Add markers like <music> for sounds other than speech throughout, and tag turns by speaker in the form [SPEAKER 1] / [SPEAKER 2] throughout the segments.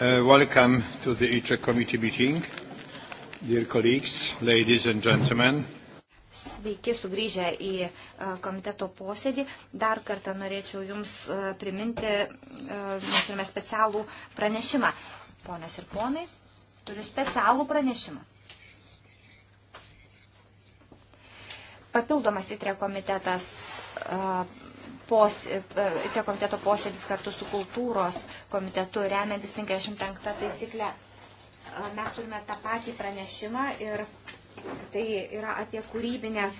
[SPEAKER 1] Uh, welcome to the ITRE committee meeting. Dear colleagues, ladies and gentlemen.
[SPEAKER 2] Sveiki sugrįžę į uh, komiteto posėdį. Dar kartą norėčiau Jums uh, priminti, uh, mes turime specialų pranešimą. Ponios ir ponai, turiu specialų pranešimą. Papildomas ITRE komitetas pos, ITRE e, komiteto posėdis kartu su kultūros komitetu remiantis 55 taisyklę. Mes turime tą patį pranešimą ir tai yra apie kūrybinės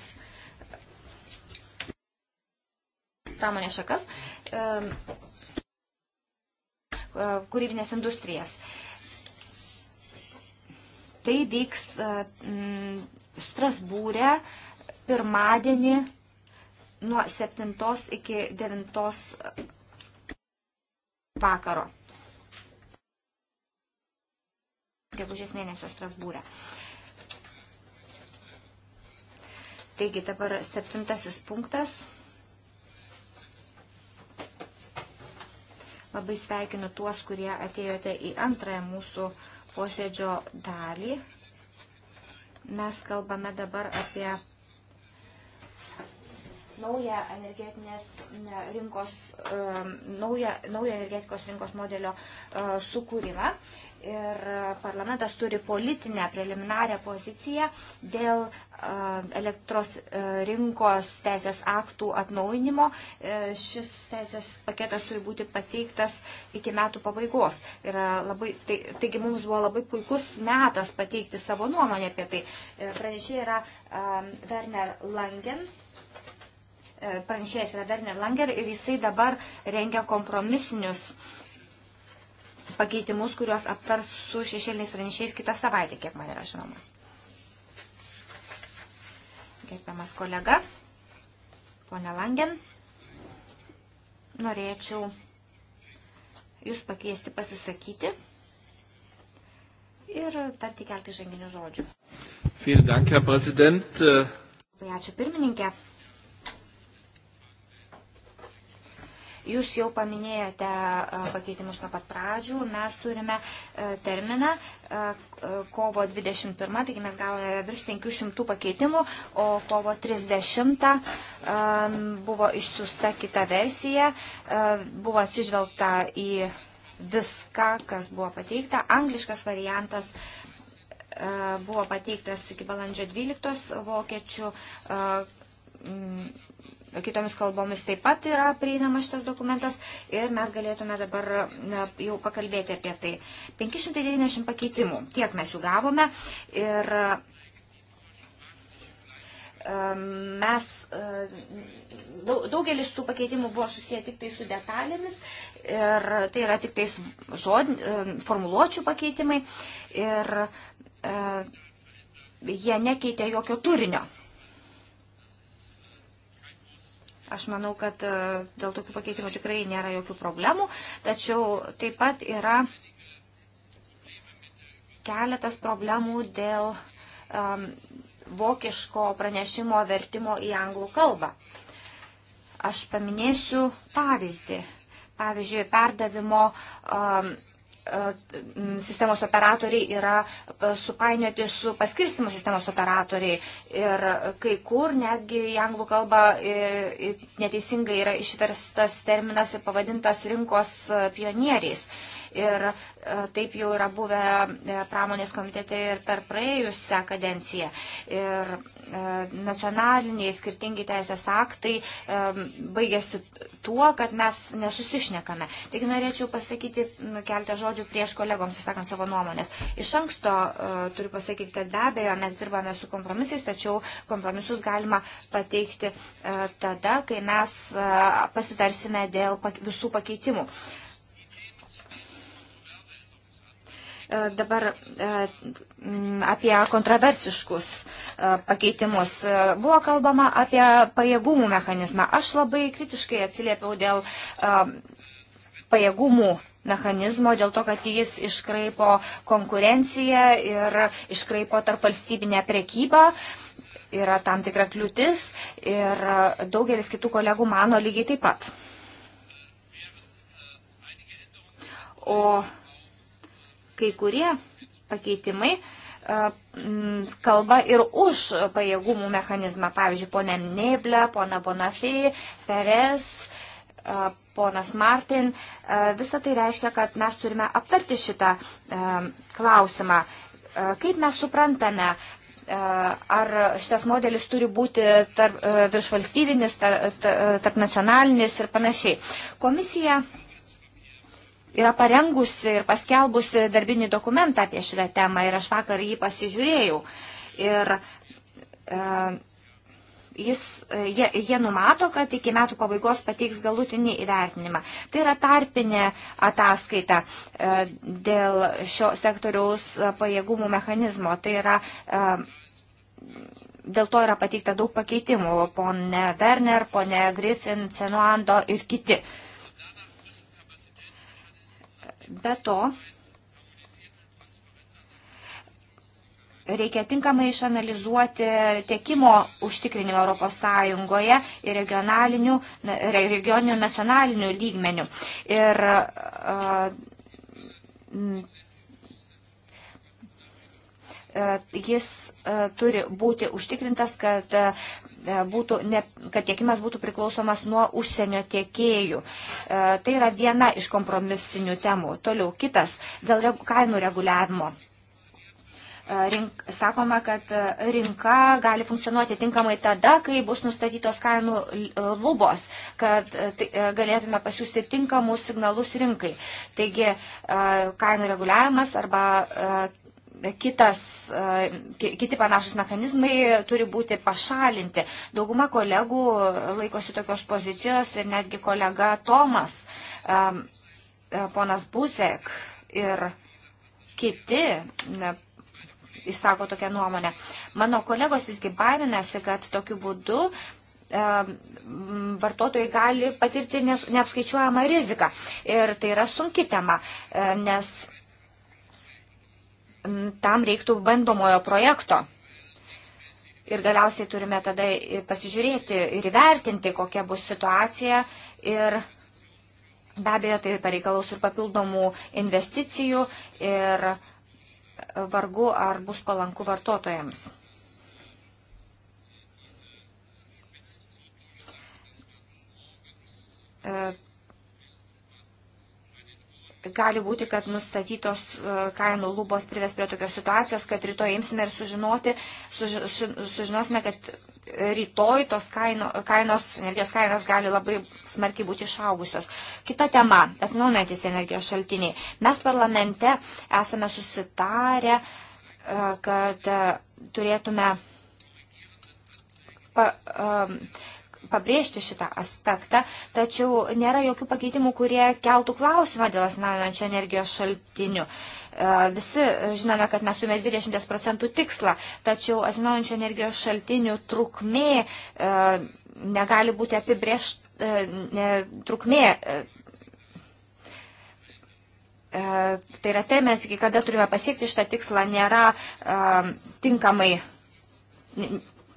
[SPEAKER 2] pramonės šakas, e, e, kūrybinės industrijas. Tai vyks Strasbūrė pirmadienį nuo 7 iki 9 vakaro. Gegužės mėnesio Strasbūrė. Taigi dabar septintasis punktas. Labai sveikinu tuos, kurie atėjote į antrąją mūsų posėdžio dalį. Mes kalbame dabar apie naują energetinės ne, rinkos, um, naują, naują energetikos rinkos modelio uh, sukūrimą. Ir parlamentas turi politinę preliminarią poziciją dėl uh, elektros uh, rinkos teisės aktų atnaujinimo. Uh, šis teisės paketas turi būti pateiktas iki metų pabaigos. Yra labai, tai, taigi mums buvo labai puikus metas pateikti savo nuomonę apie tai. Pranešė yra um, Werner Langen, uh, E, pranešėjas yra Werner Langer ir jisai dabar rengia kompromisinius pakeitimus, kuriuos aptars su šešėliniais pranešėjais kitą savaitę, kiek man yra žinoma. Gerbiamas kolega, ponė Langen, norėčiau Jūs pakviesti pasisakyti ir dar tik kelti žanginių žodžių. Vielen Dank, Herr Präsident. Labai ačiū pirmininkė. Jūs jau paminėjote pakeitimus nuo pat pradžių. Mes turime terminą kovo 21, taigi mes gavome virš 500 pakeitimų, o kovo 30 buvo išsiusta kita versija, buvo atsižvelgta į viską, kas buvo pateikta. Angliškas variantas buvo pateiktas iki balandžio 12 vokiečių kitomis kalbomis taip pat yra prieinamas šitas dokumentas ir mes galėtume dabar jau pakalbėti apie tai. 590 pakeitimų, tiek mes jų gavome ir mes daugelis tų pakeitimų buvo susiję tik tai su detalėmis ir tai yra tik tais žod, formuluočių pakeitimai ir jie nekeitė jokio turinio. Aš manau, kad e, dėl tokių pakeitimų tikrai nėra jokių problemų, tačiau taip pat yra keletas problemų dėl um, vokiško pranešimo vertimo į anglų kalbą. Aš paminėsiu pavyzdį. Pavyzdžiui, perdavimo um, sistemos operatoriai yra e, supainioti su paskirstimo sistemos operatoriai. Ir kai kur netgi į anglų kalbą e, neteisingai yra išverstas terminas ir pavadintas rinkos e, pionieriais. Ir e, taip jau yra buvę e, pramonės komitete ir per praėjusią kadenciją. Ir e, nacionaliniai skirtingi teisės aktai baigėsi tuo, kad mes nesusišnekame. Taigi norėčiau pasakyti keltą žodžių prieš kolegoms, sakant savo nuomonės. Iš anksto turiu pasakyti, kad be abejo mes dirbame su kompromisais, tačiau kompromisus galima pateikti tada, kai mes pasitarsime dėl visų pakeitimų. Uh, E, dabar e, apie kontroversiškus e, pakeitimus. Buvo kalbama apie pajėgumų mechanizmą. Aš labai kritiškai atsiliepiau dėl pajėgumų mechanizmo, dėl to, kad jis iškraipo konkurenciją ir iškraipo tarp valstybinę prekybą yra tam tikra kliūtis ir daugelis kitų kolegų mano lygiai taip pat. O kai kurie pakeitimai e, kalba ir už pajėgumų mechanizmą. Pavyzdžiui, ponė Neblė, pona Bonafė, Peres, e, ponas Martin. E, Visą tai reiškia, kad mes turime aptarti šitą klausimą. Kaip mes suprantame, ar šitas modelis turi būti tarp, viršvalstybinis, tarp, tarp nacionalinis ir panašiai. Komisija yra parengusi ir paskelbusi darbinį dokumentą apie šitą temą ir aš vakar jį pasižiūrėjau. Ir e, jis, jie, jie numato, kad iki metų pabaigos pateiks galutinį įvertinimą. Tai yra tarpinė ataskaita e, dėl šio sektoriaus pajėgumų mechanizmo. Tai yra, e, dėl to yra pateikta daug pakeitimų. Pone Werner, pone Griffin, Senuando ir kiti. E, Be to, reikia tinkamai išanalizuoti tiekimo užtikrinimą ES ir regionalinių, regioninių nacionalinių lygmenių. Ir, uh, Jis uh, turi būti užtikrintas, kad uh, E, būtų, ne, kad tiekimas būtų priklausomas nuo užsienio tiekėjų. E, tai yra viena iš kompromisinių temų. Toliau kitas dėl kainų reguliavimo. E, rink, sakoma, kad rinka gali funkcionuoti tinkamai tada, kai bus nustatytos kainų lubos, kad galėtume pasiūsti tinkamus signalus rinkai. Taigi kainų reguliavimas arba kitas, kiti panašus mechanizmai turi būti pašalinti. Dauguma kolegų laikosi tokios pozicijos ir netgi kolega Tomas, ponas Buzek ir kiti išsako tokią nuomonę. Mano kolegos visgi baiminasi, kad tokiu būdu vartotojai gali patirti neapskaičiuojamą riziką. Ir tai yra sunki tema, nes tam reiktų bandomojo projekto. Ir galiausiai turime tada pasižiūrėti ir įvertinti, kokia bus situacija. Ir be abejo, tai pareikalaus ir papildomų investicijų ir vargu ar bus palanku vartotojams. E, gali būti, kad nustatytos e, kainų lubos prives prie tokios situacijos, kad rytoj imsime ir sužinoti, suži, sužinosime, kad rytoj tos kaino, kainos, energijos kainos gali labai smarkiai būti išaugusios. Kita tema - atsinaujantis energijos šaltiniai. Mes parlamente esame susitarę, e, kad e, turėtume. Pa, um, pabrėžti šitą aspektą, tačiau nėra jokių pakeitimų, kurie keltų klausimą dėl atsinaujinančio energijos šaltinių. E, visi žinome, kad mes turime 20 procentų tikslą, tačiau atsinaujinančio energijos šaltinių trukmė e, negali būti apibrėžta, e, trukmė tai yra terminas, iki kada turime pasiekti šitą tikslą, nėra uh, tinkamai,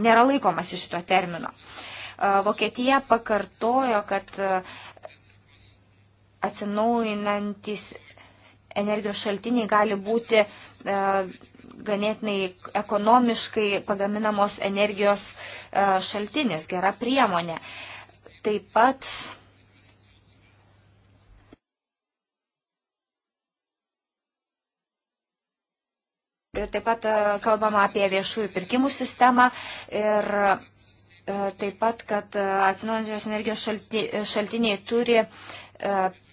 [SPEAKER 2] nėra laikomasi šito termino. Uh, Vokietija pakartojo, kad atsinaujinantis energijos šaltiniai gali būti ganėtinai ekonomiškai pagaminamos energijos šaltinis, gera priemonė. Taip pat Ir taip pat kalbama apie viešųjų pirkimų sistemą ir E, taip pat, kad e, atsinaujančios energijos šalti, e, šaltiniai turi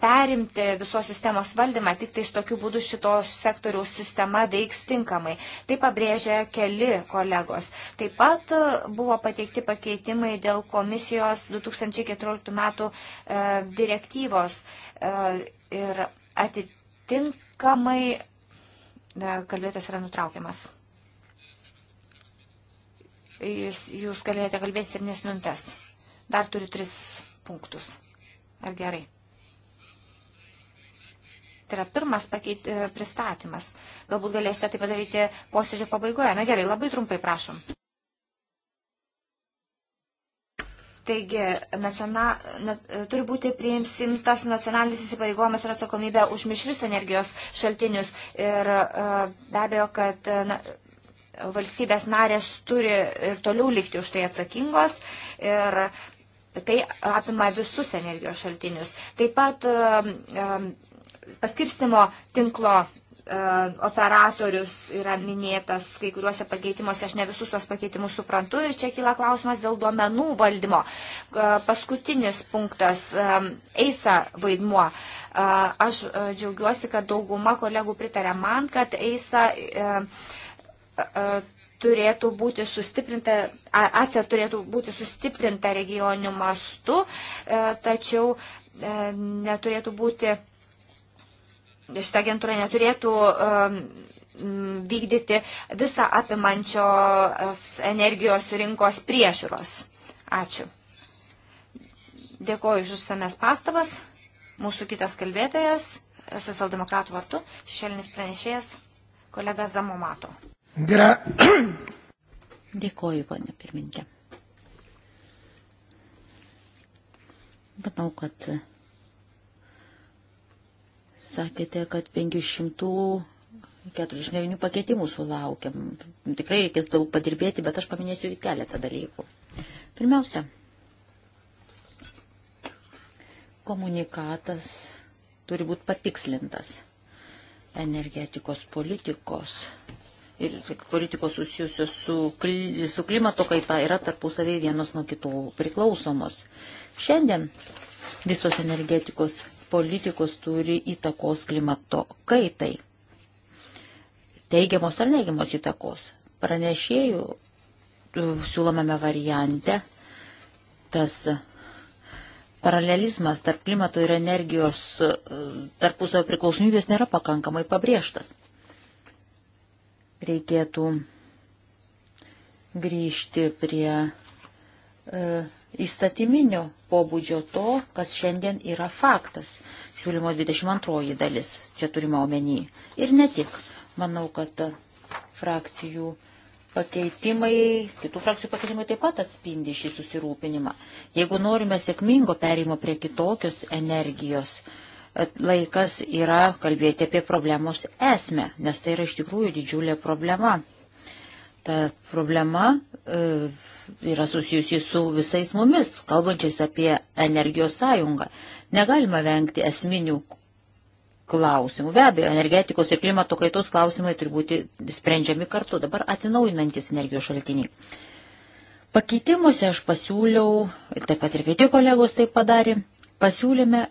[SPEAKER 2] perimti visos sistemos valdymą, tik tais tokiu būdu šitos sektoriaus sistema veiks tinkamai. Tai pabrėžė keli kolegos. Taip pat buvo pateikti pakeitimai dėl komisijos 2014 metų direktyvos ir atitinkamai kalbėtas yra nutraukiamas. Jūs, jūs galėjote kalbėti 7 minutės. Dar turiu 3 punktus. Ar gerai? Tai yra pirmas pakeit, e, pristatymas. Galbūt galėsite tai padaryti posėdžio pabaigoje. Na gerai, labai trumpai prašom. Taigi, nacional, na, e, turi būti priimsimtas nacionalinis įsipareigojimas ir atsakomybė už mišrius energijos šaltinius. Ir e, be abejo, kad na, valstybės narės turi ir toliau likti už tai atsakingos. Ir tai apima visus energijos šaltinius. Taip pat paskirstimo tinklo operatorius yra minėtas kai kuriuose pakeitimuose, aš ne visus tuos pakeitimus suprantu ir čia kyla klausimas dėl duomenų valdymo. Paskutinis punktas - eisa vaidmuo. Aš e, džiaugiuosi, kad dauguma kolegų pritarė man, kad eisa turėtų būti sustiprinta, ACE turėtų būti sustiprinta regioniniu mastu, tačiau neturėtų būti, šitą agentūrą neturėtų vykdyti visą apimančios energijos rinkos priežiūros. Ačiū. Dėkuoju už išsames pastabas. Mūsų kitas kalbėtojas, socialdemokratų vartų, šešėlinis pranešėjas, kolega Zamomato.
[SPEAKER 3] Gra. Dėkoju, ponė pirmininkė. Manau, kad sakėte, kad 549 pakeitimų sulaukiam. Tikrai reikės daug padirbėti, bet aš paminėsiu į keletą dalykų. Pirmiausia, komunikatas turi būti patikslintas energetikos politikos ir politikos susijusios su, su klimato kaita yra tarpusavį vienos nuo kitų priklausomos. Šiandien visos energetikos politikos turi įtakos klimato kaitai. Teigiamos ar neigiamos įtakos. Pranešėjų siūlomame variante tas paralelizmas tarp klimato ir energijos tarpusavio priklausomybės nėra pakankamai pabrėžtas reikėtų grįžti prie e, įstatyminio pobūdžio to, kas šiandien yra faktas. Siūlymo 22 dalis, čia turima omeny. Ir ne tik. Manau, kad frakcijų pakeitimai, kitų frakcijų pakeitimai taip pat atspindi šį susirūpinimą. Jeigu norime sėkmingo perėjimo prie kitokios energijos, laikas yra kalbėti apie problemos esmę, nes tai yra iš tikrųjų didžiulė problema. Ta problema e, yra susijusi su visais mumis, kalbančiais apie energijos sąjungą. Negalima vengti esminių klausimų. Be abejo, energetikos ir klimato kaitos klausimai turi būti sprendžiami kartu. Dabar atsinaujinantis energijos šaltiniai. Pakeitimuose aš pasiūliau, taip pat ir kiti kolegos tai padarė, pasiūlėme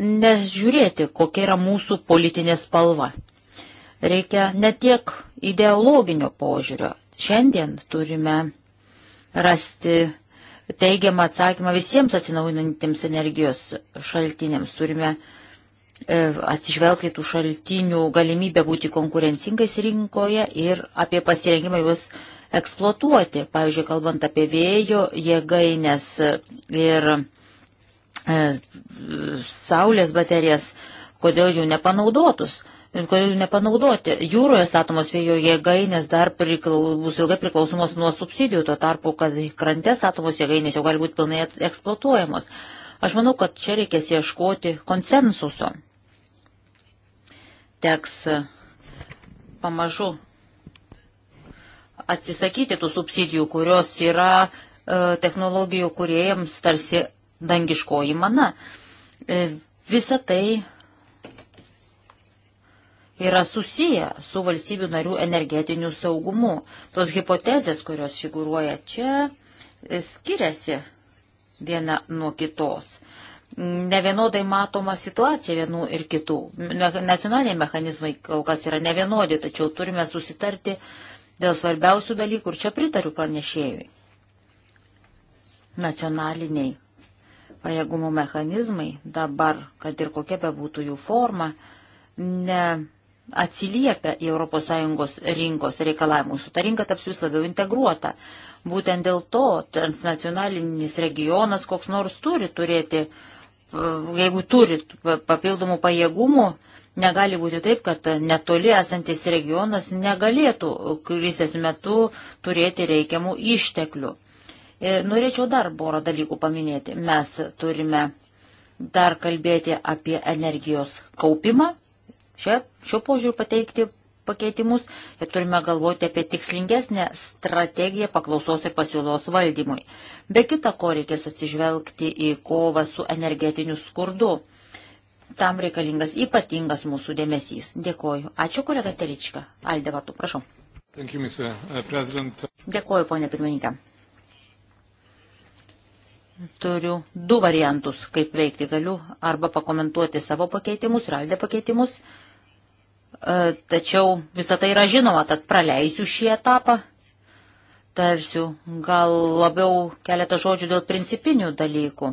[SPEAKER 3] nežiūrėti, kokia yra mūsų politinė spalva. Reikia ne tiek ideologinio požiūrio. Šiandien turime rasti teigiamą atsakymą visiems atsinaujinantiems energijos šaltiniams. Turime e, atsižvelgti tų šaltinių galimybę būti konkurencingais rinkoje ir apie pasirengimą juos eksploatuoti. Pavyzdžiui, kalbant apie vėjo jėgainės ir E, saulės baterijas, kodėl jų nepanaudotus, kodėl jų nepanaudoti. Jūroje statomos vėjo jėgainės dar priklau, bus ilgai priklausomos nuo subsidijų, tuo tarpu, kad krantės statomos jėgainės jau gali būti pilnai eksploatuojamos. Aš manau, kad čia reikės ieškoti konsensuso. Teks e, pamažu atsisakyti tų subsidijų, kurios yra e, technologijų kuriejams tarsi dangiškoji mana. E, visa tai yra susiję su valstybių narių energetiniu saugumu. Tos hipotezės, kurios figuruoja čia, e, skiriasi viena nuo kitos. Ne vienodai matoma situacija vienų ir kitų. Nacionaliniai mechanizmai kol kas yra ne vienodi, tačiau turime susitarti dėl svarbiausių dalykų ir čia pritariu pranešėjui. Nacionaliniai pajėgumo mechanizmai dabar, kad ir kokia bebūtų jų forma, ne atsiliepia į ES rinkos reikalavimus. Ta rinka taps vis labiau integruota. Būtent dėl to transnacionalinis regionas koks nors turi turėti, jeigu turi papildomų pajėgumų, negali būti taip, kad netoli esantis regionas negalėtų krizės metu turėti reikiamų išteklių. E, norėčiau dar porą dalykų paminėti. Mes turime dar kalbėti apie energijos kaupimą. Čia šiuo požiūriu pateikti pakeitimus ir turime galvoti apie tikslingesnę strategiją paklausos ir pasiūlos valdymui. Be kita ko reikės atsižvelgti į kovą su energetiniu skurdu. Tam reikalingas ypatingas mūsų dėmesys. Dėkoju. Ačiū, kolega Terička. Alde vartų, prašau.
[SPEAKER 1] You, uh,
[SPEAKER 3] Dėkoju, ponė pirmininkė turiu du variantus, kaip veikti galiu, arba pakomentuoti savo pakeitimus, raldė pakeitimus, e, tačiau visą tai yra žinoma, tad praleisiu šį etapą, tarsiu gal labiau keletą žodžių dėl principinių dalykų.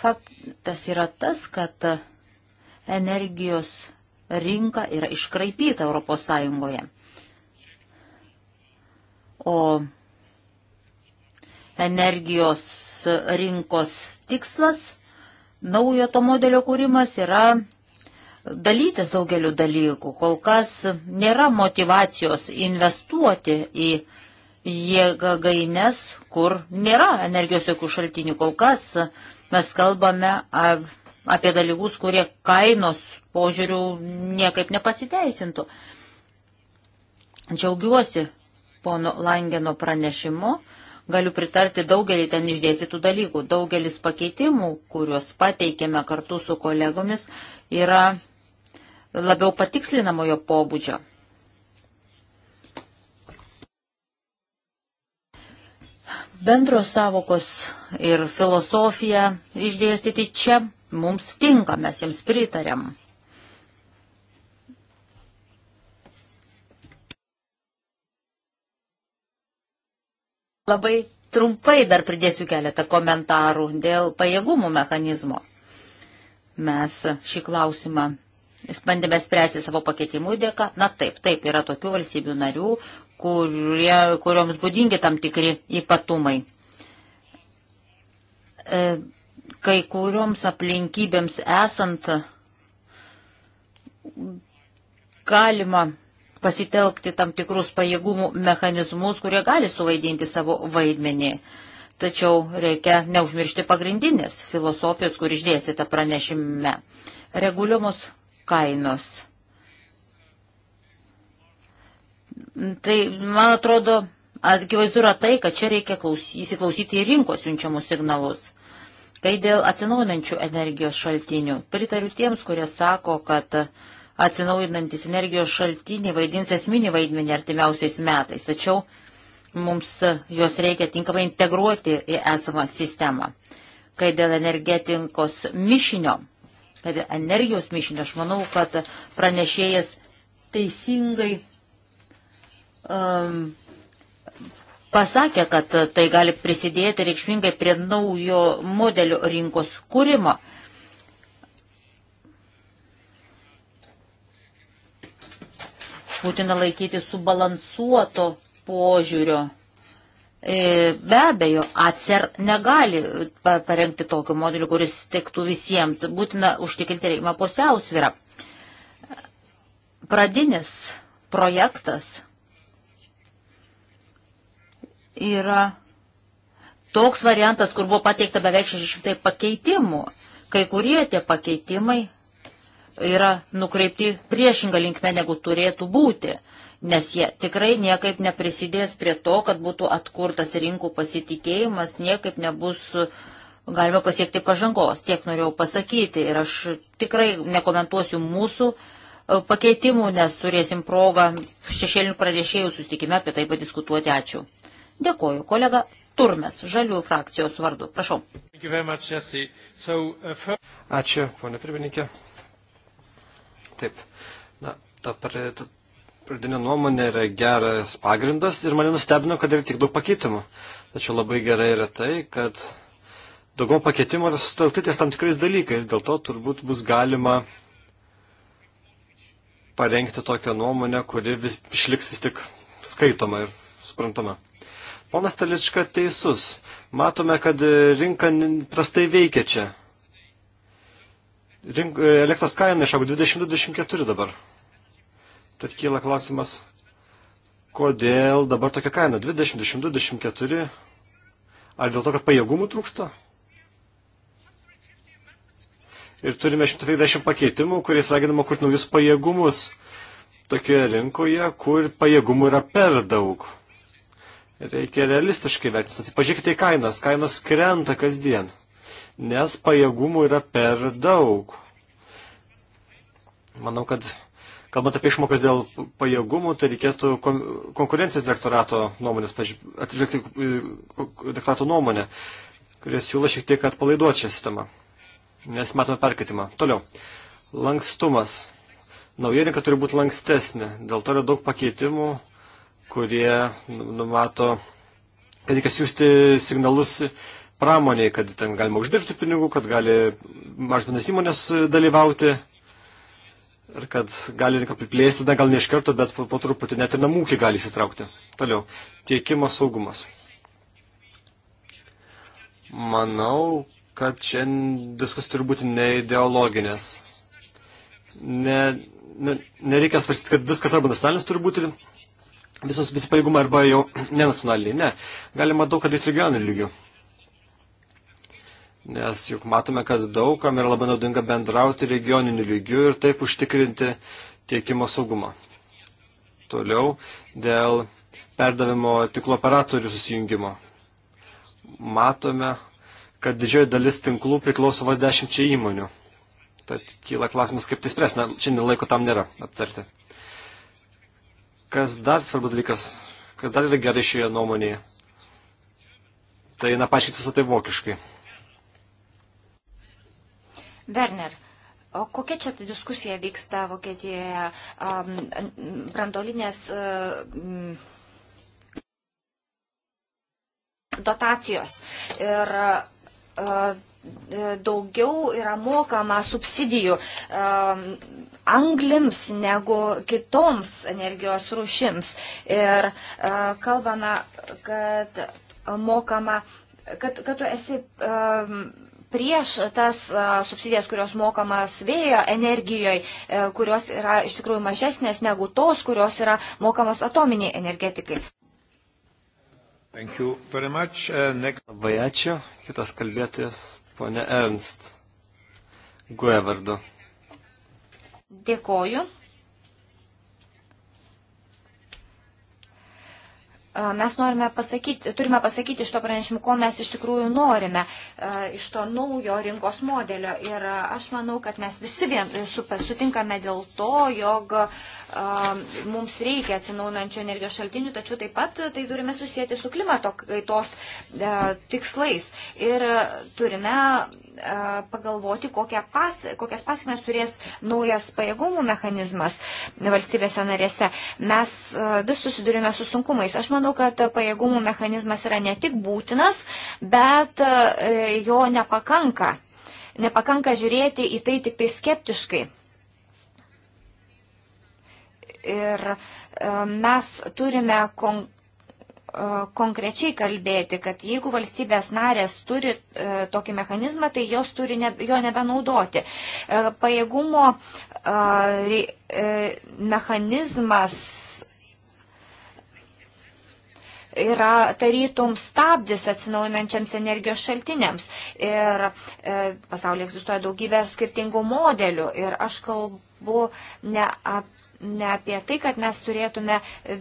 [SPEAKER 3] Faktas yra tas, kad energijos rinka yra iškraipyta Europos Sąjungoje. O energijos rinkos tikslas naujo to modelio kūrimas yra dalytis daugeliu dalykų. Kol kas nėra motivacijos investuoti į jėgaines, kur nėra energijos jokių šaltinių. Kol kas mes kalbame apie dalykus, kurie kainos požiūrių niekaip nepasiteisintų. Džiaugiuosi pono Langeno pranešimu galiu pritarti daugelį ten išdėstytų dalykų. Daugelis pakeitimų, kuriuos pateikėme kartu su kolegomis, yra labiau patikslinamojo pobūdžio. Bendros savokos ir filosofija išdėstyti čia mums tinka, mes jiems pritarėm. Labai trumpai dar pridėsiu keletą komentarų dėl pajėgumų mechanizmo. Mes šį klausimą bandėme spręsti savo pakeitimų dėka. Na taip, taip, yra tokių valstybių narių, kurie, kurioms būdingi tam tikri ypatumai. E, kai kurioms aplinkybėms esant galima pasitelkti tam tikrus pajėgumų mechanizmus, kurie gali suvaidinti savo vaidmenį. Tačiau reikia neužmiršti pagrindinės filosofijos, kur išdėstyta pranešime. Reguliuomos kainos. Tai, man atrodo, atgivaizdu yra tai, kad čia reikia įsiklausyti į rinkos siunčiamus signalus. Kai dėl atsinaujinančių energijos šaltinių, pritariu tiems, kurie sako, kad uh, atsinaujinantis energijos šaltiniai vaidins esminį vaidmenį artimiausiais metais, tačiau mums juos reikia tinkamai integruoti į esamą sistemą. Kai dėl energetikos mišinio, kad energijos mišinio, aš manau, kad pranešėjas teisingai um, pasakė, kad tai gali prisidėti reikšmingai prie naujo modelio rinkos kūrimo. Uh, būtina laikyti subalansuoto požiūrio. E, be abejo, ACER negali parengti tokio modelio, kuris tektų visiems. Būtina užtikrinti reikimą pusiausvyrą. Pradinis projektas yra toks variantas, kur buvo pateikta beveik 600 pakeitimų. Kai kurie tie pakeitimai yra nukreipti priešingą linkmę, negu turėtų būti, nes jie tikrai niekaip neprisidės prie to, kad būtų atkurtas rinkų pasitikėjimas, niekaip nebus uh, galima pasiekti pažangos. Tiek norėjau pasakyti ir aš tikrai nekomentuosiu mūsų uh, pakeitimų, nes turėsim progą šešėlinių pradėšėjų sustikime apie tai padiskutuoti. Ačiū. Dėkoju, kolega Turmes, Žalių frakcijos vardu. Prašau.
[SPEAKER 1] Much, so, uh, for... Ačiū, ponė pirmininkė. Taip, na, ta pradinė nuomonė yra geras pagrindas ir mane nustebino, kad yra tik daug pakeitimų. Tačiau labai gerai yra tai, kad daugiau pakeitimų yra sutelkti ties tam tikrais dalykais, dėl to turbūt bus galima parengti tokią nuomonę, kuri vis, išliks vis tik skaitoma ir suprantama. Ponas Talička teisus. Matome, kad rinka prastai veikia čia. Rink, e, elektros kaina išaugo 20-24 dabar. Tad kyla klausimas, kodėl dabar tokia kaina 20-24? Ar dėl to, kad pajėgumų trūksta? Ir turime 150 pakeitimų, kuriais raginama kurti naujus pajėgumus tokioje rinkoje, kur pajėgumų yra per daug. Reikia realistiškai vertinti. Pažiūrėkite į kainas. Kainos krenta kasdien nes pajėgumų yra per daug. Manau, kad kalbant apie išmokas dėl pajėgumų, tai reikėtų konkurencijos direktorato nuomonės, atsižvelgti direktorato nuomonę, kuris siūlo šiek tiek atpalaiduoti šią sistemą, nes matome perkaitimą. Toliau. Lankstumas. Nauja rinka turi būti lankstesnė, dėl to yra daug pakeitimų, kurie nu, numato, kad reikia siūsti signalus pramoniai, kad ten galima uždirbti pinigų, kad gali mažmenas įmonės e, dalyvauti ir kad gali rinką priplėsti, na gal ne iš karto, bet po, po truputį net ir namūkį gali įsitraukti. Toliau, tiekimo saugumas. Manau, kad čia diskusijos turi būti ne ideologinės. Ne, ne, nereikia svarstyti, kad viskas arba nacionalinis turi būti visos visi pajėgumai arba jau <clears throat> nenacionaliniai. Ne, galima daug kad daryti regioninių lygių nes juk matome, kad daugam yra labai naudinga bendrauti regioniniu lygiu ir taip užtikrinti tiekimo saugumą. Toliau dėl perdavimo tiklo operatorių susijungimo. Matome, kad didžioji dalis tinklų priklauso vos dešimčiai įmonių. Tad kyla klausimas, kaip tai spręs. Na, šiandien laiko tam nėra aptarti. Kas dar svarbus dalykas, kas dar yra gerai šioje nuomonėje? Tai, na, paaiškit visą tai vokiškai.
[SPEAKER 2] Werner. O kokia čia diskusija vyksta Vokietijoje? Um, brandolinės um, dotacijos. Ir um, daugiau yra mokama subsidijų um, anglims negu kitoms energijos rūšims. Ir uh, kalbame, kad mokama, kad, kad tu esi. Um, prieš tas subsidijas, kurios mokamas vėjo energijoje, kurios yra iš tikrųjų mažesnės negu tos, kurios yra mokamos atominiai energetikai.
[SPEAKER 1] E, next... Labai ačiū. Kitas kalbėtojas, ponė Ernst. Guevardu.
[SPEAKER 2] Dėkoju. Mes norime pasakyti, turime pasakyti iš to pranešimo, ko mes iš tikrųjų norime, iš to naujo rinkos modelio. Ir aš manau, kad mes visi vien, sutinkame dėl to, jog mums reikia atsinaunančių energijos šaltinių, tačiau taip pat tai turime susijęti su klimato kaitos tikslais. Ir turime pagalvoti, pas, kokias pasiekmes turės naujas pajėgumų mechanizmas valstybėse narėse. Mes vis susidurime su sunkumais. Aš manau, kad pajėgumų mechanizmas yra ne tik būtinas, bet jo nepakanka. Nepakanka žiūrėti į tai tik tai skeptiškai. Ir mes turime konkrečiai konkrečiai kalbėti, kad jeigu valstybės narės turi e, tokį mechanizmą, tai jos turi ne, jo nebenaudoti. E, pajėgumo e, mechanizmas yra tarytum stabdis atsinaujinančiams energijos šaltiniams. Ir e, pasaulyje egzistuoja daugybė skirtingų modelių. Ir aš kalbu ne apie ne apie tai, kad mes turėtume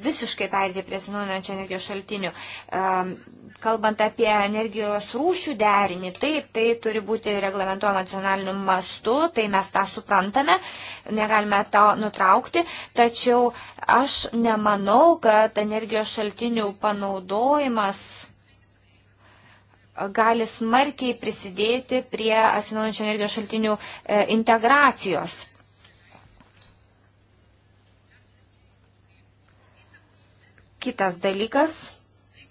[SPEAKER 2] visiškai perėti prie atsinaujinančių energijos šaltinių. Kalbant apie energijos rūšių derinį, taip, tai turi būti reglamentuojama nacionaliniu mastu, tai mes tą suprantame, negalime to nutraukti, tačiau aš nemanau, kad energijos šaltinių panaudojimas gali smarkiai prisidėti prie atsinaujinančių energijos šaltinių e, integracijos Kitas dalykas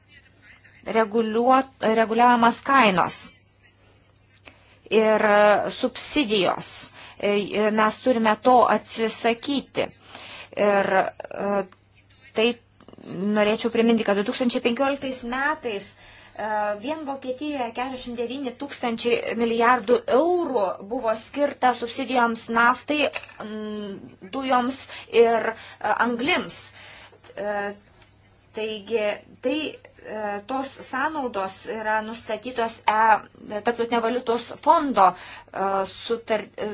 [SPEAKER 2] - reguliuojamas kainos ir subsidijos. E, mes turime to atsisakyti. Ir e, taip norėčiau priminti, kad 2015 metais e, vien Vokietijoje 49 tūkstančiai milijardų eurų buvo skirta subsidijoms naftai, dujoms ir anglims. Taigi, tai e, tos sąnaudos yra nustatytos e, Tarptautinio valiutos fondo e, sutar, e,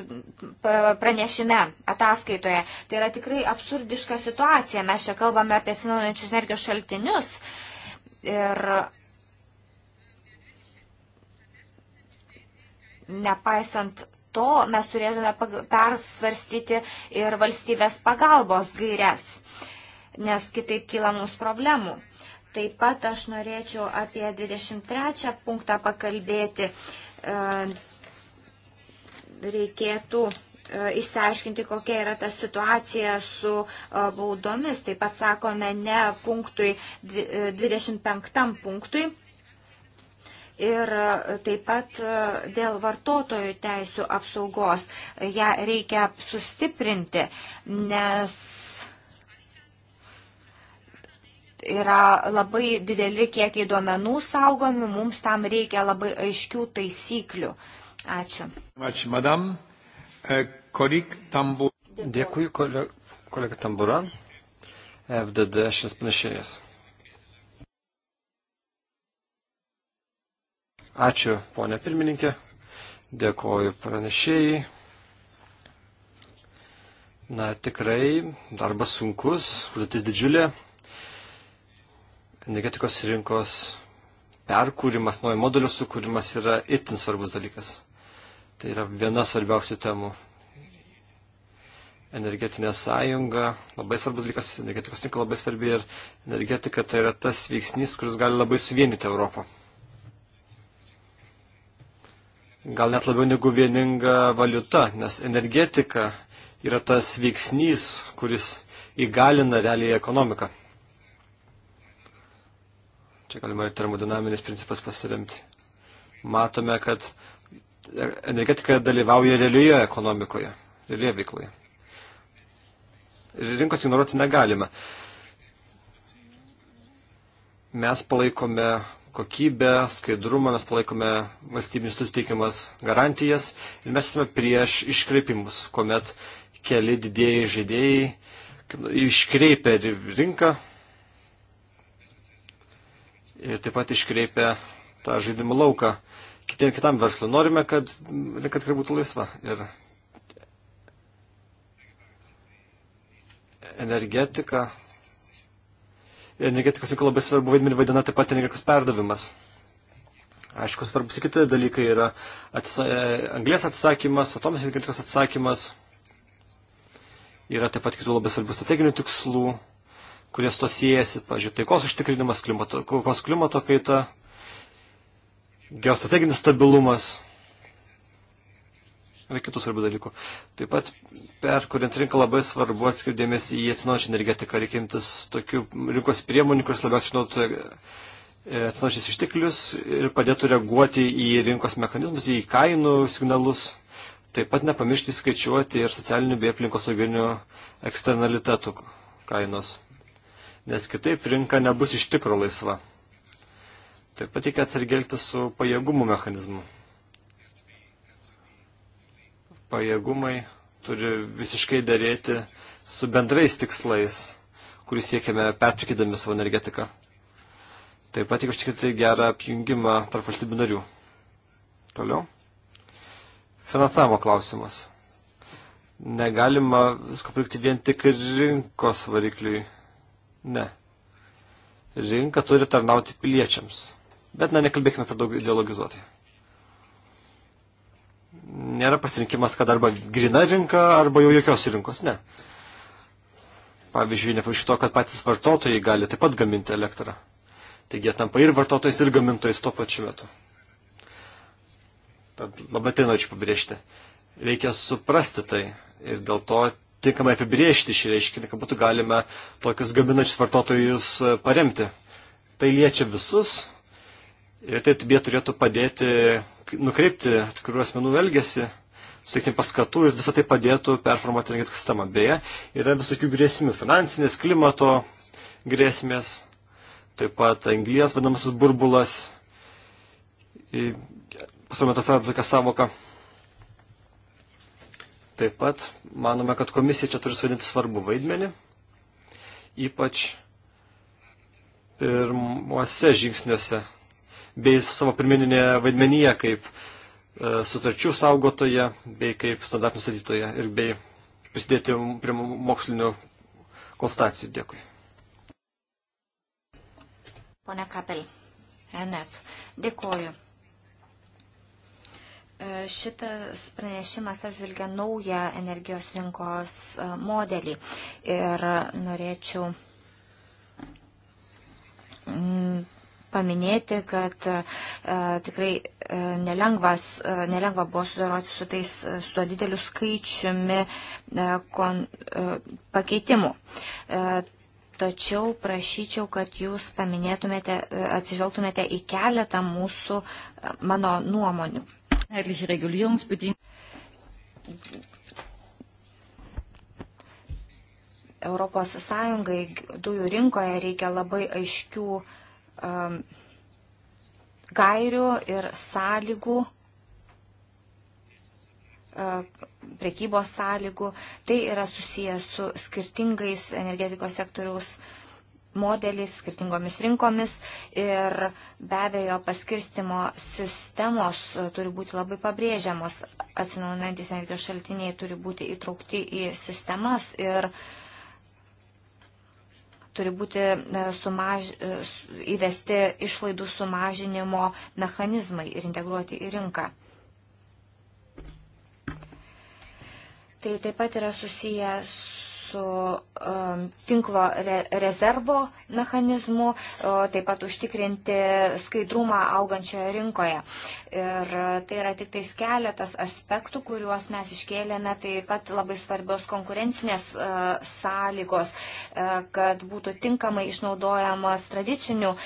[SPEAKER 2] pranešime ataskaitoje. Tai yra tikrai absurdiška situacija. Mes čia kalbame apie sinaujančius energijos šaltinius. Ir nepaisant to, mes turėtume persvarstyti ir valstybės pagalbos gairias. E, nes kitaip kyla mums problemų. Taip pat aš norėčiau apie 23 punktą pakalbėti. E, reikėtų įsiaiškinti, e, kokia yra ta situacija su e, baudomis. Taip pat sakome ne punktui 25 punktui. Ir taip pat dėl vartotojų teisų apsaugos ją reikia sustiprinti, nes yra labai dideli kiekiai duomenų saugomi, mums tam reikia labai aiškių taisyklių. Ačiū.
[SPEAKER 1] Ačiū, madam. E, kolik tambu. Dėkui, kolega, kolega Tamburan. FDD šis pranešėjas. Ačiū, ponė pirmininkė. Dėkoju pranešėjai. Na tikrai, darbas sunkus, užduotis didžiulė energetikos rinkos perkūrimas, naujo modelio sukūrimas yra itin svarbus dalykas. Tai yra viena svarbiausių temų. Energetinė sąjunga, labai svarbus dalykas, energetikos rinka labai svarbi ir energetika tai yra tas veiksnys, kuris gali labai suvienyti Europą. Gal net labiau negu vieninga valiuta, nes energetika yra tas veiksnys, kuris įgalina realiai ekonomiką. Čia galima ir termodinaminis principas pasiremti. Matome, kad energetika dalyvauja realioje ekonomikoje, realioje veikloje. Ir rinkos ignoruoti negalime. Mes palaikome kokybę, skaidrumą, mes palaikome valstybinis susitikimas garantijas ir mes esame prieš iškreipimus, kuomet keli didėjai žaidėjai iškreipia rinką ir taip pat iškreipia tą žaidimų lauką kitiem kitam verslui. Norime, kad rinka tikrai būtų laisva. Ir energetika. Energetikos rinka labai svarbu vaidmenį vaidina taip pat energetikos perdavimas. Aišku, svarbus kiti dalykai yra atsa, anglės atsakymas, atomės energetikos atsakymas. Yra taip pat kitų labai svarbių strateginių tikslų, kurie su to siejasi, pažiūrėjau, taikos užtikrinimas, klimato, kokos klimato kaita, geostrateginis stabilumas ir kitų svarbių dalykų. Taip pat, perkuriant rinką, labai svarbu atskirdėmės į atsinaujančią energetiką, reikia imtis tokių rinkos priemonių, kuris labiausiai žinotų e, atsinaujančius išteklius ir padėtų reaguoti į rinkos mechanizmus, į kainų signalus. Taip pat nepamiršti skaičiuoti ir socialinių bei aplinkosauginių eksternalitetų kainos nes kitaip rinka nebus iš tikro laisva. Taip pat reikia atsargelgti su pajėgumų mechanizmu. Pajėgumai turi visiškai dėrėti su bendrais tikslais, kurių siekiame perpirkydami savo energetiką. Taip pat reikia užtikrinti gerą apjungimą tarp valstybių narių. Toliau. Finansavimo klausimas. Negalima visko palikti vien tik rinkos varikliui. Ne. Rinka turi tarnauti piliečiams. Bet, na, nekalbėkime per daug ideologizuotai. Nėra pasirinkimas, kad arba grina rinka, arba jau jokios rinkos. Ne. Pavyzdžiui, nepavyzdžiui to, kad patys vartotojai gali taip pat gaminti elektrą. Taigi jie tampa ir vartotojais, ir gamintojais tuo pačiu metu. Tad labai tai norėčiau pabrėžti. Reikia suprasti tai ir dėl to tinkamai apibriežti šį reiškinį, kad būtų galima tokius gaminančius vartotojus e, paremti. Tai liečia visus ir tai jie turėtų padėti nukreipti atskirų asmenų elgesį, suteikti paskatų ir visą tai padėtų performuoti energetikos sistemą. Beje, yra visokių grėsmių - finansinės, klimato grėsmės, taip pat anglijas vadinamasis burbulas. Pasaulio metas yra tokia savoka. Taip pat manome, kad komisija čia turi suvaidinti svarbų vaidmenį, ypač pirmuose žingsniuose, bei savo pirmininėje vaidmenyje kaip e, sutarčių saugotoje, bei kaip standartų statytoje ir bei prisidėti prie mokslinių konstatacijų. Dėkui.
[SPEAKER 2] Pone Kapel, NF, dėkoju. E, šitas pranešimas apžvelgia naują energijos rinkos e, modelį ir norėčiau mm, paminėti, kad e, tikrai e, nelengvas, e, nelengva buvo sudaroti su tais, e, su to dideliu skaičiumi e, kon, e, pakeitimų. E, tačiau prašyčiau, kad jūs paminėtumėte, e, atsižvelgtumėte į keletą mūsų, e, mano nuomonių einheitliche Regulierungsbedingungen. Europos Sąjungai dujų rinkoje reikia labai aiškių um, gairių ir sąlygų, uh, prekybos sąlygų. Tai yra susijęs su skirtingais energetikos sektoriaus uh, modeliais, skirtingomis rinkomis ir be abejo paskirstimo sistemos e, turi būti labai pabrėžiamos, atsinaujantis energijos šaltiniai turi būti įtraukti į sistemas ir turi būti e, sumaž... E, įvesti išlaidų sumažinimo mechanizmai ir integruoti į rinką. Tai taip pat yra susiję su su um, tinklo re rezervo mechanizmu, o, taip pat užtikrinti skaidrumą augančioje rinkoje. Ir tai yra tik tais keletas aspektų, kuriuos mes iškėlėme, taip pat labai svarbios konkurencinės uh, sąlygos, uh, kad būtų tinkamai išnaudojamas tradicinių uh,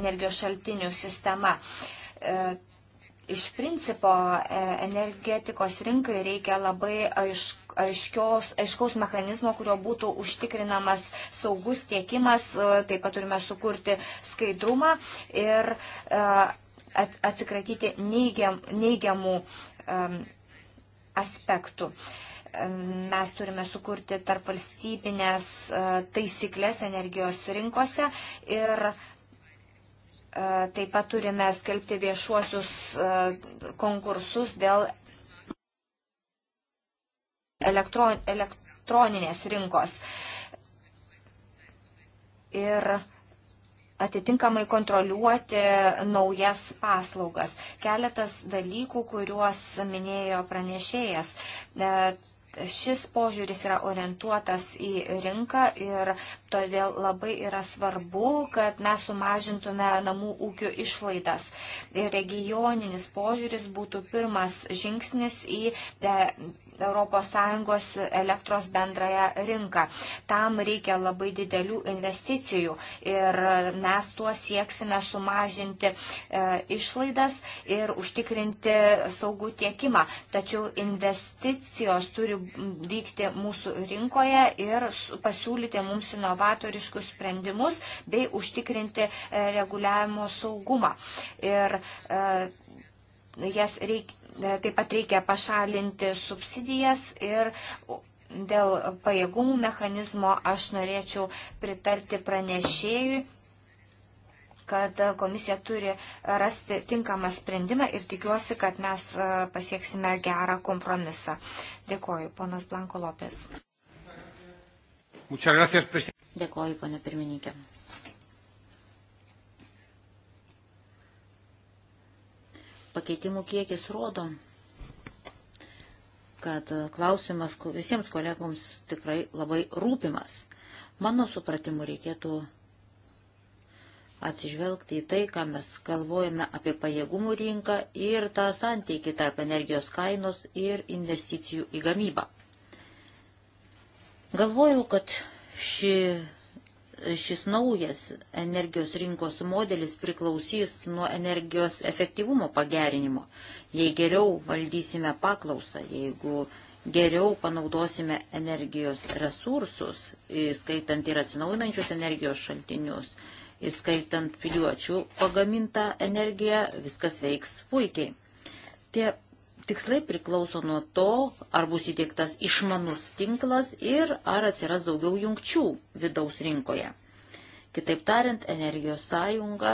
[SPEAKER 2] energijos šaltinių sistema. Uh, Iš principo e, energetikos rinkai reikia labai aiškios, aiškaus mechanizmo, kurio būtų užtikrinamas saugus tiekimas, e, taip pat turime sukurti skaidrumą ir e, atsikratyti neigiam, neigiamų aspektų mes turime sukurti tarp valstybinės taisyklės energijos rinkose ir E, taip pat turime skelbti viešuosius e, konkursus dėl elektroninės rinkos. Ir atitinkamai kontroliuoti naujas paslaugas. Keletas dalykų, kuriuos minėjo pranešėjas. E, Šis požiūris yra orientuotas į rinką ir todėl labai yra svarbu, kad mes sumažintume namų ūkių išlaidas. Regioninis požiūris būtų pirmas žingsnis į ES elektros bendrąją rinką. Tam reikia labai didelių investicijų ir mes tuo sieksime sumažinti e, išlaidas ir užtikrinti saugų tiekimą. Tačiau investicijos turi vykti mūsų rinkoje ir pasiūlyti mums inovatoriškus sprendimus bei užtikrinti e, reguliavimo saugumą. Ir, e, jas reikia E, taip pat reikia pašalinti subsidijas ir dėl pajėgumų mechanizmo aš norėčiau pritarti pranešėjui kad komisija turi rasti tinkamą sprendimą ir tikiuosi, kad mes e, pasieksime gerą kompromisą. Dėkoju, ponas Blanko Lopės.
[SPEAKER 1] Dėkoju,
[SPEAKER 3] ponė pirmininkė. pakeitimų kiekis rodo, kad klausimas visiems kolegoms tikrai labai rūpimas. Mano supratimu reikėtų atsižvelgti į tai, ką mes galvojame apie pajėgumų rinką ir tą santykį tarp energijos kainos ir investicijų į gamybą. Galvoju, kad ši šis naujas energijos rinkos modelis priklausys nuo energijos efektyvumo pagerinimo. Jei geriau valdysime paklausą, jeigu geriau panaudosime energijos resursus, įskaitant ir atsinaujinančius energijos šaltinius, įskaitant piliuočių pagamintą energiją, viskas veiks puikiai. Tie tikslai priklauso nuo to, ar bus įdėktas išmanus tinklas ir ar atsiras daugiau jungčių vidaus rinkoje. Kitaip tariant, energijos sąjunga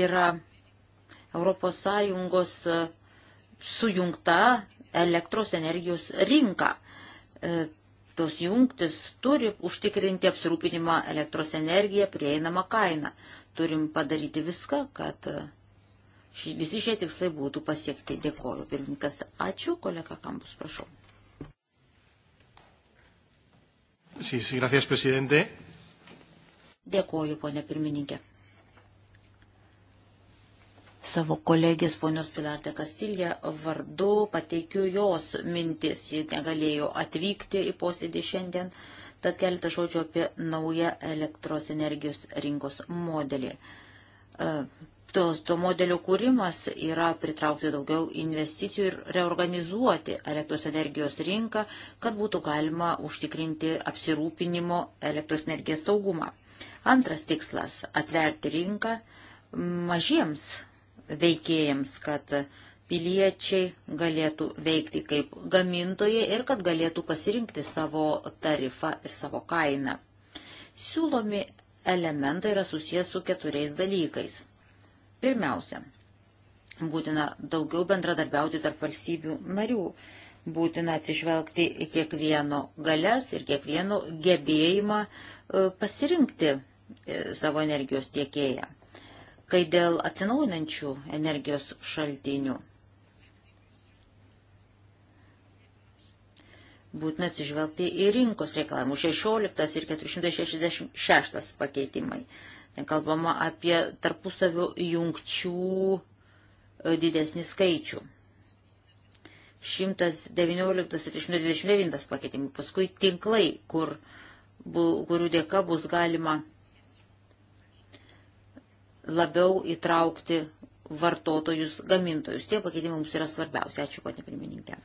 [SPEAKER 3] yra Europos sąjungos e, sujungta elektros energijos rinka. E, tos jungtis turi užtikrinti apsirūpinimą elektros energiją prieinamą kainą. Turim padaryti viską, kad e, ši, visi šie tikslai būtų pasiekti. Dėkoju. Pirmininkas, ačiū. Kolega Kambus, prašau.
[SPEAKER 1] Sí, sí, gracias, presidente.
[SPEAKER 3] Dėkoju, ponė pirmininkė. Savo kolegės ponios Pilartė Kastilė vardu pateikiu jos mintis. Ji negalėjo atvykti į posėdį šiandien, tad keletą žodžių apie naują elektros energijos rinkos modelį e, to, to modelio kūrimas yra pritraukti daugiau investicijų ir reorganizuoti elektros energijos rinką, kad būtų galima užtikrinti apsirūpinimo elektros energijos saugumą. Antras tikslas - atverti rinką mažiems veikėjams, kad piliečiai galėtų veikti kaip gamintojai ir kad galėtų pasirinkti savo tarifą ir savo kainą. Siūlomi elementai yra susijęs su keturiais dalykais Pirmiausia, būtina daugiau bendradarbiauti tarp valstybių narių, būtina atsižvelgti į kiekvieno galės ir kiekvieno gebėjimą e, pasirinkti e, savo energijos tiekėją. Kai dėl atsinaujinančių energijos šaltinių būtina atsižvelgti į rinkos reikalavimų 16 ir 466 pakeitimai. Ten kalbama apie tarpusavio jungčių e, didesnį skaičių. 119 ir 129 pakeitimai, paskui tinklai, kur, bu, kurių dėka bus galima labiau įtraukti vartotojus, gamintojus. Tie pakeitimai mums yra svarbiausia. Ačiū, ponė pirmininkė.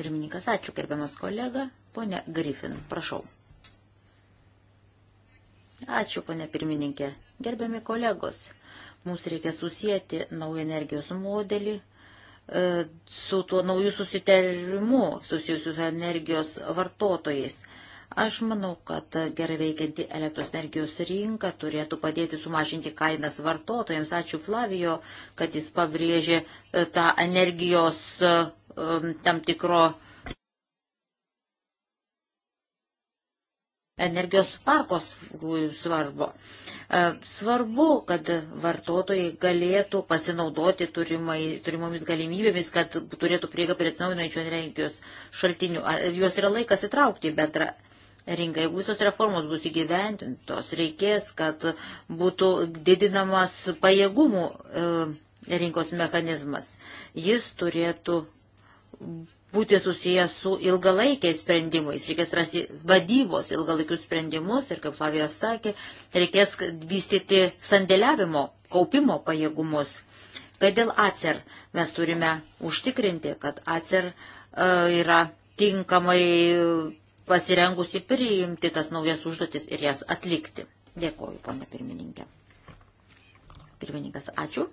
[SPEAKER 3] Pirmininkas, ačiū, gerbiamas kolega. Pone Griffin, prašau. Ačiū, ponė pirmininkė. Gerbiami kolegos, mums reikia susijęti naują energijos modelį e, su tuo naujų susitarimu susijusiu su energijos vartotojais. Aš manau, kad gerai veikianti elektros energijos rinka turėtų padėti sumažinti kainas vartotojams. Ačiū Flavijo, kad jis pabrėžė e, tą energijos e, tam tikro energijos parkos svarbu. E, svarbu, kad vartotojai galėtų pasinaudoti turimai, turimomis galimybėmis, kad turėtų prieigą prie atsinaujinančių energijos šaltinių. Juos yra laikas įtraukti į bendrą rinką. Jeigu visos reformos bus įgyventintos, reikės, kad būtų didinamas pajėgumų e, rinkos mechanizmas. Jis turėtų būti susijęs su ilgalaikiais sprendimais. Reikės rasti vadybos ilgalaikius sprendimus ir, kaip Flavijos sakė, reikės vystyti sandėliavimo, kaupimo pajėgumus. Kad dėl ACER mes turime užtikrinti, kad ACER e, yra tinkamai pasirengusi priimti tas naujas užduotis ir jas atlikti. Dėkoju, pana pirmininkė. Pirmininkas, ačiū.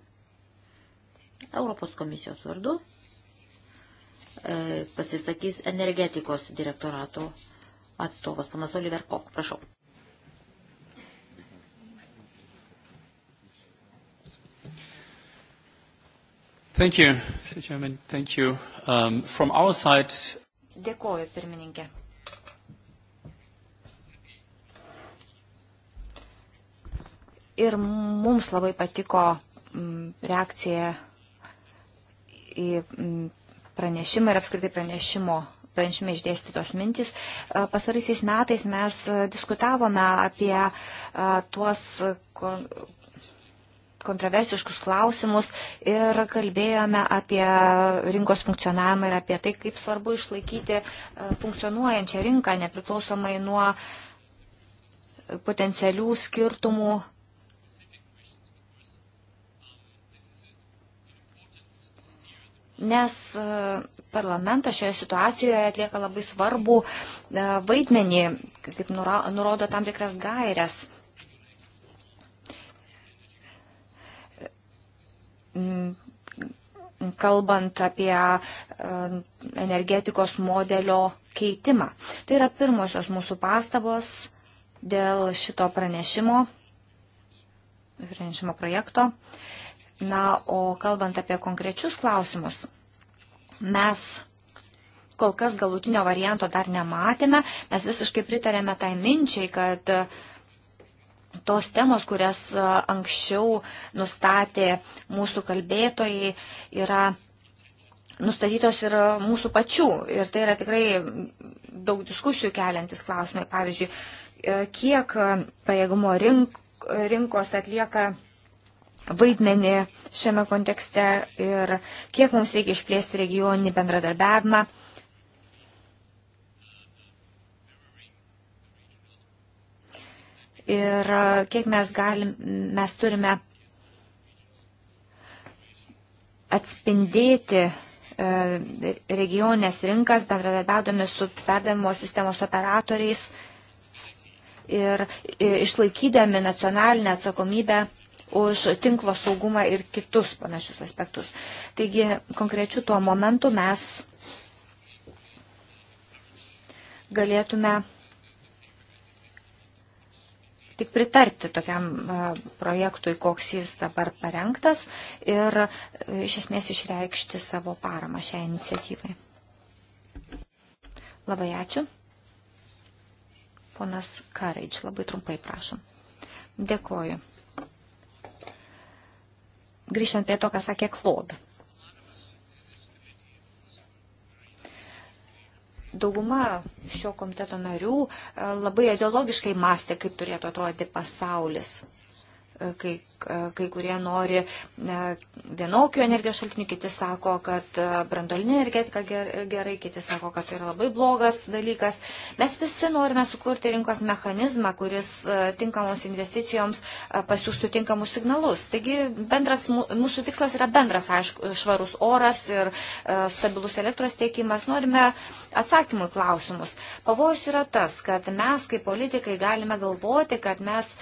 [SPEAKER 3] Europos komisijos vardu E, pasisakys energetikos direktorato atstovas, panas Oliver Kok, prašau.
[SPEAKER 1] Thank you, Mr. Chairman. Thank you. Um, from our side...
[SPEAKER 2] Dėkoju, pirmininkė. Ir mums labai patiko mm, reakcija į mm, pranešimą ir apskritai pranešimo pranešime išdėstytos mintys. E, Pasaraisiais metais mes e, diskutavome apie e, tuos kontroversiškus klausimus ir kalbėjome apie rinkos funkcionavimą ir apie tai, kaip svarbu išlaikyti funkcionuojančią rinką nepriklausomai nuo potencialių skirtumų nes e, parlamentas šioje situacijoje atlieka labai svarbų e, vaidmenį, kaip nurodo tam tikras gairias. Mm, kalbant apie e, energetikos modelio keitimą. Tai yra pirmosios mūsų pastabos dėl šito pranešimo, pranešimo projekto. Uh, Na, o kalbant apie konkrečius klausimus, mes kol kas galutinio varianto dar nematėme, mes visiškai pritarėme tai minčiai, kad tos temos, kurias anksčiau nustatė mūsų kalbėtojai, yra nustatytos ir mūsų pačių. Ir tai yra tikrai daug diskusijų keliantis klausimai. Pavyzdžiui, kiek pajėgumo rink, rinkos atlieka vaidmenį šiame kontekste ir kiek mums reikia išplėsti regioninį bendradarbiavimą. Ir e, kiek mes, galim, mes turime atspindėti e, regionės rinkas, bendradarbiaudami su perdavimo sistemos operatoriais ir e, išlaikydami nacionalinę atsakomybę už tinklo saugumą ir kitus panašius aspektus. Taigi, konkrečiu tuo momentu mes galėtume tik pritarti tokiam projektui, koks jis dabar parengtas ir iš esmės išreikšti savo paramą šią iniciatyvai. Labai ačiū. Ponas Kareič, labai trumpai prašom. Dėkoju grįžtant prie to, ką sakė Klod. Dauguma šio komiteto narių e, labai ideologiškai mąstė, kaip turėtų atrodyti pasaulis kai, kai kurie nori vienokių energijos šaltinių, kiti sako, kad brandolinė energetika gerai, kiti sako, kad tai yra labai blogas dalykas. Mes visi norime sukurti rinkos mechanizmą, kuris tinkamos investicijoms pasiūstų tinkamus signalus. Taigi bendras, mūsų tikslas yra bendras aišku, švarus oras ir stabilus elektros tiekimas. Norime atsakymų į klausimus. Pavojus yra tas, kad mes kaip politikai galime galvoti, kad mes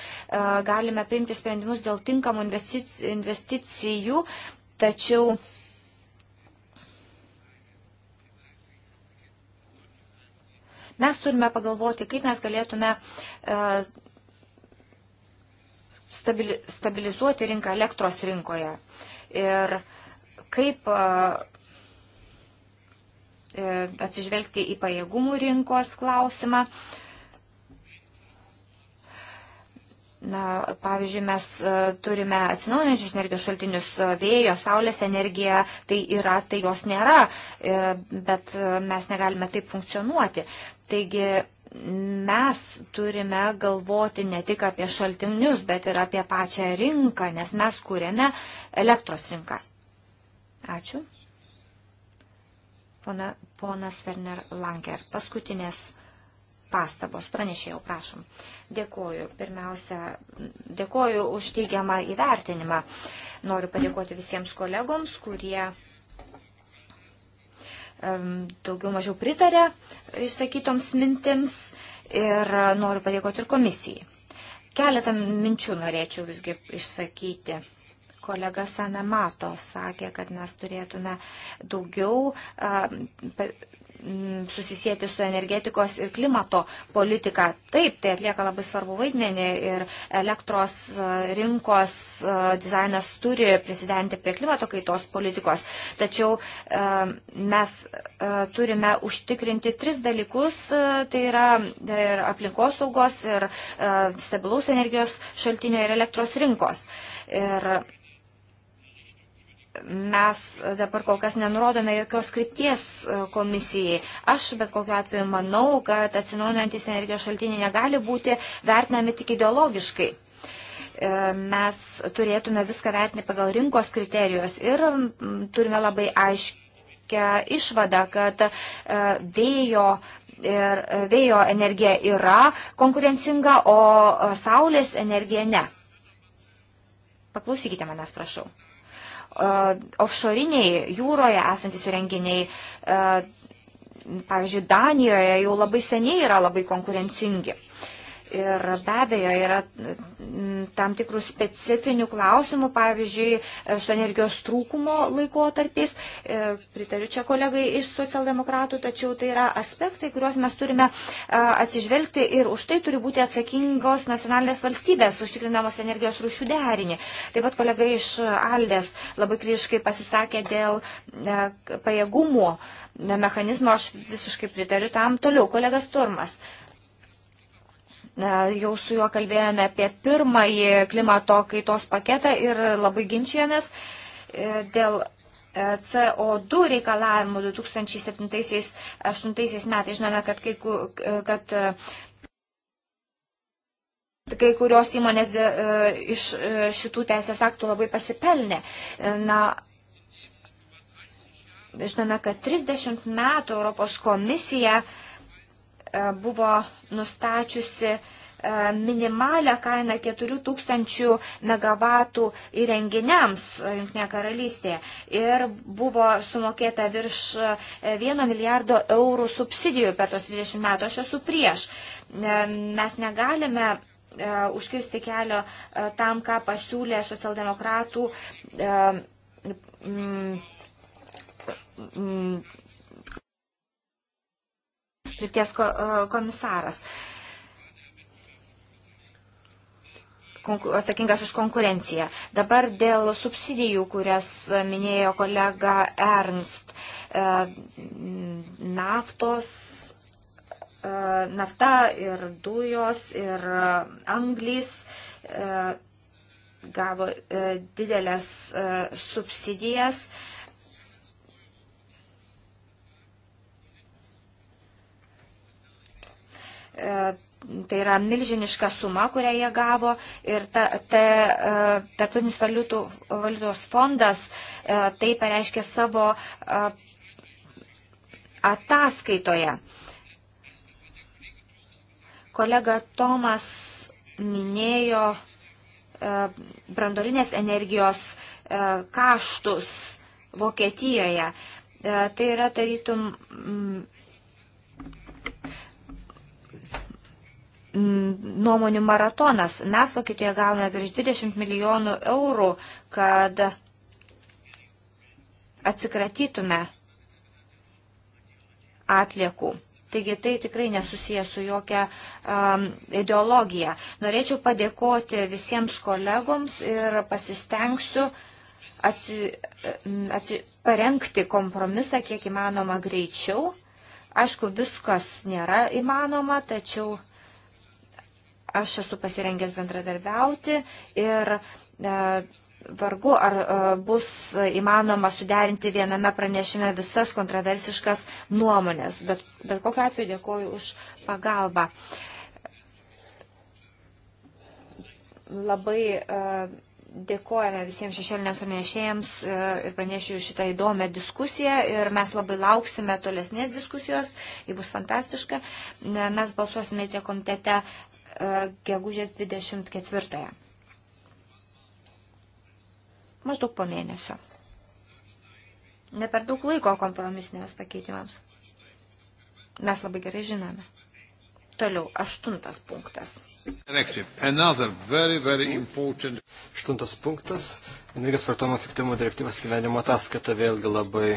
[SPEAKER 2] galime priimti sprendimus sprendimus dėl tinkamų investicijų, tačiau mes turime pagalvoti, kaip mes galėtume e, stabilizuoti rinką elektros rinkoje ir kaip e, e, atsižvelgti į pajėgumų rinkos klausimą. Na, pavyzdžiui, mes e, turime atsinaujinančius energijos šaltinius, e, vėjo, saulės energiją, tai yra, tai jos nėra, e, bet mes negalime taip funkcionuoti. Taigi mes turime galvoti ne tik apie šaltinius, bet ir apie pačią rinką, nes mes kūrėme elektros rinką. Ačiū. Pona, ponas Werner Langer, paskutinės pastabos. Pranešėjau, prašom. Dėkoju. Pirmiausia, dėkoju už teigiamą įvertinimą. Noriu padėkoti visiems kolegoms, kurie um, daugiau mažiau pritarė išsakytoms mintims ir e, noriu padėkoti ir komisijai. Keletą minčių norėčiau visgi išsakyti kolega Sanemato sakė, kad mes turėtume daugiau Mm, susisieti su energetikos ir klimato politika. Taip, tai atlieka labai svarbu vaidmenį ir elektros e, rinkos e, dizainas turi prisidengti prie klimato kaitos politikos. Tačiau e, mes turime užtikrinti tris dalykus, tai yra ir aplinkosaugos, ir stabilaus energijos šaltinio ir elektros rinkos. Ir mes dabar kol kas nenurodome jokios krypties e, komisijai. Aš bet kokiu atveju manau, kad atsinaujantis energijos šaltiniai negali būti vertinami tik ideologiškai. E, mes turėtume viską vertinti pagal rinkos kriterijus ir turime labai aiškę išvadą, kad e, vėjo ir vėjo energija yra konkurencinga, o saulės energija ne. Paklausykite manęs, prašau offshoriniai jūroje esantis renginiai, pavyzdžiui, Danijoje jau labai seniai yra labai konkurencingi. Uh, Ir be abejo, yra mm, tam tikrų specifinių klausimų, pavyzdžiui, su energijos trūkumo laikotarpiais. E, pritariu čia kolegai iš socialdemokratų, tačiau tai yra aspektai, kuriuos mes turime e, atsižvelgti ir už tai turi būti atsakingos nacionalinės valstybės užtikrinamos energijos rūšių derinį. Taip pat kolegai iš Aldės labai kryškai pasisakė dėl e, pajėgumų mechanizmo, aš visiškai pritariu tam toliau. Kolegas Turmas. Jau su juo kalbėjome apie pirmąjį klimato kaitos paketą ir labai ginčijomės e, dėl e, CO2 reikalavimų 2007-2008 metais. Žinome, kad kai, e, kad kai kurios įmonės iš šitų teisės aktų labai pasipelnė. Na, žinome, kad 30 metų Europos komisija uh, E, buvo nustačiusi e, minimalę kainą 4000 MW įrenginiams e, Junktinė karalystė ir buvo sumokėta virš 1 milijardo eurų subsidijų per tos 30 metų. Aš esu prieš. Mes negalime užkirsti kelio tam, ką pasiūlė socialdemokratų lyties e, komisaras. atsakingas už konkurenciją. Dabar dėl subsidijų, kurias minėjo kolega Ernst, e, naftos, e, nafta ir dujos ir anglys gavo didelės subsidijas. Uh, E, tai yra milžiniška suma, kurią jie gavo ir ta, ta, e, Tartutinis valiutų, valiutos fondas e, tai pareiškė savo ataskaitoje. Kolega Tomas minėjo brandolinės energijos kaštus Vokietijoje. Tai yra tarytum Mm, nuomonių maratonas. Mes Vokietijoje gauname virš 20 milijonų eurų, kad atsikratytume atliekų. Taigi tai tikrai nesusiję su jokia um, ideologija. Norėčiau padėkoti visiems kolegoms ir pasistengsiu atsi, atsi, parengti kompromisą kiek įmanoma greičiau. Aišku, viskas nėra įmanoma, tačiau Aš esu pasirengęs bendradarbiauti ir e, vargu ar e, bus įmanoma suderinti viename pranešime visas kontroversiškas nuomonės, bet, bet kokiu atveju dėkoju už pagalbą. Labai e, dėkojame visiems šešėlinėms pranešėjams ir pranešiu šitą įdomią diskusiją ir mes labai lauksime tolesnės diskusijos, ji bus fantastiška. Mes balsuosime tie komitete gegužės 24. Maždaug po mėnesio. Ne per daug laiko kompromisinėms pakeitimams. Mes labai gerai žinome. Toliau, aštuntas punktas.
[SPEAKER 1] Very, very important... Aštuntas punktas. Energijos vartojimo efektyvumo direktyvos gyvenimo ataskaita vėlgi labai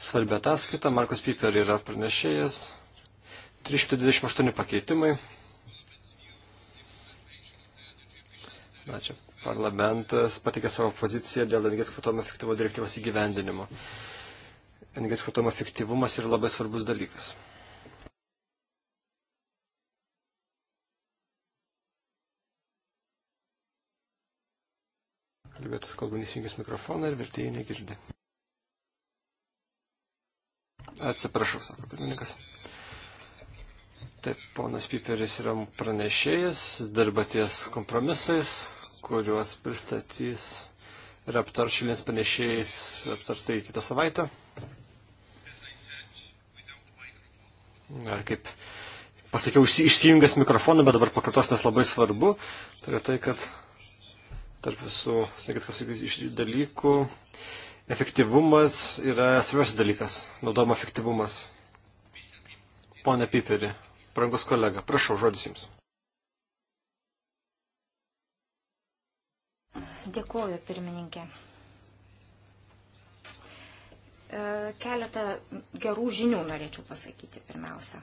[SPEAKER 1] svarbi ataskaita. Markus Piper yra pranešėjas. 328 pakeitimai. Ačiū. Parlamentas patikė savo poziciją dėl energetikos vartojimo efektyvumo direktyvos įgyvendinimo. Energetikos vartojimo efektyvumas yra labai svarbus dalykas. Kalbėtas kalbanys jungis mikrofoną ir vertėjai negirdi. Atsiprašau, sako pirmininkas. Taip, ponas Piperis yra pranešėjas, dirba ties kompromisais, kuriuos pristatys ir aptar šilės panešėjais, aptars tai kitą savaitę. Ar kaip pasakiau, išsijungęs mikrofoną, bet dabar pakartos, nes labai svarbu, tai yra tai, kad tarp visų, sakykit, kažkokių iš dalykų, efektyvumas yra svarbiausias dalykas, naudojama efektyvumas. Pone Piperi, brangus kolega, prašau, žodis jums.
[SPEAKER 2] Dėkuoju, pirmininkė. E, keletą gerų žinių norėčiau pasakyti pirmiausia.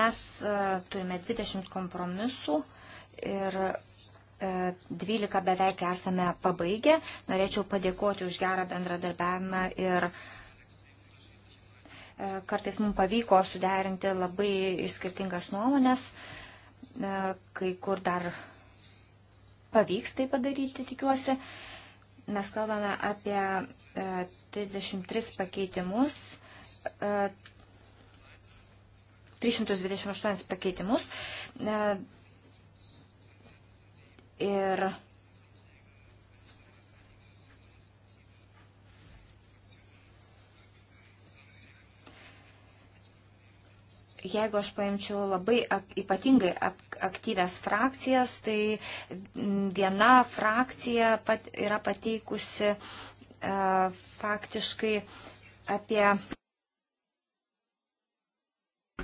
[SPEAKER 2] Mes e, turime 20 kompromisų ir 12 e, beveik esame pabaigę. Norėčiau padėkoti už gerą bendradarbiavimą ir kartais mums pavyko suderinti labai skirtingas nuomonės. E, kai kur dar pavyks tai padaryti, tikiuosi. Mes kalbame apie 33 e, pakeitimus, 328 e, pakeitimus. Ir jeigu aš paimčiau labai ak, ypatingai ak, aktyves frakcijas, tai viena frakcija pat, yra pateikusi e, faktiškai apie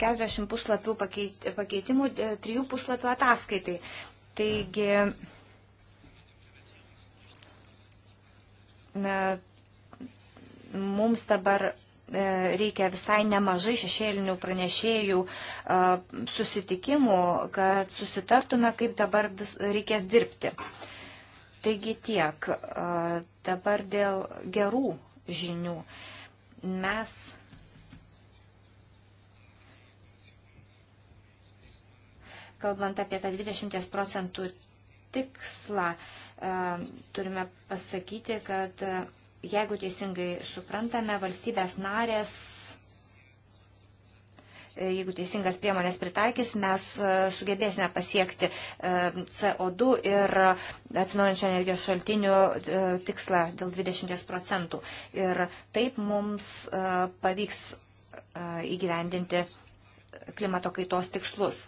[SPEAKER 2] 40 puslapių pakeit, pakeitimų, 3 e, puslapių ataskaitai. Taigi, e, mums dabar E, reikia visai nemažai šešėlinių pranešėjų e, susitikimų, kad susitartume, kaip dabar vis, reikės dirbti. Taigi tiek. E, dabar dėl gerų žinių. Mes kalbant apie tą 20 procentų tikslą, turime pasakyti, kad jeigu teisingai suprantame, valstybės narės, e, jeigu teisingas priemonės pritaikys, mes e, sugebėsime pasiekti e, CO2 ir atsinaujančio energijos šaltinių tikslą dėl 20 procentų. Ir taip mums pavyks įgyvendinti klimato kaitos tikslus.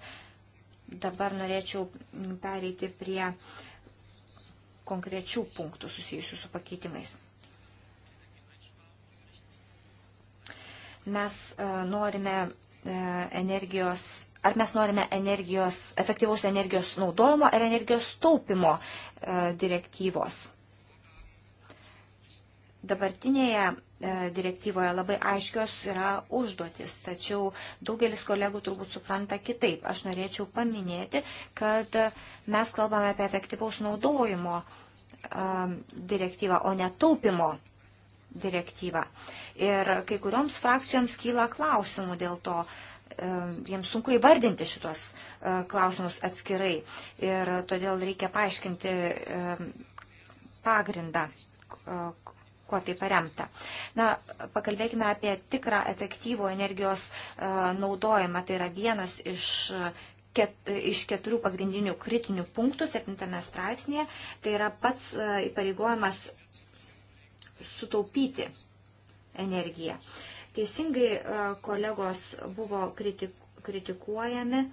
[SPEAKER 2] Dabar norėčiau pereiti prie konkrečių punktų susijusių su pakeitimais. mes e, norime e, energijos ar mes norime energijos, efektyvaus energijos naudojimo ir energijos taupimo e, direktyvos. Dabartinėje direktyvoje labai aiškios yra užduotis, tačiau daugelis kolegų turbūt supranta kitaip. Aš norėčiau paminėti, kad mes kalbame apie efektyvaus naudojimo direktyvą, o ne taupimo direktyvą direktyvą. Ir kai kurioms frakcijoms kyla klausimų dėl to, jiems sunku įvardinti šitos e, klausimus atskirai. Ir todėl reikia paaiškinti pagrindą, e, kuo tai paremta. Na, pakalbėkime apie tikrą efektyvų energijos e, naudojimą. Tai yra vienas iš ket, iš keturių pagrindinių kritinių punktų septintame straipsnėje. Tai yra pats įpareigojimas sutaupyti energiją. Teisingai e, kolegos buvo kritikuojami. E,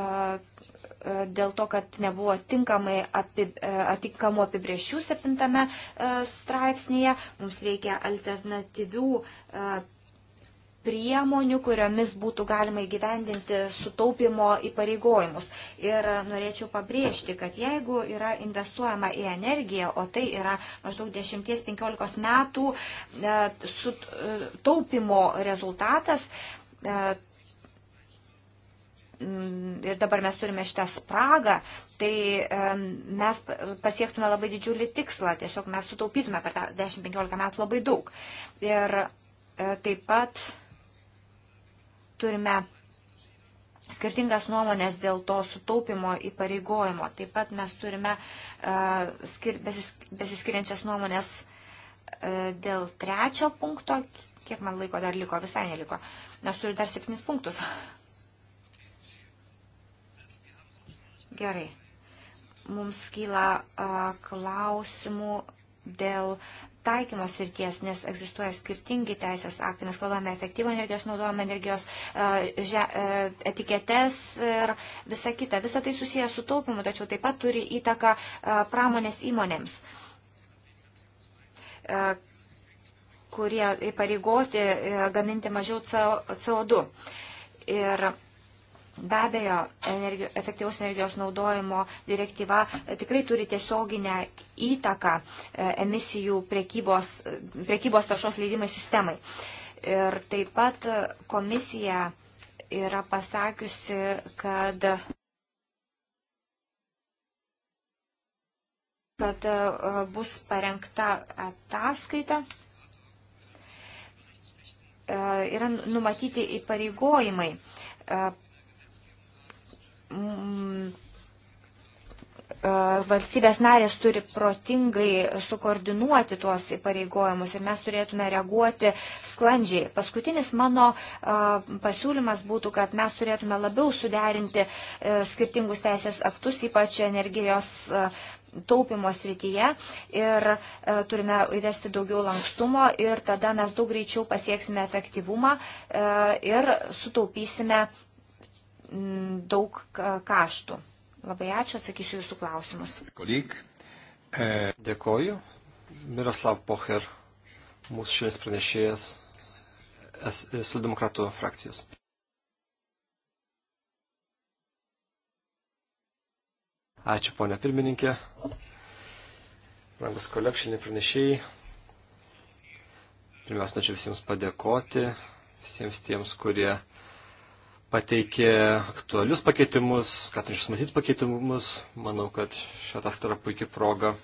[SPEAKER 2] e, dėl to, kad nebuvo tinkamai apib, atitinkamų apibriešių septintame straipsnėje, mums reikia alternatyvių priemonių, kuriomis būtų galima įgyvendinti sutaupimo įpareigojimus. Ir norėčiau pabrėžti, kad jeigu yra investuojama į energiją, o tai yra maždaug 10-15 metų e, sutaupimo e, rezultatas, e, mm, ir dabar mes turime šitą spragą, tai e, mes pasiektume labai didžiulį tikslą, tiesiog mes sutaupytume per tą 10-15 metų labai daug. Ir e, taip pat turime skirtingas nuomonės dėl to sutaupimo įpareigojimo. Taip pat mes turime uh, skir, besis, besiskiriančias nuomonės uh, dėl trečio punkto. Kiek man laiko dar liko? Visai neliko. Aš turiu dar septynis punktus. <laughs> Gerai. Mums kyla uh, klausimų dėl taikymo srities, nes egzistuoja skirtingi teisės aktai. Mes kalbame efektyvą energijos naudojimą, energijos e, že, e, etiketes ir visa kita. Visa tai susiję su taupimu, tačiau taip pat turi įtaką e, pramonės įmonėms kurie įpareigoti gaminti mažiau CO2. Ir Be abejo, energijo, efektyvus energijos naudojimo direktyva e, tikrai turi tiesioginę įtaką e, emisijų prekybos, e, prekybos taršos leidimai sistemai. Ir taip pat komisija yra pasakiusi, kad kad bus parengta ataskaita. Yra numatyti įpareigojimai mm, e, valstybės narės turi protingai sukoordinuoti tuos įpareigojimus ir mes turėtume reaguoti sklandžiai. Paskutinis mano e, pasiūlymas būtų, kad mes turėtume labiau suderinti e, skirtingus teisės aktus, ypač energijos taupimo srityje ir e, turime įvesti daugiau lankstumo ir tada mes daug greičiau pasieksime efektyvumą e, ir sutaupysime Mm, daug kaštų. Labai ačiū, atsakysiu jūsų klausimus.
[SPEAKER 1] Kolik, e, dėkoju. Miroslav Pocher, mūsų šiandien pranešėjas, Sildemokratų e, frakcijos. Ačiū, ponia pirmininkė. Rangus kolekšinė pranešėjai. Pirmiausia, norėčiau visiems padėkoti, visiems tiems, kurie pateikė aktualius pakeitimus, skatinius matyti pakeitimus. Manau, kad šią tas yra puikia proga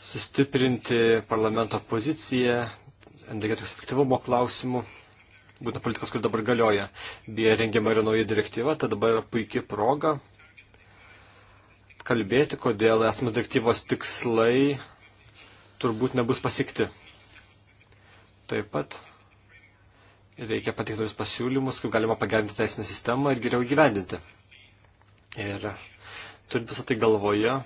[SPEAKER 1] sustiprinti parlamento poziciją energetikos efektyvumo klausimų, būtent politikos, kur dabar galioja. Beje, rengiama yra nauja direktyva, tai dabar yra puikia proga kalbėti, kodėl esamos direktyvos tikslai turbūt nebus pasiekti. Taip pat reikia pateikti naujus pasiūlymus, kaip galima pagerinti teisinę sistemą ir geriau gyvendinti. Ir turint visą tai galvoje,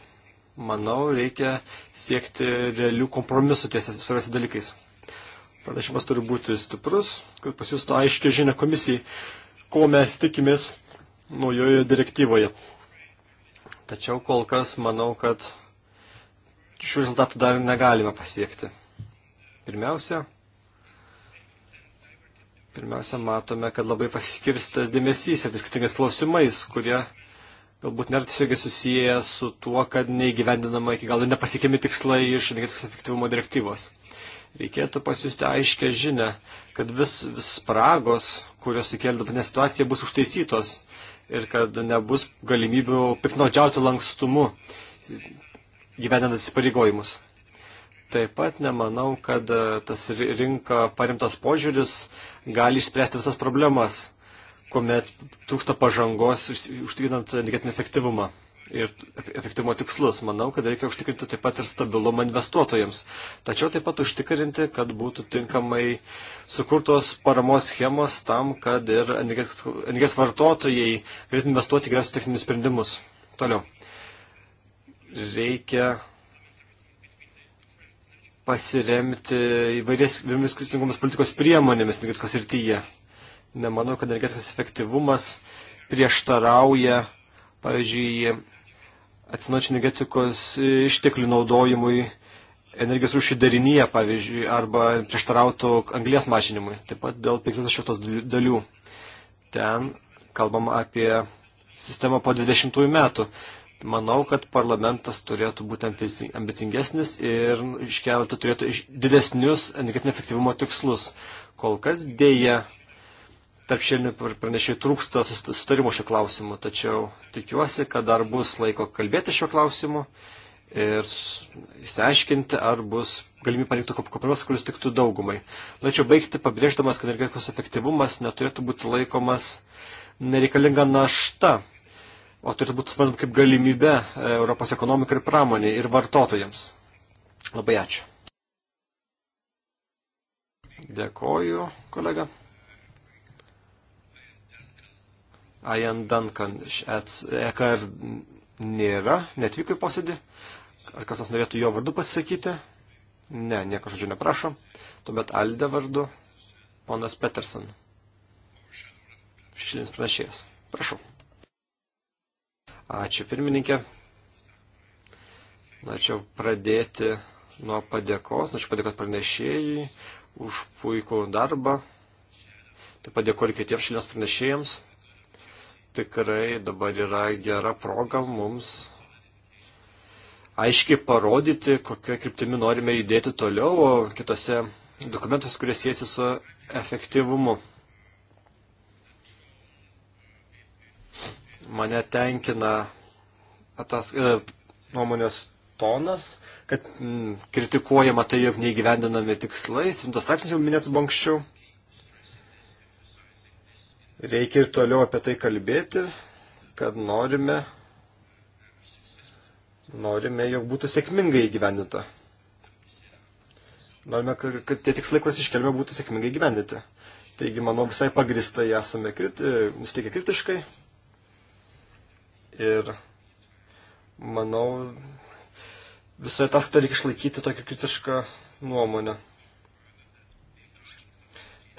[SPEAKER 1] manau, reikia siekti realių kompromisų tiesiais svarbiausiais dalykais. Pranešimas turi būti stiprus, kad pasiūstų aiškiai žinia komisijai, ko mes tikimės naujoje direktyvoje. Tačiau kol kas manau, kad šių rezultatų dar negalime pasiekti. Pirmiausia, Pirmiausia, matome, kad labai pasiskirstas dėmesys ir skirtingas klausimais, kurie galbūt nėra tiesiogiai susiję su tuo, kad neįgyvendinama iki galo nepasiekiami tikslai iš energetikos efektyvumo direktyvos. Reikėtų pasiūsti aiškę žinę, kad vis, vis spragos, kurios sukėlė dabartinė situacija, bus užtaisytos ir kad nebus galimybių piknaudžiauti lankstumu gyvenant atsipareigojimus. Taip pat nemanau, kad e, tas rinka parimtas požiūris gali išspręsti visas problemas, kuomet trūksta pažangos užtikrinant energetinį efektyvumą ir efektyvumo tikslus. Manau, kad reikia užtikrinti taip pat ir stabilumą investuotojams. Tačiau taip pat užtikrinti, kad būtų tinkamai sukurtos paramos schemos tam, kad ir energijos vartotojai galėtų investuoti geriausius techninius sprendimus. Toliau. Reikia pasiremti įvairiais skirtingomis politikos priemonėmis energetikos rytyje. Nemanau, kad energetikos efektyvumas prieštarauja, pavyzdžiui, atsinaučių energetikos e, išteklių naudojimui energijos rūšių darinyje, pavyzdžiui, arba prieštarautų anglės mažinimui, taip pat dėl 50 dalių. Ten kalbama apie sistemą po 20 metų. Manau, kad parlamentas turėtų būti ambicingesnis ir iškelti turėtų didesnius energetinio efektyvumo tikslus. Kol kas dėja tarp šiandien pranešiai trūksta sustarimo šio klausimu, tačiau tikiuosi, kad dar bus laiko kalbėti šio klausimu ir įsiaiškinti, ar bus galimybė parinkti kompromisą, kuris tiktų daugumai. Norėčiau baigti pabrėždamas, kad energetikos efektyvumas neturėtų būti laikomas nereikalinga našta o tai turėtų būti suprantama kaip galimybė e, Europos ekonomikai ir pramoniai ir vartotojams. Labai ačiū. Dėkoju, kolega. Ajan Duncan iš EKR e nėra, netvyko į posėdį. Ar kas nors norėtų jo vardu pasisakyti? Ne, nieko žodžiu neprašo. Tuomet Alde vardu ponas Peterson. Šilinis pranešėjas. Prašau. Ačiū pirmininkė. Norėčiau pradėti nuo padėkos. Norėčiau padėkoti pranešėjai už puikų darbą. Taip padėkoju ir kitiems šalies pranešėjams. Tikrai dabar yra gera proga mums aiškiai parodyti, kokią kryptimį norime judėti toliau, o kitose dokumentuose, kurie siejasi su efektyvumu. mane tenkina atas, e, nuomonės tonas, kad m, mm, kritikuojama tai, jog neįgyvendinami tikslai, 7 straipsnis jau minėtas buvo anksčiau. Reikia ir toliau apie tai kalbėti, kad norime, norime, jog būtų sėkmingai įgyvendinta. Norime, kad tie tikslai, kuriuos iškelime, būtų sėkmingai įgyvendinti. Taigi, manau, visai pagristai esame kriti, nusteikę kritiškai Ir manau, visoje ataskaitoje reikia išlaikyti tokią kritišką nuomonę.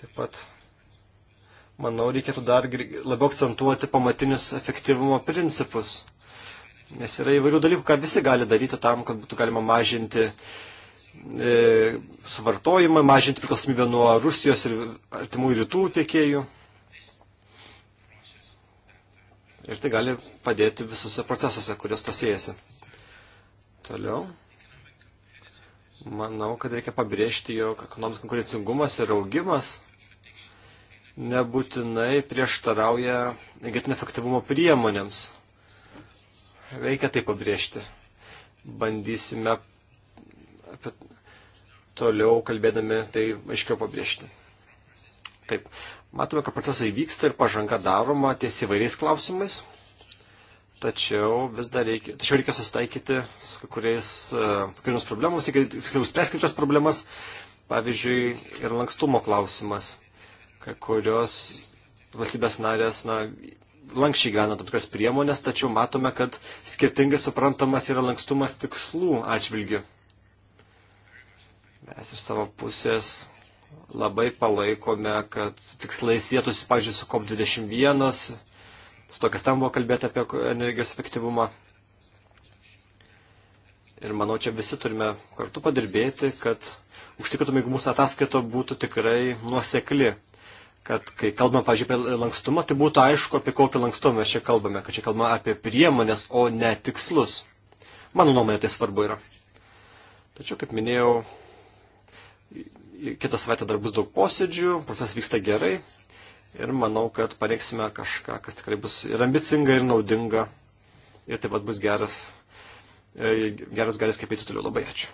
[SPEAKER 1] Taip pat, manau, reikėtų dar labiau akcentuoti pamatinius efektyvumo principus. Nes yra įvairių dalykų, ką visi gali daryti tam, kad būtų galima mažinti e, suvartojimą, mažinti priklausomybę nuo Rusijos ir artimų rytų tiekėjų. Ir tai gali padėti visose procesuose, kurios pasėjasi. Toliau. Manau, kad reikia pabrėžti, jog ekonominis konkurencingumas ir augimas nebūtinai prieštarauja energetinio efektyvumo priemonėms. Reikia tai pabrėžti. Bandysime apie toliau kalbėdami tai aiškiau pabrėžti. Taip, Matome, kad procesai vyksta ir pažanga daroma ties įvairiais klausimais, tačiau vis dar reikia, tačiau reikia susitaikyti su kuriais, e, kuriams problemos, reikia tiksliau spręskime tas problemas, pavyzdžiui, ir lankstumo klausimas, kai kurios valstybės narės, na, lankščiai gyvena tam tikras priemonės, tačiau matome, kad skirtingai suprantamas yra lankstumas tikslų atžvilgių. Mes iš savo pusės labai palaikome, kad tikslai sėtųsi, pažiūrėjau, su COP21, su to, kas ten buvo kalbėta apie energijos efektyvumą. Ir manau, čia visi turime kartu padirbėti, kad užtikrintume, jeigu mūsų ataskaita būtų tikrai nuosekli. Kad kai kalbame, pažiūrėjau, apie lankstumą, tai būtų aišku, apie kokį lankstumą mes čia kalbame, kad čia kalbame apie priemonės, o ne tikslus. Mano nuomonė tai svarbu yra. Tačiau, kaip minėjau, kitą savaitę dar bus daug posėdžių, procesas vyksta gerai ir manau, kad pareiksime kažką, kas tikrai bus ir ambicinga, ir naudinga ir taip pat bus geras, e, geras galės kaip eiti toliau. Labai ačiū.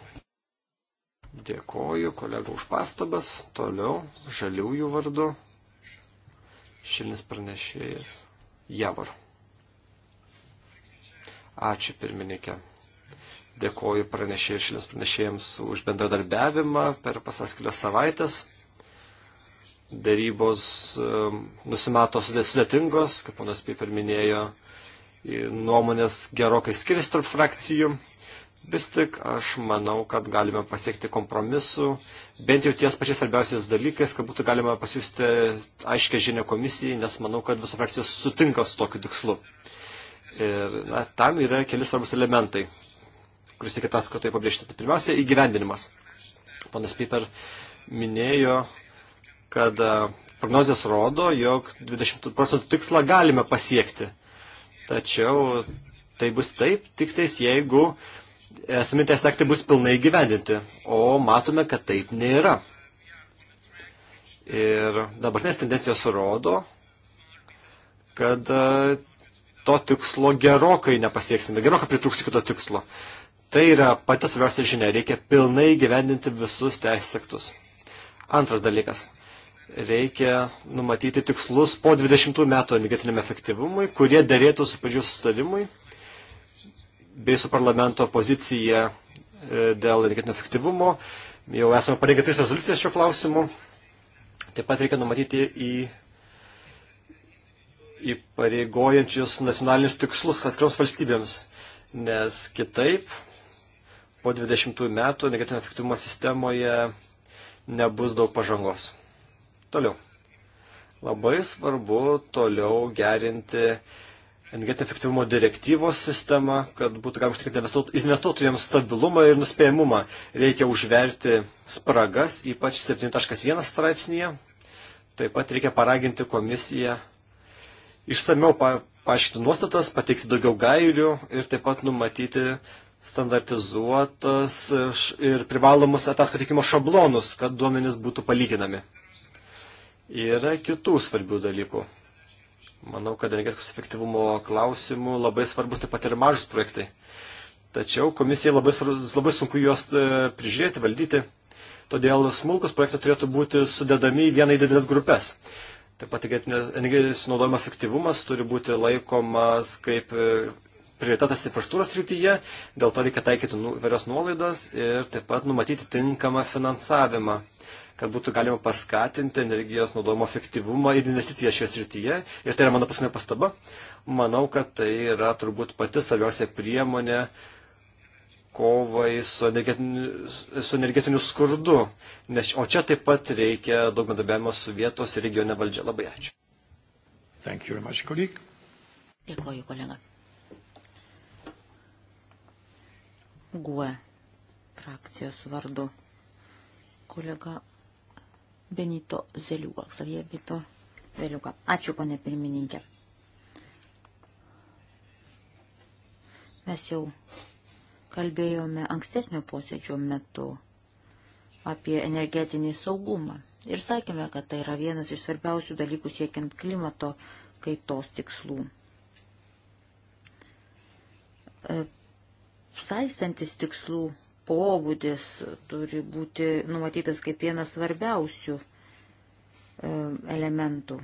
[SPEAKER 1] Dėkoju kolegų už pastabas. Toliau žaliųjų vardu. Šilinis pranešėjas Javor. Ačiū pirmininkė. Dėkoju pranešėjai šilės pranešėjams už bendradarbiavimą per pasas kelias savaitės. Darybos e, nusimato sudėtingos, kaip ponas Piper minėjo, nuomonės gerokai skiriasi tarp frakcijų. Vis tik aš manau, kad galime pasiekti kompromisu, bent jau ties pačiais svarbiausiais dalykais, kad būtų galima pasiūsti aiškę žinę komisijai, nes manau, kad visos frakcijos sutinka su tokiu tikslu. Ir na, tam yra keli svarbus elementai kuris reikia ataskaitoje pabrėžti. Tai pirmiausia, įgyvendinimas. Panas Piper minėjo, kad e, prognozijas rodo, jog 20 procentų tikslą galime pasiekti. Tačiau tai bus taip, tik tais jeigu esami teisės aktai bus pilnai gyvendinti. O matome, kad taip nėra. Ir dabartinės tendencijos rodo, kad e, to tikslo gerokai nepasieksime, gerokai pritruks iki to tikslo. Tai yra pati svarbiausia žinia, reikia pilnai gyvendinti visus teisės aktus. Antras dalykas. Reikia numatyti tikslus po 20 metų energetiniam efektyvumui, kurie dėrėtų su Paryžiaus sustarimui bei su parlamento pozicija e, dėl energetinio efektyvumo. Jau esame parengę tris rezoliucijas šiuo klausimu. Taip pat reikia numatyti į įpareigojančius nacionalinius tikslus atskiroms valstybėms, nes kitaip po 20 metų energetinio efektyvumo sistemoje nebus daug pažangos. Toliau. Labai svarbu toliau gerinti energetinio efektyvumo direktyvos sistemą, kad būtų galima užtikrinti investuotojams stabilumą ir nuspėjimumą. Reikia užverti spragas, ypač 7.1 straipsnėje. Taip pat reikia paraginti komisiją išsameu pa, paaiškinti nuostatas, pateikti daugiau gairių ir taip pat numatyti standartizuotas ir privalomus ataskaitų teikimo šablonus, kad duomenys būtų palyginami. Yra kitų svarbių dalykų. Manau, kad energetikos efektyvumo klausimų labai svarbus taip pat ir mažus projektai. Tačiau komisijai labai, svarbus, labai sunku juos e, prižiūrėti, valdyti. Todėl smulkus projektai turėtų būti sudedami į vieną į didelės grupės. Taip pat energijos naudojimo efektyvumas turi būti laikomas kaip e, prioritetas infrastruktūros rytyje, dėl to reikia taikyti nu, įvairios nuolaidas ir taip pat numatyti tinkamą finansavimą, kad būtų galima paskatinti energijos naudojimo efektyvumą ir investiciją šioje srityje. Ir tai yra mano paskutinė pastaba. Manau, kad tai yra turbūt pati saviausia priemonė kovai su energetiniu, su energetiniu skurdu. Nes, o čia taip pat reikia daug bendradarbiavimo su vietos ir regione valdžia. Labai ačiū. Much,
[SPEAKER 3] Dėkuoju, kolega. GUE frakcijos vardu kolega Benito Zeliuką. Xavier Benito Zeliuką. Ačiū, ponė pirmininkė. Mes jau kalbėjome ankstesnio posėdžio metu apie energetinį saugumą ir sakėme, kad tai yra vienas iš svarbiausių dalykų siekiant klimato kaitos tikslų saistantis tikslų pobūdis turi būti numatytas kaip vienas svarbiausių e, elementų. E,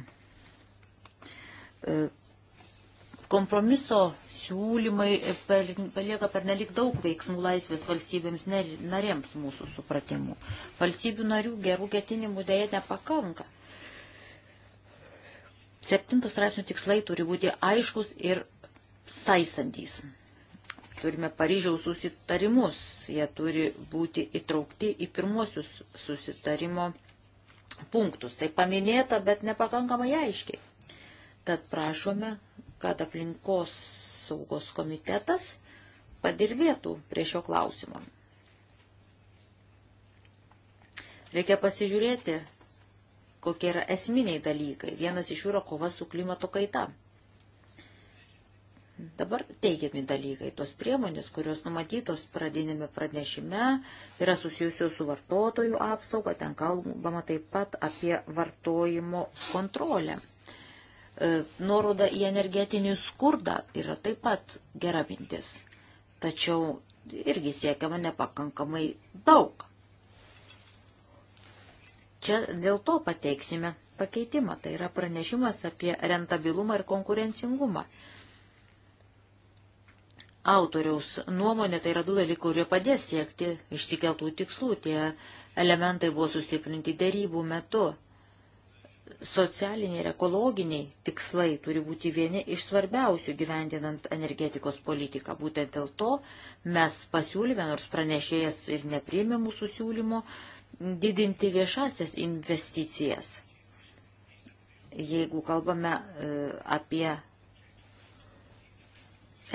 [SPEAKER 3] kompromiso siūlymai per, palieka per nelik daug veiksmų laisvės valstybėms narėms mūsų supratimu. Valstybių narių gerų ketinimų dėja nepakanka. Septintos straipsnių tikslai turi būti aiškus ir saistantys. Turime Paryžiaus susitarimus, jie turi būti įtraukti į pirmosius susitarimo punktus. Tai paminėta, bet nepakankamai aiškiai. Tad prašome, kad aplinkos saugos komitetas padirbėtų prie šio klausimo. Reikia pasižiūrėti, kokie yra esminiai dalykai. Vienas iš jų yra kova su klimato kaita. Dabar teigiami dalykai, tos priemonės, kurios numatytos pradinėme pranešime, yra susijusios su vartotojų apsauga, ten kalbama taip pat apie vartojimo kontrolę. E, nuoroda į energetinį skurdą yra taip pat gera mintis, tačiau irgi siekiama nepakankamai daug. Čia dėl to pateiksime pakeitimą, tai yra pranešimas apie rentabilumą ir konkurencingumą autoriaus nuomonė, tai yra du dalykai, kurie padės siekti išsikeltų tikslų. Tie elementai buvo sustiprinti dėrybų metu. Socialiniai ir ekologiniai tikslai turi būti vieni iš svarbiausių gyvendinant energetikos politiką. Būtent dėl to mes pasiūlyme, nors pranešėjas ir nepriėmė mūsų siūlymo, didinti viešasias investicijas. Jeigu kalbame e, apie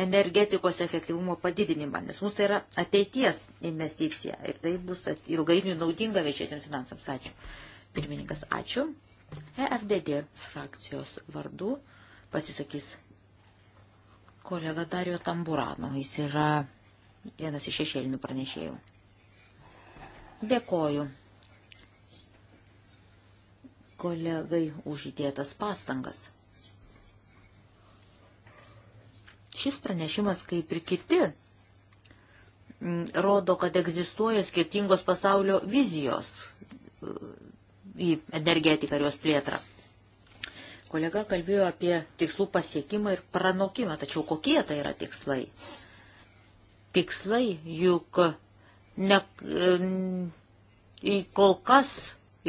[SPEAKER 3] energetikos efektyvumo padidinimą, nes mūsų tai yra ateities investicija ir tai bus ilgainiui naudinga viešiesiems finansams. Ačiū. Pirmininkas, ačiū. EFDD frakcijos vardu pasisakys kolega Dario Tamburano. Jis yra vienas iš šešėlinių pranešėjų. Dėkoju kolegai už įdėtas pastangas. Šis pranešimas, kaip ir kiti, mm, rodo, kad egzistuoja skirtingos pasaulio vizijos mm, į energetiką ir jos plėtrą. Kolega kalbėjo apie tikslų pasiekimą ir pranokimą, tačiau kokie tai yra tikslai? Tikslai juk ne, mm, kol kas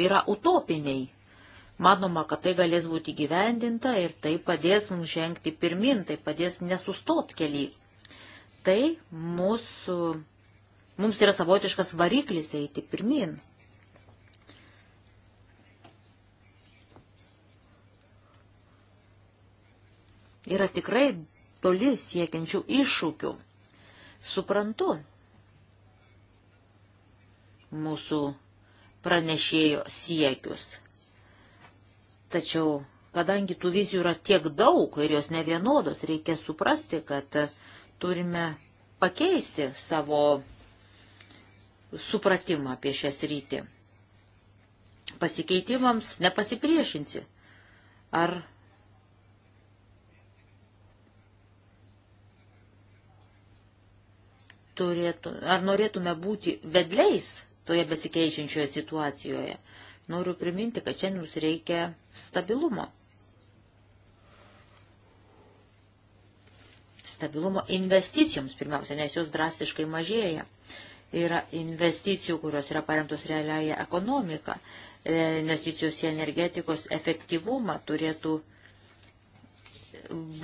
[SPEAKER 3] yra utopiniai Manoma, kad tai galės būti gyvendinta ir tai padės mums žengti pirmin, tai padės nesustot keli. Tai mūsų, mums yra savotiškas variklis eiti pirmin. Yra tikrai toli siekiančių iššūkių. Suprantu mūsų pranešėjo siekius. Tačiau, kadangi tų vizijų yra tiek daug ir jos ne vienodos, reikia suprasti, kad turime pakeisti savo supratimą apie šią sritį. Pasikeitimams nepasipriešinsi. Ar turėtų, ar norėtume būti vedliais toje besikeičiančioje situacijoje? Noriu priminti, kad šiandien mums reikia stabilumo. Stabilumo investicijoms pirmiausia, nes jos drastiškai mažėja. Yra investicijų, kurios yra paremtos realiaja ekonomika. E, investicijos į energetikos efektyvumą turėtų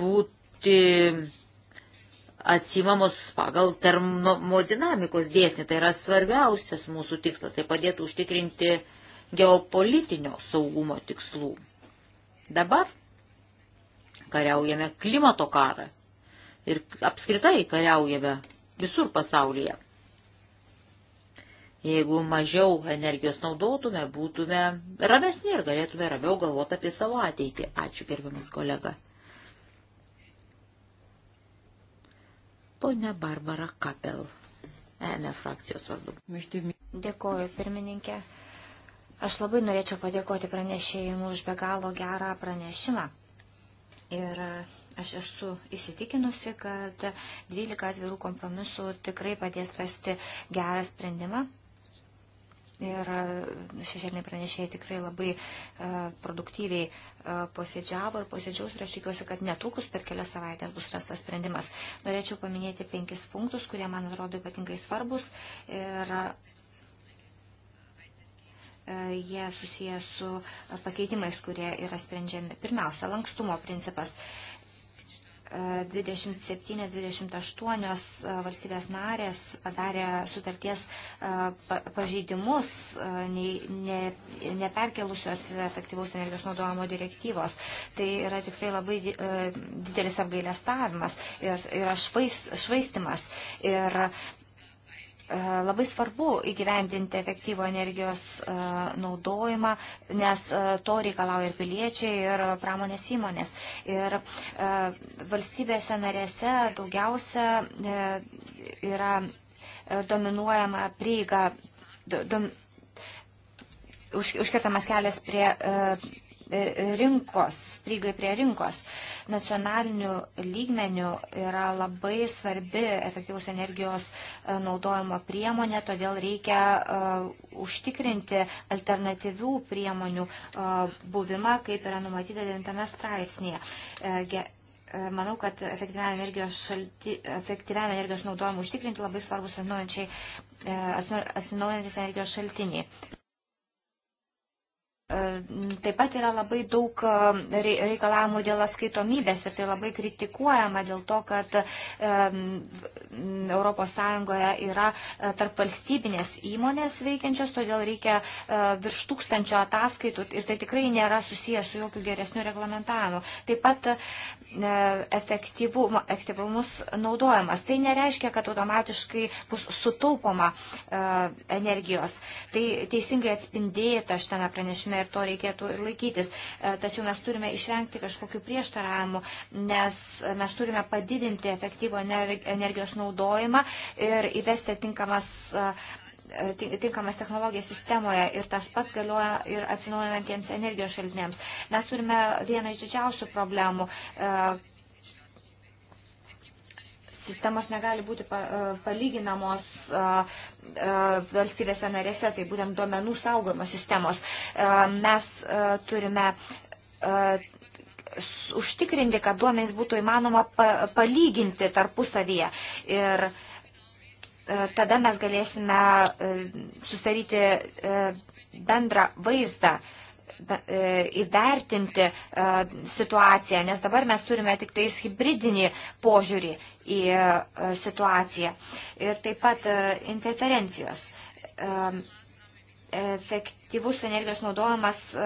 [SPEAKER 3] būti atsimamos pagal termodinamikos dėsnį. Tai yra svarbiausias mūsų tikslas. Tai padėtų užtikrinti uh, geopolitinio saugumo tikslų. Dabar kariaujame klimato karą ir apskritai kariaujame visur pasaulyje. Jeigu mažiau energijos naudotume, būtume ramesni ir galėtume ramiau galvoti apie savo ateitį. Ačiū, gerbiamas kolega. Pone Barbara Kapel, ENE frakcijos vardu. Dėkoju,
[SPEAKER 2] pirmininkė. Aš labai norėčiau padėkoti pranešėjimui už be galo gerą pranešimą. Ir aš esu įsitikinusi, kad 12 atvirų kompromisų tikrai padės rasti gerą sprendimą. Ir šešėliniai pranešėjai tikrai labai e, produktyviai e, posėdžiavo ir posėdžiaus ir aš tikiuosi, kad netrukus per kelias savaitės bus rastas sprendimas. Norėčiau paminėti penkis punktus, kurie man atrodo ypatingai svarbus ir E, jie susiję su e, pakeitimais, kurie yra sprendžiami. Pirmiausia, lankstumo principas. 27-28 e, valstybės narės padarė sutarties pažeidimus, neperkelusios efektyvaus energijos naudojimo direktyvos. Tai yra tik tai labai didelis apgailestavimas ir, ir švaistimas. Ir E, labai svarbu įgyvendinti efektyvų energijos e, naudojimą, nes e, to reikalauja ir piliečiai, ir pramonės įmonės. Ir valstybėse narėse daugiausia yra dominuojama prieiga, dom, už, užkirtamas kelias prie E, rinkos, prieigai prie rinkos. Nacionalinių lygmenių yra labai svarbi efektyvus energijos e, naudojimo priemonė, todėl reikia uh, užtikrinti alternatyvių priemonių uh, buvimą, kaip yra numatyta 9 straipsnėje. Uh, manau, kad efektyviam energijos, šalti, efektyviam energijos naudojimu užtikrinti labai svarbus atsinaujantis energijos šaltiniai. Taip pat yra labai daug e, reikalavimų dėl atskaitomybės ir tai labai kritikuojama dėl to, kad ES yra e, tarp valstybinės įmonės veikiančios, todėl reikia e, virš tūkstančio ataskaitų ir tai tikrai nėra susijęs su jokių geresnių reglamentavimu. Taip pat E, efektyvumus naudojamas. Tai nereiškia, kad automatiškai bus sutaupoma e, energijos. Tai teisingai atspindėta šitame pranešime ir to reikėtų laikytis. E, tačiau mes turime išvengti kažkokių prieštaravimų, nes mes turime padidinti efektyvų energijos naudojimą ir įvesti tinkamas E, tinkamas technologijas sistemoje ir tas pats galioja ir atsinaujinantiems energijos šaltiniams. Mes turime vieną iš didžiausių problemų. E, sistemos negali būti e, palyginamos valstybėse narėse, tai būtent duomenų saugojimo sistemos. Mes turime užtikrinti, kad duomenys būtų įmanoma palyginti tarpusavyje. Ir uh, E, tada mes galėsime e, sustaryti e, bendrą vaizdą įvertinti situaciją, nes dabar mes turime tik tais hybridinį požiūrį į situaciją ir taip pat interferencijos efektyvus energijos naudojimas e,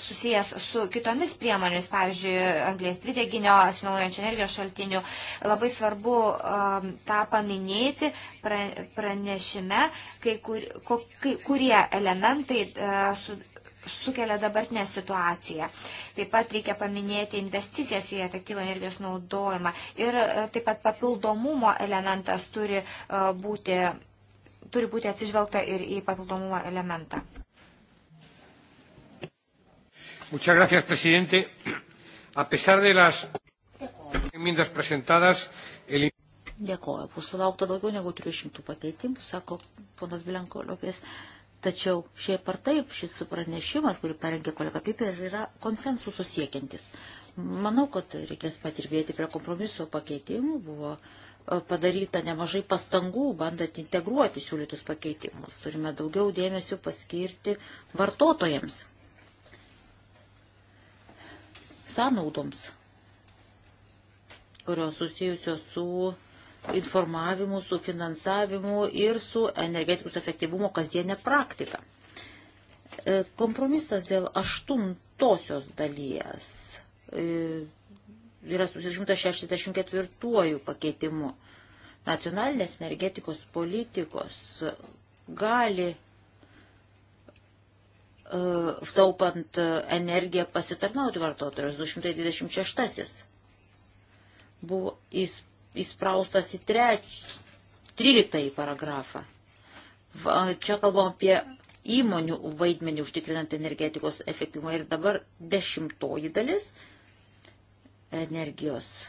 [SPEAKER 2] susijęs su kitomis priemonėmis, pavyzdžiui, anglės dvideginio, asinaujančio energijos šaltinių. Labai svarbu e, tą paminėti pranešime, kai, kur, kai kurie elementai e, su, sukelia dabartinę situaciją. Taip pat reikia paminėti investicijas į efektyvą energijos naudojimą. Ir taip pat papildomumo elementas turi būti turi būti atsižvelgta ir į papildomumo elementą.
[SPEAKER 1] Muchas gracias, presidente. A pesar de las enmiendas presentadas, el... Dėkoju,
[SPEAKER 3] bus sulaukta daugiau negu 300 pakeitimų, sako ponas Bilenkolopės. Tačiau šiaip ar taip šis pranešimas, kurį parengė kolega Piper, yra konsensusų siekiantis. Manau, kad reikės patirbėti prie kompromiso pakeitimų, buvo uh, padaryta nemažai pastangų, bandant integruoti siūlytus pakeitimus. Turime daugiau dėmesio paskirti vartotojams, sąnaudoms, kurios susijusios su informavimu, su finansavimu ir su energetikos efektyvumo kasdienė praktika. E, kompromisas dėl aštuntosios dalies e, yra susižymta 64 pakeitimu. Nacionalinės energetikos politikos gali e, taupant energiją pasitarnauti vartotojus. 226 buvo įspraustas į treč, 13 paragrafą. Čia kalbam apie įmonių vaidmenį užtikrinant energetikos efektyvumą ir dabar dešimtoji dalis – energijos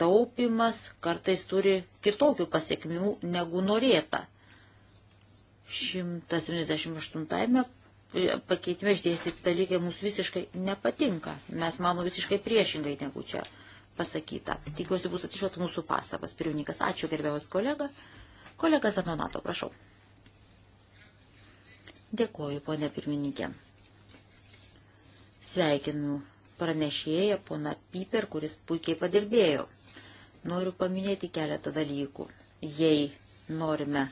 [SPEAKER 3] taupimas kartais turi kitokių pasiekmių negu norėta. 178 pakeitime išdėstyti dalykai mums visiškai nepatinka. Mes manome visiškai priešingai negu čia pasakyta. Tikiuosi bus atsišuota mūsų pastabas. Pirmininkas, ačiū gerbiamas kolega. Kolega Zanonato, prašau. Dėkuoju, ponė pirmininkė. Sveikinu pranešėją, pona Piper, kuris puikiai padirbėjo. Noriu paminėti keletą dalykų. Jei norime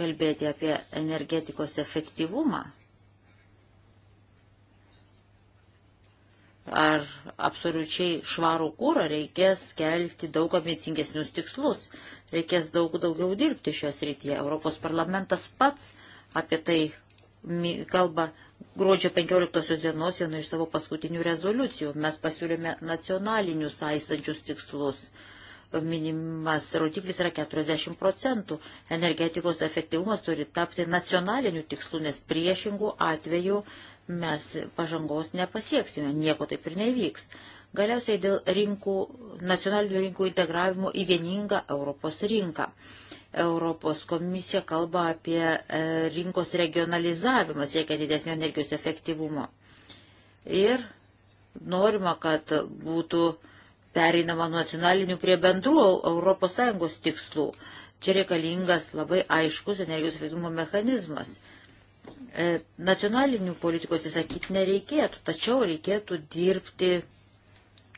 [SPEAKER 3] kalbėti apie energetikos efektyvumą, ar absoliučiai švarų kūrą reikės kelti daug ambicingesnius tikslus, reikės daug daugiau dirbti šios rytyje. Europos parlamentas pats apie tai kalba gruodžio 15 dienos vienu iš savo paskutinių rezoliucijų. Mes pasiūlėme nacionalinius aisančius tikslus. Minimas rodiklis yra 40 procentų. Energetikos efektyvumas turi tapti nacionaliniu tikslu, nes priešingų atveju mes pažangos nepasieksime, nieko taip ir nevyks. Galiausiai dėl rinkų, nacionalinių rinkų integravimo į vieningą Europos rinką. Uh, Europos komisija kalba apie e, rinkos regionalizavimą, siekia didesnio energijos efektyvumo. Ir norima, kad būtų pereinama nacionalinių prie bendrų ES tikslų. Čia reikalingas labai aiškus energijos efektyvumo mechanizmas. E, nacionalinių politikų atsisakyti nereikėtų, tačiau reikėtų dirbti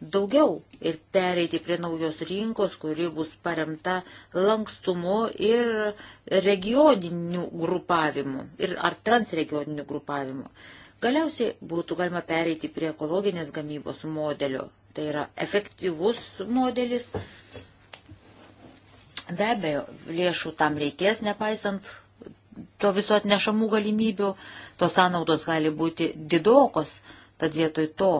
[SPEAKER 3] daugiau ir pereiti prie naujos rinkos, kuri bus paremta lankstumu ir regioniniu grupavimu ir ar transregioniniu grupavimu. Galiausiai būtų galima pereiti prie ekologinės gamybos modelio. Tai yra efektyvus modelis. Be abejo, lėšų tam reikės, nepaisant to viso atnešamų galimybių, tos sąnaudos gali būti didokos, tad vietoj to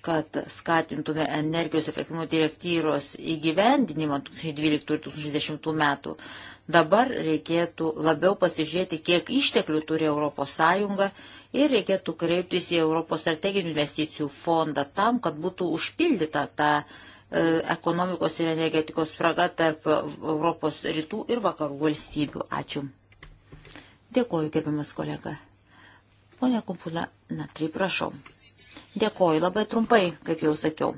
[SPEAKER 3] kad skatintume energijos efektyvumo direktyvos įgyvendinimą 2012 ir 2010 metų. Dabar reikėtų labiau pasižiūrėti, kiek išteklių turi ES ir reikėtų kreiptis į Europos strateginių investicijų fondą tam, kad būtų užpildyta ta e, ekonomikos ir energetikos spraga tarp Europos rytų ir vakarų valstybių. Ačiū. Dėkuoju, gerbiamas kolega. Pone Kumpula, na, tai prašau. Dėkoju labai trumpai, kaip jau sakiau.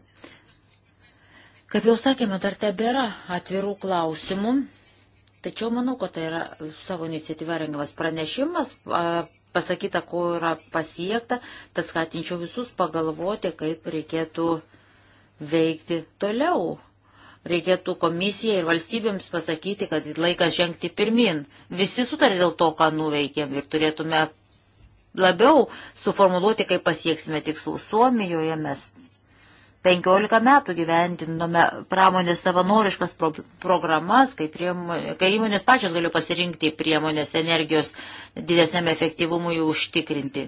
[SPEAKER 3] Kaip jau sakėme, dar tebėra atvirų klausimų, tačiau manau, kad tai yra savo iniciatyva rengiamas pranešimas, pasakyta, ko yra pasiekta, tad skatinčiau visus pagalvoti, kaip reikėtų veikti toliau. Reikėtų komisijai ir valstybėms pasakyti, kad laikas žengti pirmin. Visi sutarė dėl to, ką nuveikėm ir turėtume labiau suformuluoti, kaip pasieksime tikslų. Suomijoje mes 15 metų gyventinome pramonės savanoriškas pro programas, kai, priemonė, kai įmonės pačios galiu pasirinkti priemonės energijos didesniam efektyvumui užtikrinti.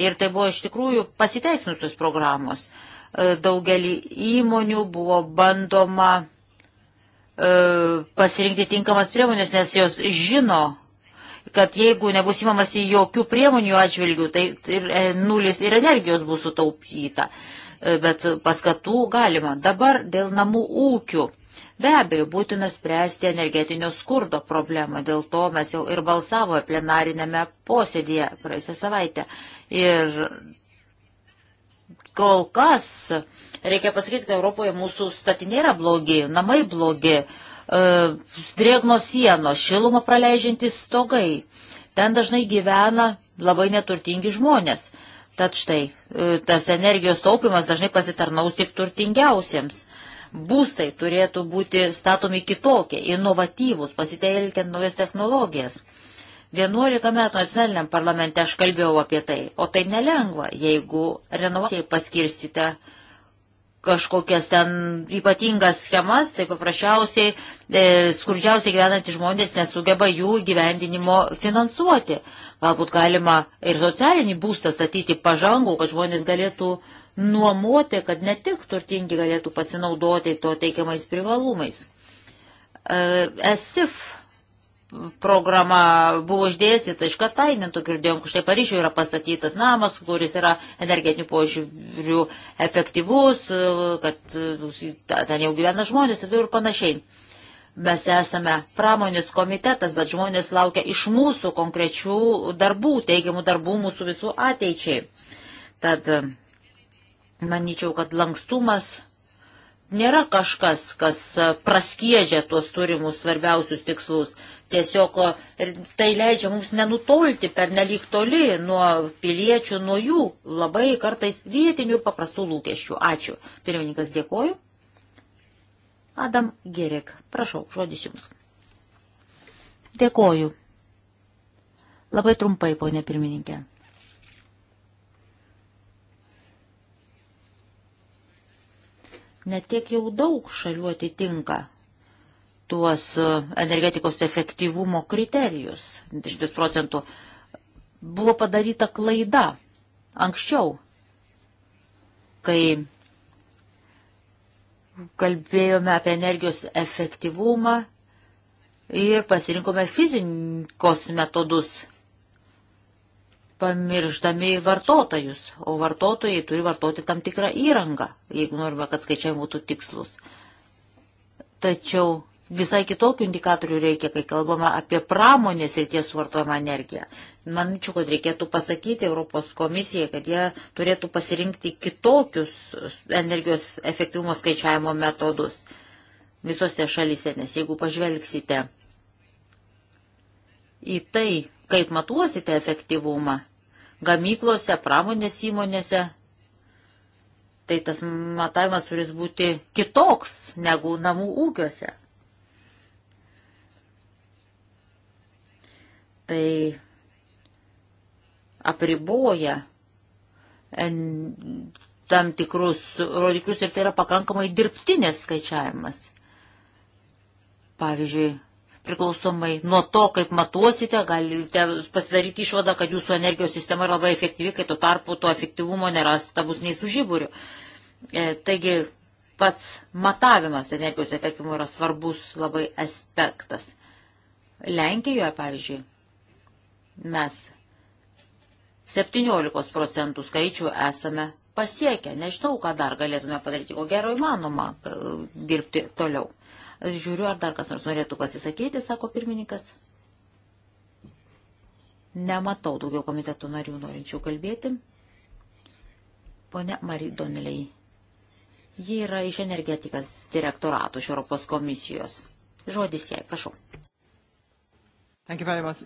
[SPEAKER 3] Ir tai buvo iš tikrųjų pasiteisinusios programos. E, daugelį įmonių buvo bandoma e, pasirinkti tinkamas priemonės, nes jos žino, kad jeigu nebus įmamasi jokių priemonių atžvilgių, tai, tai ir e, nulis ir energijos bus sutaupyta. E, bet paskatų galima. Dabar dėl namų ūkių. Be abejo, būtina spręsti energetinio skurdo problemą. Dėl to mes jau ir balsavome plenarinėme posėdėje praėjusią savaitę. Ir kol kas reikia pasakyti, kad Europoje mūsų statiniai yra blogi, namai blogi. Uh, E, drėgnos sienos, šilumą praleidžiantys stogai. Ten dažnai gyvena labai neturtingi žmonės. Tad štai, e, tas energijos taupimas dažnai pasitarnaus tik turtingiausiems. Būstai turėtų būti statomi kitokie, inovatyvūs, pasitelkiant naujas technologijas. 11 metų nacionaliniam parlamente aš kalbėjau apie tai, o tai nelengva, jeigu renovacijai paskirstite uh, kažkokias ten ypatingas schemas, tai paprasčiausiai e, skurdžiausiai gyvenantys žmonės nesugeba jų gyvendinimo finansuoti. Galbūt galima ir socialinį būstą statyti pažangų, kad žmonės galėtų nuomoti, kad ne tik turtingi galėtų pasinaudoti to teikiamais privalumais. E, SIF programa buvo išdėstyta iš Katainento, girdėjom, kad štai Paryžiuje yra pastatytas namas, kuris yra energetinių požiūrių efektyvus, kad e, ten jau gyvena žmonės ir panašiai. Mes esame pramonės komitetas, bet žmonės laukia iš mūsų konkrečių darbų, teigiamų darbų mūsų visų ateičiai. Tad e, manyčiau, kad lankstumas nėra kažkas, kas praskėdžia tuos turimus svarbiausius tikslus. Tiesiog tai leidžia mums nenutolti per nelik toli nuo piliečių, nuo jų labai kartais vietinių ir paprastų lūkesčių. Ačiū. Pirmininkas dėkoju. Adam Gerik, prašau, žodis jums. Dėkoju. Labai trumpai, ponė pirmininkė. Netiek jau daug šalių atitinka tuos e, energetikos efektyvumo kriterijus 20 procentų, buvo padaryta klaida anksčiau, kai kalbėjome apie energijos efektyvumą ir pasirinkome fizikos metodus, pamirždami vartotojus, o vartotojai turi vartoti tam tikrą įrangą, jeigu norime, kad skaičiai būtų tikslus. Tačiau Visai kitokių indikatorių reikia, kai kalbama apie pramonės ir ties suvartojamą energiją. Manyčiau, kad reikėtų pasakyti Europos komisijai, kad jie turėtų pasirinkti kitokius energijos efektyvumo skaičiavimo metodus visose šalise, nes jeigu pažvelgsite į tai, kaip matuosite efektyvumą gamyklose, pramonės įmonėse, tai tas matavimas turės būti kitoks negu namų ūkiuose. tai apriboja tam tikrus rodiklius ir tai yra pakankamai dirbtinės skaičiavimas. Pavyzdžiui, priklausomai nuo to, kaip matuosite, galite pasidaryti išvadą, kad jūsų energijos sistema yra labai efektyvi, kai tuo tarpu to efektyvumo nerasta bus nei su žiburiu. E, taigi pats matavimas energijos efektyvumo yra svarbus labai aspektas. Lenkijoje, pavyzdžiui, mes 17 procentų skaičių esame pasiekę. Nežinau, ką dar galėtume padaryti, ko gero įmanoma e, dirbti toliau. Aš žiūriu, ar dar kas nors norėtų pasisakyti, sako pirmininkas. Nematau daugiau komiteto narių norinčių kalbėti. Pone Mari Doneliai. Ji yra iš energetikas direktorato iš Europos komisijos. Žodis jai, prašau. Thank you very much.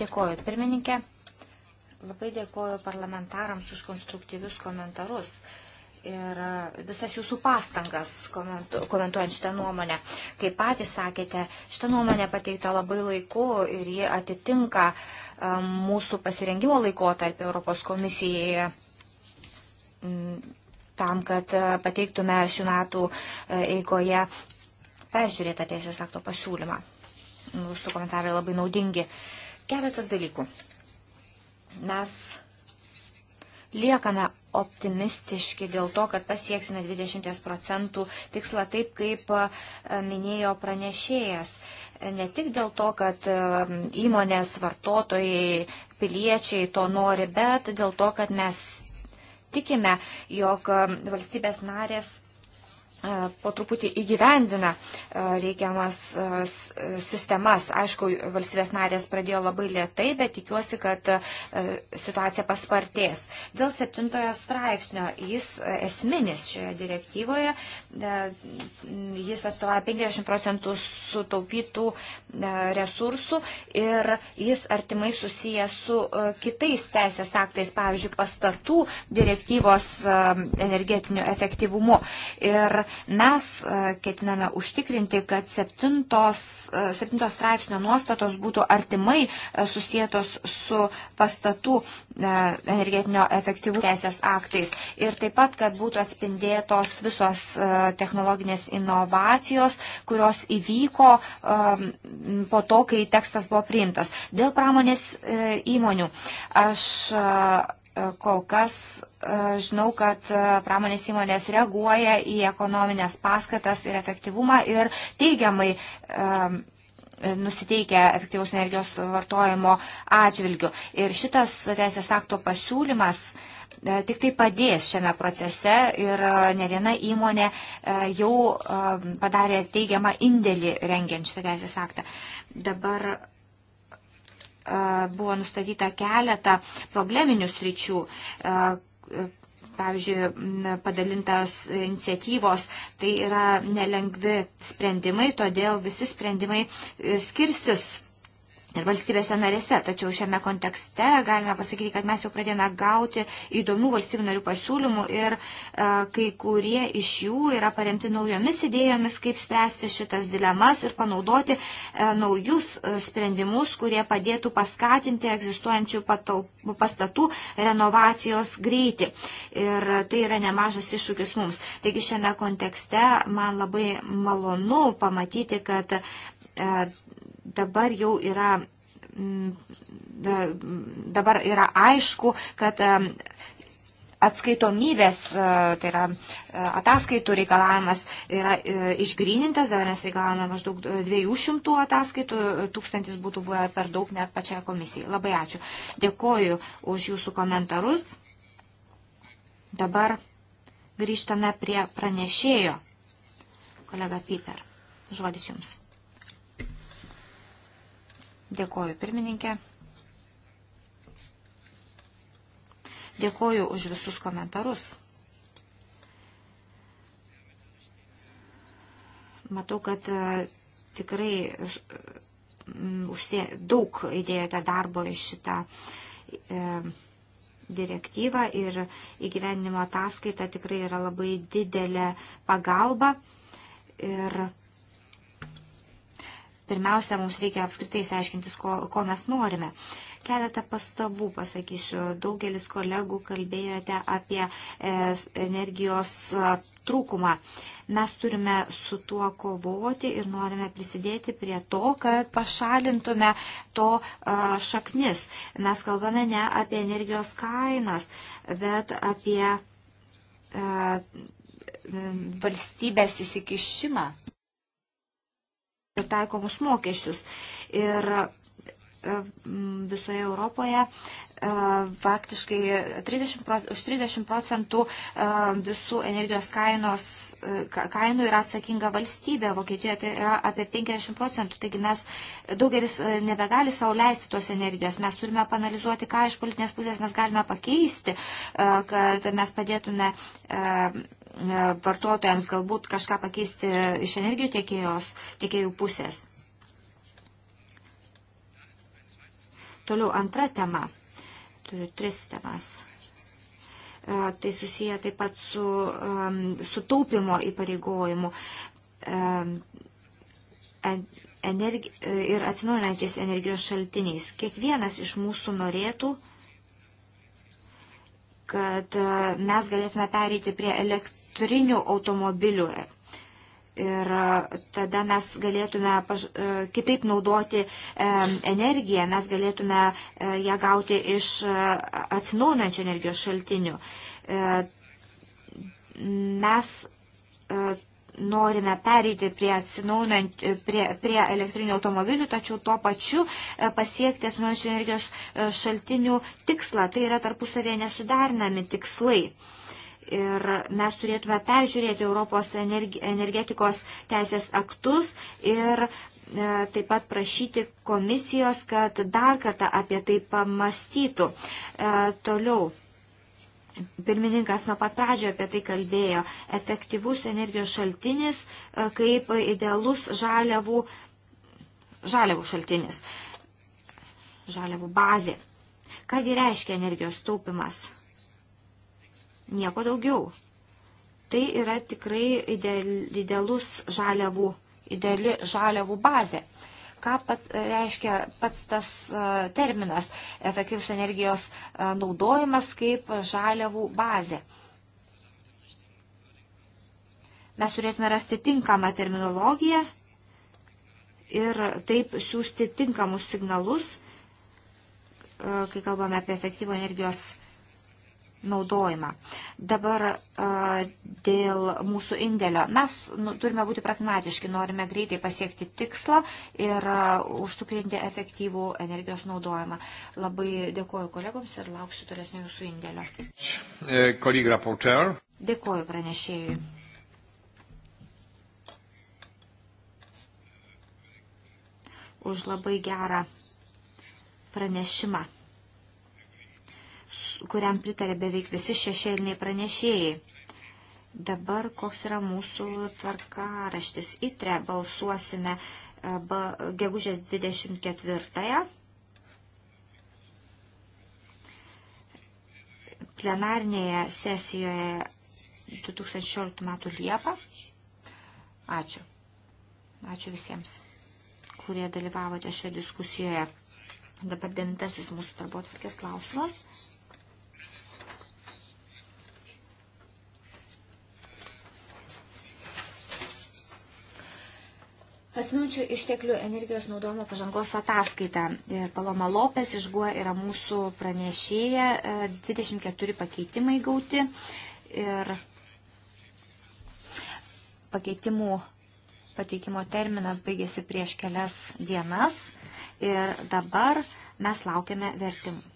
[SPEAKER 3] Dėkoju, pirmininkė.
[SPEAKER 2] Labai dėkoju parlamentarams už konstruktyvius komentarus ir e, visas jūsų pastangas komentuojant šitą nuomonę. Kaip patys sakėte, šitą nuomonę pateikta labai laiku ir ji atitinka e, mūsų pasirengimo laikotarpį Europos komisijai tam, kad e, pateiktume šių metų eigoje peržiūrėtą teisės akto pasiūlymą. Jūsų komentarai labai naudingi. Uh, Keletas dalykų. Mes liekame optimistiški dėl to, kad pasieksime 20 procentų tikslą taip, kaip e, minėjo pranešėjas. Ne tik dėl to, kad e, įmonės, vartotojai, piliečiai to nori, bet dėl to, kad mes tikime, jog e, valstybės narės E, po truputį įgyvendina e, reikiamas e, sistemas. Aišku, valstybės narės pradėjo labai lietai, bet tikiuosi, kad situacija paspartės. Dėl septintojo straipsnio jis esminis šioje direktyvoje, jis atstovauja 50 procentų sutaupytų resursų ir jis artimai susijęs su kitais teisės aktais, pavyzdžiui, pastatų direktyvos energetiniu efektyvumu. Ir Mes e, ketiname užtikrinti, kad septintos, e, septintos straipsnio nuostatos būtų artimai e, susijėtos su pastatų energetinio efektyvų teisės aktais ir taip pat, kad būtų atspindėtos visos technologinės inovacijos, kurios įvyko po to, kai tekstas buvo priimtas. Dėl pramonės įmonių aš Kol kas e, žinau, kad e, pramonės įmonės reaguoja į ekonominės paskatas ir efektyvumą ir teigiamai e, nusiteikę efektyvaus energijos vartojimo atžvilgių. Ir šitas teisės akto pasiūlymas tik tai padės šiame procese ir ne viena įmonė jau padarė teigiamą indėlį rengiant šitą teisės aktą. Dabar buvo nustatyta keletą probleminių sričių. Pavyzdžiui, padalintas iniciatyvos, tai yra nelengvi sprendimai, todėl visi sprendimai e, skirsis ir valstybėse narėse. Tačiau šiame kontekste galime pasakyti, kad mes jau pradėjome gauti įdomių valstybių narių pasiūlymų ir e, kai kurie iš jų yra paremti naujomis idėjomis, kaip spręsti šitas dilemas ir panaudoti e, naujus e, sprendimus, kurie padėtų paskatinti egzistuojančių patalp, pastatų renovacijos greitį. Ir tai yra nemažas iššūkis mums. Taigi šiame kontekste man labai malonu pamatyti, kad e, dabar jau yra. Mm, dabar yra aišku, kad atskaitomybės, e, tai yra e, ataskaitų reikalavimas yra e, išgrynintas, dabar mes reikalavome maždaug 200 ataskaitų, tūkstantis būtų buvę per daug net pačiai komisijai. Labai ačiū. Dėkoju už jūsų komentarus. Dabar grįžtame prie pranešėjo. Kolega Piper, žodis jums. Dėkoju pirmininkė. Dėkoju už visus komentarus. Matau, kad e, tikrai mm, daug įdėjote darbo į šitą e, direktyvą ir įgyvenimo ataskaita tikrai yra labai didelė pagalba. Ir Pirmiausia, mums reikia apskritai išsiaiškintis, ko, ko mes norime. Keletą pastabų pasakysiu. Daugelis kolegų kalbėjote apie e, energijos e, trūkumą. Mes turime su tuo kovoti ir norime prisidėti prie to, kad pašalintume to e, šaknis. Mes kalbame ne apie energijos kainas, bet apie valstybės įsikišimą taikomus mokesčius. Ir visoje Europoje e, faktiškai 30, už 30 procentų e, visų energijos kainos, e, kainų yra atsakinga valstybė, Vokietijoje tai yra apie 50 procentų, taigi mes daugelis nebegali savo leisti tos energijos, mes turime panalizuoti, ką iš politinės pusės mes galime pakeisti, kad mes padėtume vartotojams galbūt kažką pakeisti iš energijų tiekėjos, tiekėjų pusės. Toliau antra tema. Turiu tris temas. E, tai susiję taip pat su um, sutaupimo įpareigojimu um, energi e, ir atsinaujinančiais energijos šaltiniais. Kiekvienas iš mūsų norėtų, kad e, mes galėtume pereiti prie elektrinių automobilių Ir e, tada mes galėtume paž... E, kitaip naudoti e, energiją, mes galėtume ją gauti iš atsinaujančių energijos šaltinių. Mes norime pereiti prie, atsinaujant, prie, prie elektrinių automobilių, tačiau tuo pačiu pasiekti atsinaujinančių energijos šaltinių tikslą. Tai yra tarpusavėje nesudarinami tikslai. Uh, Ir mes turėtume peržiūrėti Europos energetikos teisės aktus ir e, taip pat prašyti komisijos, kad dar kartą apie tai pamastytų. E, toliau. Pirmininkas nuo pat pradžio apie tai kalbėjo. Efektyvus energijos šaltinis e, kaip idealus žaliavų, žaliavų šaltinis, žaliavų bazė. Kągi reiškia energijos taupimas? Nieko daugiau. Tai yra tikrai idealus žaliavų, ideali žaliavų bazė. Ką pat e, reiškia pats tas e, terminas - efektyvus energijos e, naudojimas kaip žaliavų bazė mes turėtume rasti tinkamą terminologiją ir taip siūsti tinkamus signalus, kai kalbame apie efektyvų energijos naudojimą. Dabar dėl mūsų indėlio. Mes nu, turime būti pragmatiški, norime greitai pasiekti tikslą ir užtikrinti efektyvų energijos naudojimą. Labai dėkoju kolegoms ir lauksiu tolesnio jūsų indėlio.
[SPEAKER 1] E,
[SPEAKER 2] dėkoju pranešėjui. už labai gerą pranešimą kuriam pritarė beveik visi šešėliniai pranešėjai. Dabar koks yra mūsų tvarkaraštis. Įtre balsuosime e, gegužės 24-ąją. Plenarnėje sesijoje 2016 metų Liepą. Ačiū. Ačiū visiems, kurie dalyvavote šioje diskusijoje. Dabar devintasis mūsų darbo atvarkės klausimas. asmenčių išteklių energijos naudojimo pažangos ataskaitą. Ir e, Paloma Lopes iš Guo yra mūsų pranešėja, 24 e, pakeitimai gauti ir pakeitimų pateikimo terminas baigėsi prieš kelias dienas ir dabar mes laukiame vertimų.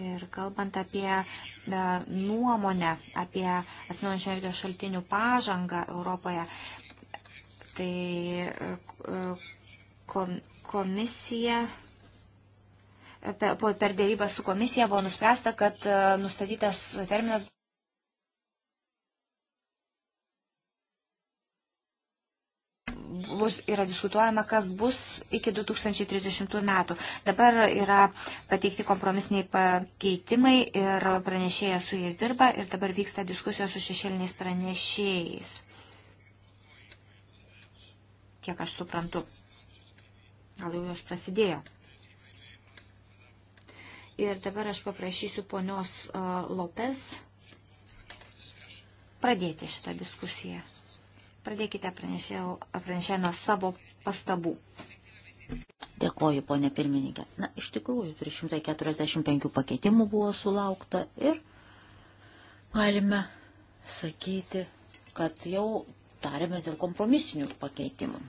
[SPEAKER 2] Ir kalbant apie E, nuomonę apie atsinaujančių energijos šaltinių pažangą Europoje. Tai e, komisija e, per dėrybą su komisija buvo nuspręsta, kad nustatytas terminas bus, yra diskutuojama, kas bus iki 2030 metų. Dabar yra pateikti kompromisiniai pakeitimai ir pranešėjas su jais dirba ir dabar vyksta diskusijos su šešėliniais pranešėjais. Kiek aš suprantu. Gal jau jos prasidėjo. Ir dabar aš paprašysiu ponios uh, Lopez pradėti šitą diskusiją. Pradėkite pranešę
[SPEAKER 3] nuo savo pastabų. Dėkoju, ponė pirmininkė. Na, iš tikrųjų, 345 pakeitimų buvo sulaukta ir galime sakyti, kad jau tarėmės dėl kompromisinių pakeitimų.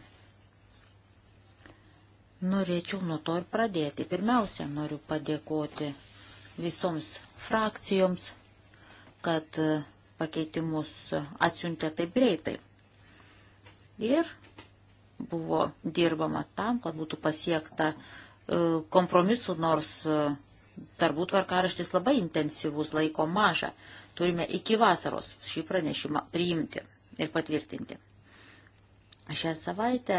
[SPEAKER 3] Norėčiau nuo to ir pradėti. Pirmiausia, noriu padėkoti visoms frakcijoms, kad pakeitimus atsiuntė taip greitai. Ir buvo dirbama tam, kad būtų pasiekta e, kompromisų, nors e, darbų tvarkaraštis labai intensyvus, laiko maža. Turime iki vasaros šį pranešimą priimti ir patvirtinti. Šią savaitę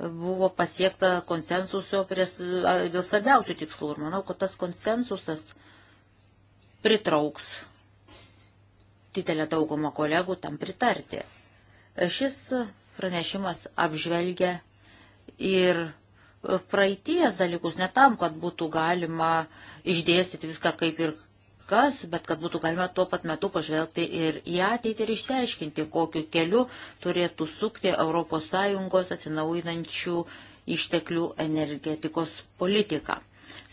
[SPEAKER 3] buvo pasiekta konsensuso pries, dėl svarbiausių tikslų ir manau, kad tas konsensusas pritrauks didelę daugumą kolegų tam pritarti. Šis pranešimas apžvelgia ir praeities dalykus, ne tam, kad būtų galima išdėstyti viską kaip ir kas, bet kad būtų galima tuo pat metu pažvelgti ir į ateitį ir išsiaiškinti, kokiu keliu turėtų sukti ES atsinaujinančių išteklių energetikos politiką.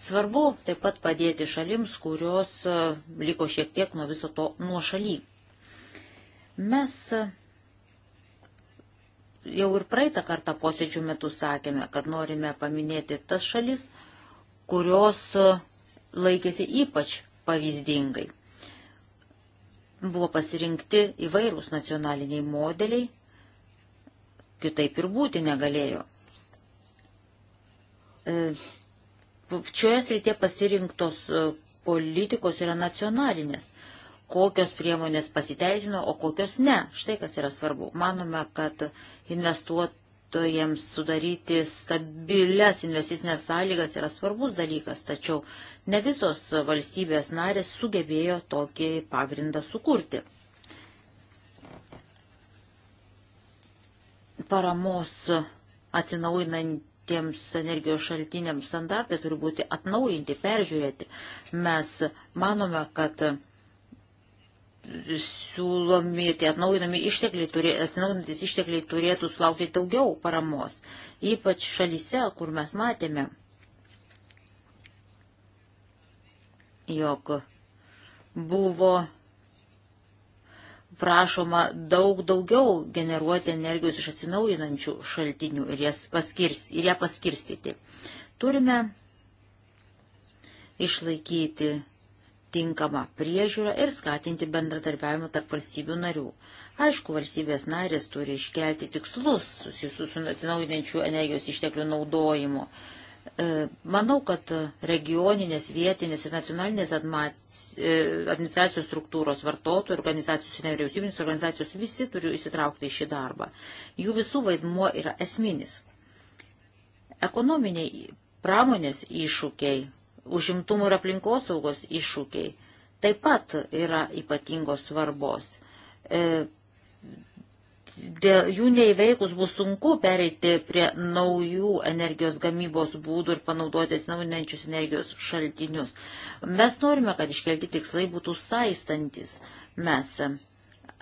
[SPEAKER 3] Svarbu taip pat padėti šalims, kurios e, liko šiek tiek nuo viso to nuošaly. Mes jau ir praeitą kartą posėdžių metu sakėme, kad norime paminėti tas šalis, kurios e, laikėsi ypač pavyzdingai. Buvo pasirinkti įvairūs nacionaliniai modeliai, kitaip ir būti negalėjo. Čioje e, srityje pasirinktos e, politikos yra nacionalinės. Kokios priemonės pasiteisino, o kokios ne. Štai kas yra svarbu. Manome, kad investuotojams sudaryti stabilias investicinės sąlygas yra svarbus dalykas, tačiau ne visos valstybės narės sugebėjo tokį pagrindą sukurti. Paramos atsinaujinantiems energijos šaltiniams standartai turi būti atnaujinti, peržiūrėti. Mes manome, kad siūlomi tie atnaujinami ištekliai, turė, atsinaujinantis ištekliai turėtų sulaukti daugiau paramos, ypač šalyse, kur mes matėme, jog buvo prašoma daug daugiau generuoti energijos iš atsinaujinančių šaltinių ir, paskirst, ir ją paskirstyti. Turime išlaikyti tinkamą priežiūrą ir skatinti bendradarbiavimą tarp valstybių narių. Aišku, valstybės narės turi iškelti tikslus susijusius su atsinaujinančių energijos išteklių naudojimu. E, manau, kad regioninės, vietinės ir nacionalinės e, administracijos struktūros, vartotojų organizacijos, nevyriausybinės organizacijos visi turi įsitraukti į šį darbą. Jų visų vaidmuo yra esminis. Ekonominiai pramonės iššūkiai užimtumų ir aplinkosaugos iššūkiai taip pat yra ypatingos svarbos. E, dėl jų neįveikus bus sunku pereiti prie naujų energijos gamybos būdų ir panaudoti atsinaujinančius energijos šaltinius. Mes norime, kad iškelti tikslai būtų saistantis. Mes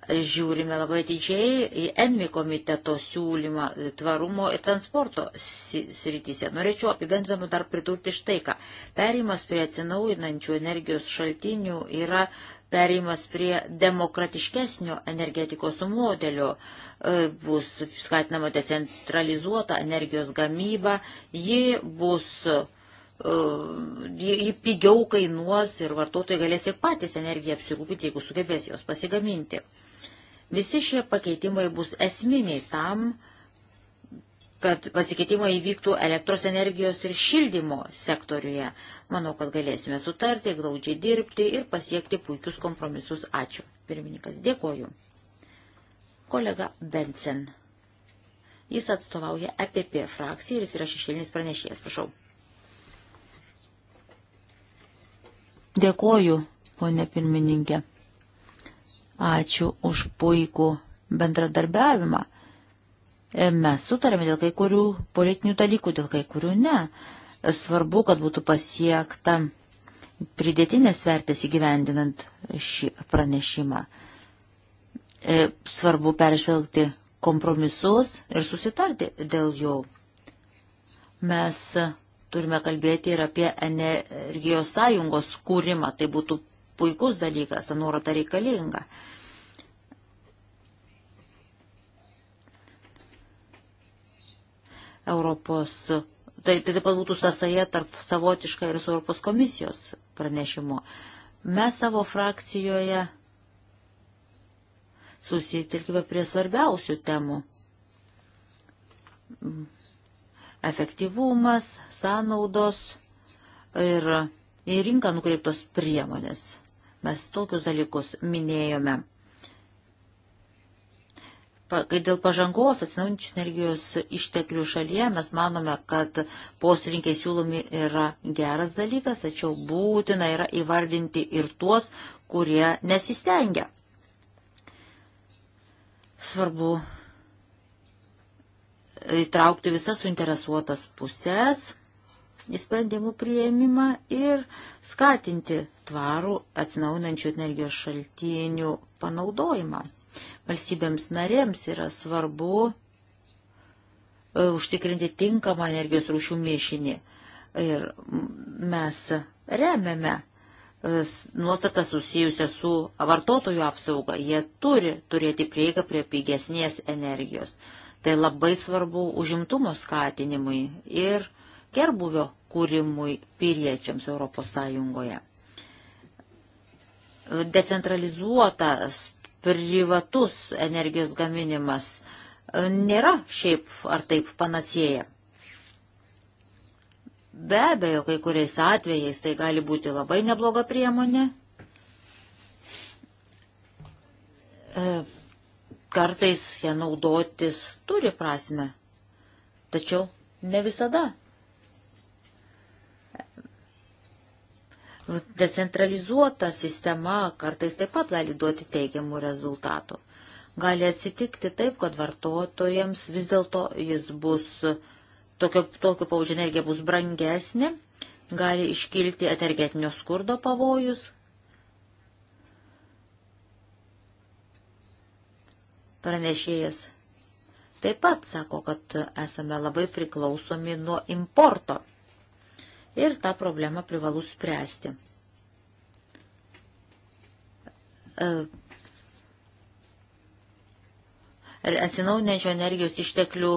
[SPEAKER 3] žiūrime labai didžiai į Enmi komiteto siūlymą tvarumo ir transporto srityse. Norėčiau apibendrinamą dar pridurti štai ką. Perimas prie atsinaujinančių energijos šaltinių yra perimas prie demokratiškesnio energetikos modelio. E, bus skatinama decentralizuota energijos gamyba, ji bus e, jį pigiau kainuos ir vartotojai galės ir patys energiją apsirūpinti, jeigu sugebės jos pasigaminti. Visi šie pakeitimai bus esminiai tam, kad pasikeitimai įvyktų elektros energijos ir šildymo sektoriuje. Manau, kad galėsime sutarti, glaudžiai dirbti ir pasiekti puikius kompromisus. Ačiū. Pirmininkas, dėkoju. Kolega Bensen. Jis atstovauja EPP frakciją ir jis yra šešėlinis pranešėjas. Prašau. Dėkoju, ponė pirmininkė. Ačiū už puikų bendradarbiavimą. E, mes sutarėme dėl kai kurių politinių dalykų, dėl kai kurių ne. Svarbu, kad būtų pasiekta pridėtinės vertės įgyvendinant šį pranešimą. E, svarbu peržvelgti kompromisus ir susitarti dėl jų. Mes turime kalbėti ir apie energijos sąjungos kūrimą. Tai būtų puikus dalykas, ta nuoroda reikalinga. Europos, tai, tai taip pat būtų sąsaja tarp savotiška ir su Europos komisijos pranešimu. Mes savo frakcijoje susitelkime prie svarbiausių temų. Efektyvumas, sąnaudos ir į rinką nukreiptos priemonės. Mes tokius dalykus minėjome. Kai dėl pažangos atsinaujančių energijos išteklių šalyje mes manome, kad poslinkiai siūlomi yra geras dalykas, tačiau būtina yra įvardinti ir tuos, kurie nesistengia. Svarbu įtraukti visas suinteresuotas pusės į sprendimų prieimimą ir skatinti tvarų atsinaunančių energijos šaltinių panaudojimą. Valstybėms narėms yra svarbu e, užtikrinti tinkamą energijos rūšių mišinį. Ir mes remiame e, nuostatą susijusią su vartotojų apsauga. Jie turi turėti prieigą prie pigesnės energijos. Tai labai svarbu užimtumo skatinimui ir gerbuvio kūrimui piriečiams Europos Sąjungoje decentralizuotas privatus energijos gaminimas nėra šiaip ar taip panacėja. Be abejo, kai kuriais atvejais tai gali būti labai nebloga priemonė. E, kartais jie naudotis turi prasme, tačiau ne visada Decentralizuota sistema kartais taip pat gali duoti teigiamų rezultatų. Gali atsitikti taip, kad vartotojams vis dėlto jis bus, tokio, tokio paužio energija bus brangesnė, gali iškilti energetinio skurdo pavojus. Pranešėjas taip pat sako, kad esame labai priklausomi nuo importo ir tą problemą privalu spręsti. E, Atsinaujinančio energijos išteklių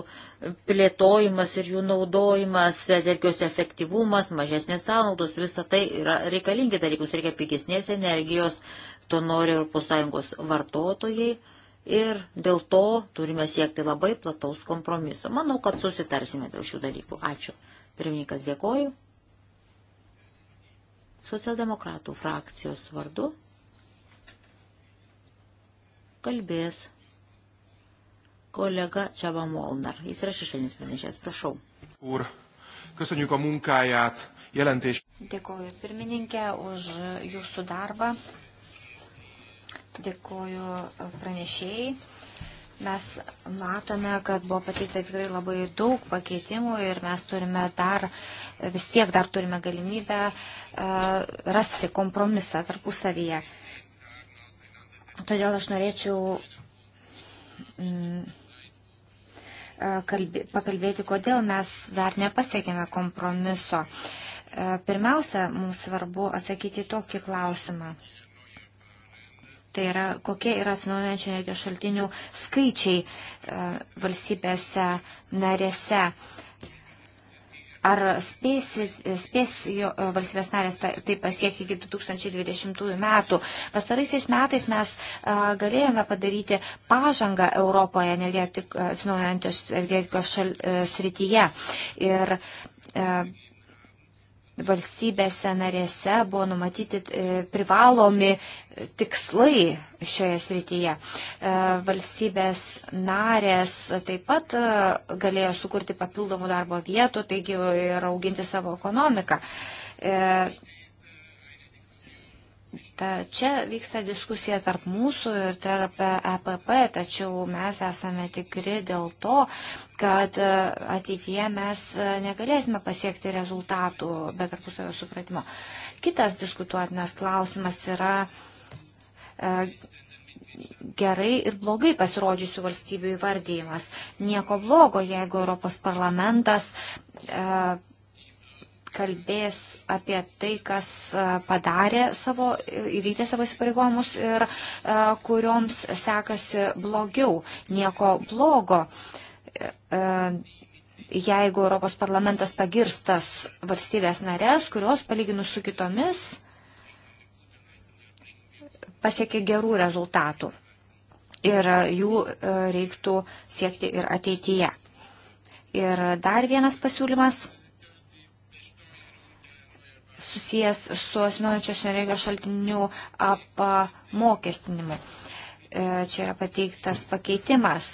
[SPEAKER 3] plėtojimas ir jų naudojimas, energijos efektyvumas, mažesnės sąnaudos, visa tai yra reikalingi dalykus, reikia pigesnės energijos, to nori ES vartotojai ir dėl to turime siekti labai plataus kompromiso. Manau, kad susitarsime dėl šių dalykų. Ačiū. Pirmininkas dėkoju. Socialdemokratų frakcijos vardu kalbės kollega Csaba Molnar. Jis yra šešėlinis pranešės, prašau.
[SPEAKER 1] Úr, köszönjük a munkáját, jelentés.
[SPEAKER 2] Dėkuoju pirmininkė už jūsų darbą. Dėkuoju pranešėjai. Mes matome, kad buvo pateikta tikrai labai daug pakeitimų ir mes turime dar, vis tiek dar turime galimybę e, rasti kompromisą tarpusavyje. Todėl aš norėčiau mm, e, kalbė, pakalbėti, kodėl mes dar nepasiekėme kompromiso. E, pirmiausia, mums svarbu atsakyti tokį klausimą. Tai yra, kokie yra atsinaujinančių energijos šaltinių skaičiai e, valstybėse narėse. Ar spės, spės jo, e, valstybės narės tai pasiekti iki 2020 metų? Pastaraisiais metais mes a, e, galėjome padaryti pažangą Europoje atsinaujinančios energetikos šal, a, srityje. Ir a, valstybėse narėse buvo numatyti e, privalomi tikslai šioje srityje. E, valstybės narės taip pat e, galėjo sukurti papildomų darbo vietų, taigi ir auginti savo ekonomiką. Ta, čia vyksta diskusija tarp mūsų ir tarp EPP, tačiau mes esame tikri dėl to, kad e, ateityje mes e, negalėsime pasiekti rezultatų be tarpusavio supratimo. Kitas diskutuotinas klausimas yra e, gerai ir blogai pasirodžiusių valstybių įvardyjimas. Nieko blogo, jeigu Europos parlamentas kalbės apie tai, kas padarė savo, įvykdė savo įsipareigomus ir kurioms sekasi blogiau. Nieko blogo. Uh, E, e, jeigu Europos parlamentas pagirstas valstybės narės, kurios palyginus su kitomis pasiekė gerų rezultatų. Ir jų e, reiktų siekti ir ateityje. Ir dar vienas pasiūlymas susijęs su asmenučios energijos šaltinių apmokestinimu. Čia yra pateiktas pakeitimas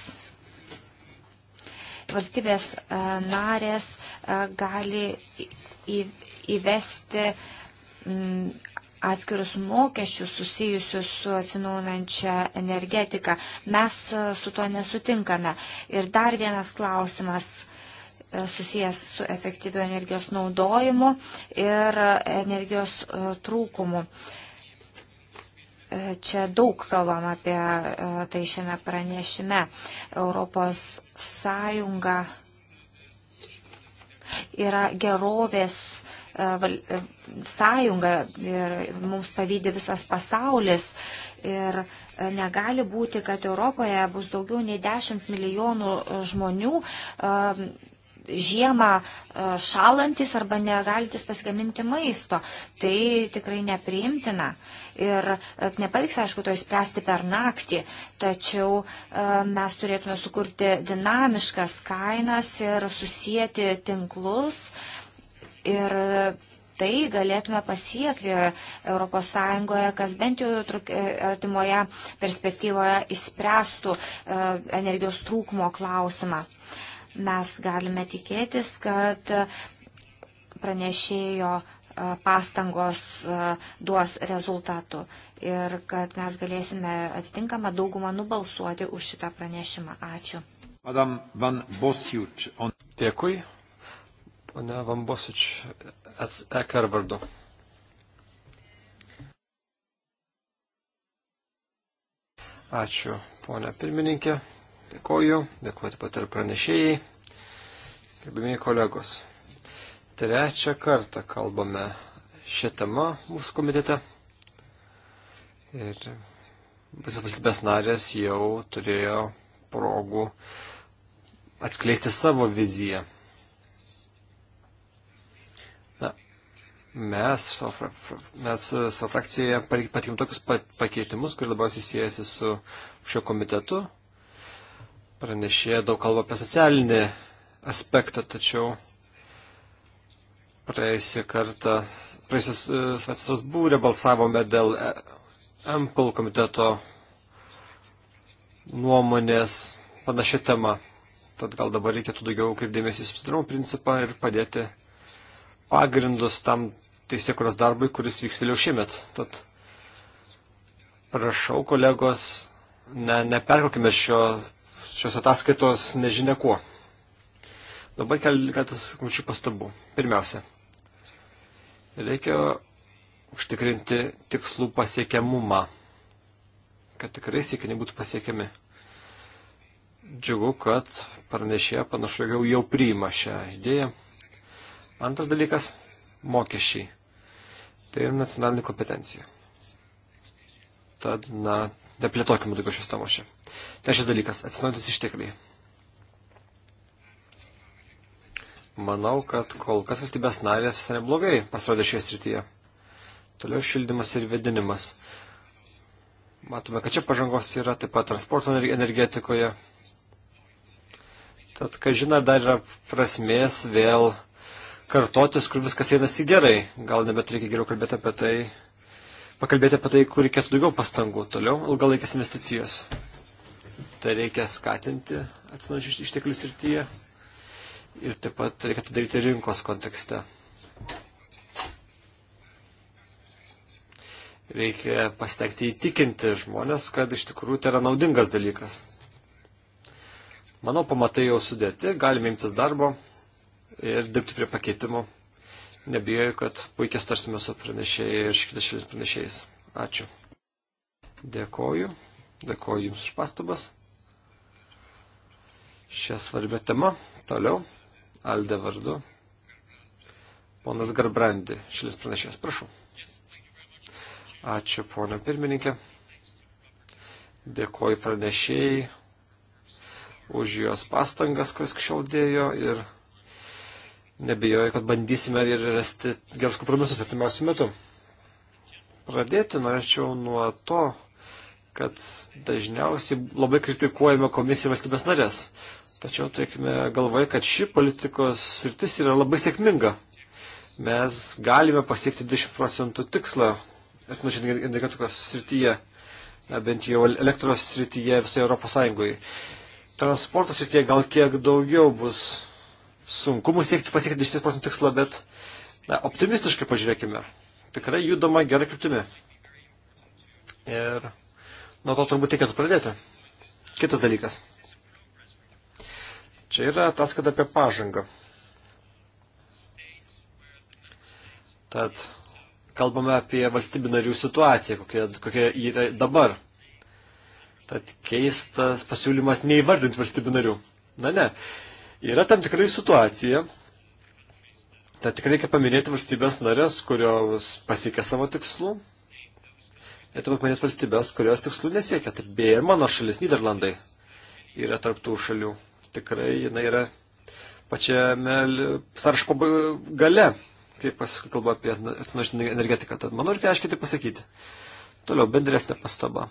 [SPEAKER 2] valstybės e, narės e, gali įvesti mm, atskirus mokesčius susijusius su atsinaunančia energetika. Mes e, su tuo nesutinkame. Ir dar vienas klausimas susijęs su efektyviu energijos naudojimu ir energijos trūkumu. Uh, Čia daug kalbam apie e, tai šiame pranešime. Europos Sąjunga yra gerovės e, e, sąjunga ir mums pavydė visas pasaulis. Ir negali būti, kad Europoje bus daugiau nei 10 milijonų žmonių žiemą e, šalantis arba negalintis pasigaminti maisto. Tai tikrai nepriimtina. Ir e, nepavyks, aišku, to įspręsti per naktį, tačiau e, mes turėtume sukurti dinamiškas kainas ir susijęti tinklus. Ir tai galėtume pasiekti ES, kas bent jau artimoje perspektyvoje įspręstų energijos trūkumo klausimą mes galime tikėtis, kad pranešėjo pastangos duos rezultatų ir kad mes galėsime atitinkamą daugumą nubalsuoti už šitą pranešimą. Ačiū.
[SPEAKER 1] Adam Van Bosiuč. On... Dėkui. Pane Van Bosiuč, EKR vardu. Ačiū, ponė pirmininkė. Dėkoju, dėkoju taip pat ir pranešėjai, gerbimiai kolegos. Trečią kartą kalbame šią temą mūsų komitete. Ir visas valstybės narės jau turėjo progų atskleisti savo viziją. Na, mes savo, fra, mes savo frakcijoje patikim tokius pakeitimus, kurie labiausiai siejasi su šio komitetu. Pranešėja daug kalba apie socialinį aspektą, tačiau praėjusią kartą, praėjusias e, svatsas būrė balsavome dėl e, MPL komiteto nuomonės panašia tema. Tad gal dabar reikėtų daugiau kreipdėmės į subsidarumo principą ir padėti pagrindus tam teisėkuros darbui, kuris vyks vėliau šiemet. Tad prašau, kolegos, ne, neperkokime šio šios ataskaitos nežinia kuo. Dabar keletas konkrečių pastabų. Pirmiausia, reikia užtikrinti tikslų pasiekiamumą, kad tikrai siekiniai būtų pasiekiami. Džiugu, kad pranešė panašu jau, jau priima šią idėją. Antras dalykas - mokesčiai. Tai yra nacionalinė kompetencija. Tad, na, neplėtokime daugiau šios temos čia. Trečias dalykas - atsinaujantis ištekliai. Manau, kad kol kas valstybės narės visai neblogai pasirodė šioje srityje. Toliau šildymas ir vedinimas. Matome, kad čia pažangos yra taip pat transporto energetikoje. Tad, ką žinai, dar yra prasmės vėl kartotis, kur viskas einasi gerai. Gal nebet reikia geriau kalbėti apie tai, pakalbėti apie tai, kur reikėtų daugiau pastangų. Toliau ilgalaikės investicijos. Tai reikia skatinti atsinaujančių išteklių srityje ir taip pat reikia tai daryti rinkos kontekste. Reikia pasitekti įtikinti žmonės, kad iš tikrųjų tai yra naudingas dalykas. Manau, pamatai jau sudėti, galime imtis darbo ir dirbti prie pakeitimų. Nebijoju, kad puikiai starsime su pranešėjai ir kitas šalis pranešėjais. Ačiū. Dėkoju. Dėkoju Jums už pastabas šią svarbę temą. Toliau, Alde vardu. Ponas Garbrandi, šilis pranešės, prašau. Ačiū, ponio pirmininkė. Dėkoju pranešėjai už jos pastangas, kuris kšėl dėjo ir nebijoju, kad bandysime ir rasti gerus kompromisus artimiausių metų. Pradėti norėčiau nuo to, kad dažniausiai labai kritikuojame komisiją valstybės narės. Tačiau turėkime galvoje, kad ši politikos sritis yra labai sėkminga. Mes galime pasiekti 20 procentų tikslą atsinaujinančios energetikos srityje, na, bent jau elektros srityje visoje Europos Sąjungoje. Transporto srityje gal kiek daugiau bus sunkumų siekti pasiekti 20 procentų tikslą, bet na, optimistiškai pažiūrėkime. Tikrai judama gerą kryptimį. Ir nuo to turbūt reikėtų pradėti. Kitas dalykas. Čia yra ataskaita apie pažangą. Tad kalbame apie valstybių narių situaciją, kokia, kokia yra dabar. Tad keistas pasiūlymas neįvardinti valstybių narių. Na ne, yra tam tikrai situacija. Tad tikrai reikia paminėti valstybės narės, kurios pasiekė savo tikslų, Lietuva paminės valstybės, kurios tikslų nesiekia. Taip beje, ir mano šalis, Niderlandai, yra tarptų šalių. Tikrai jinai yra pačiame sąrašo pabaigoje gale, kai kalba apie atsinaujinančią energetiką. Tad manau, reikia aiškiai tai pasakyti. Toliau, bendresnė pastaba.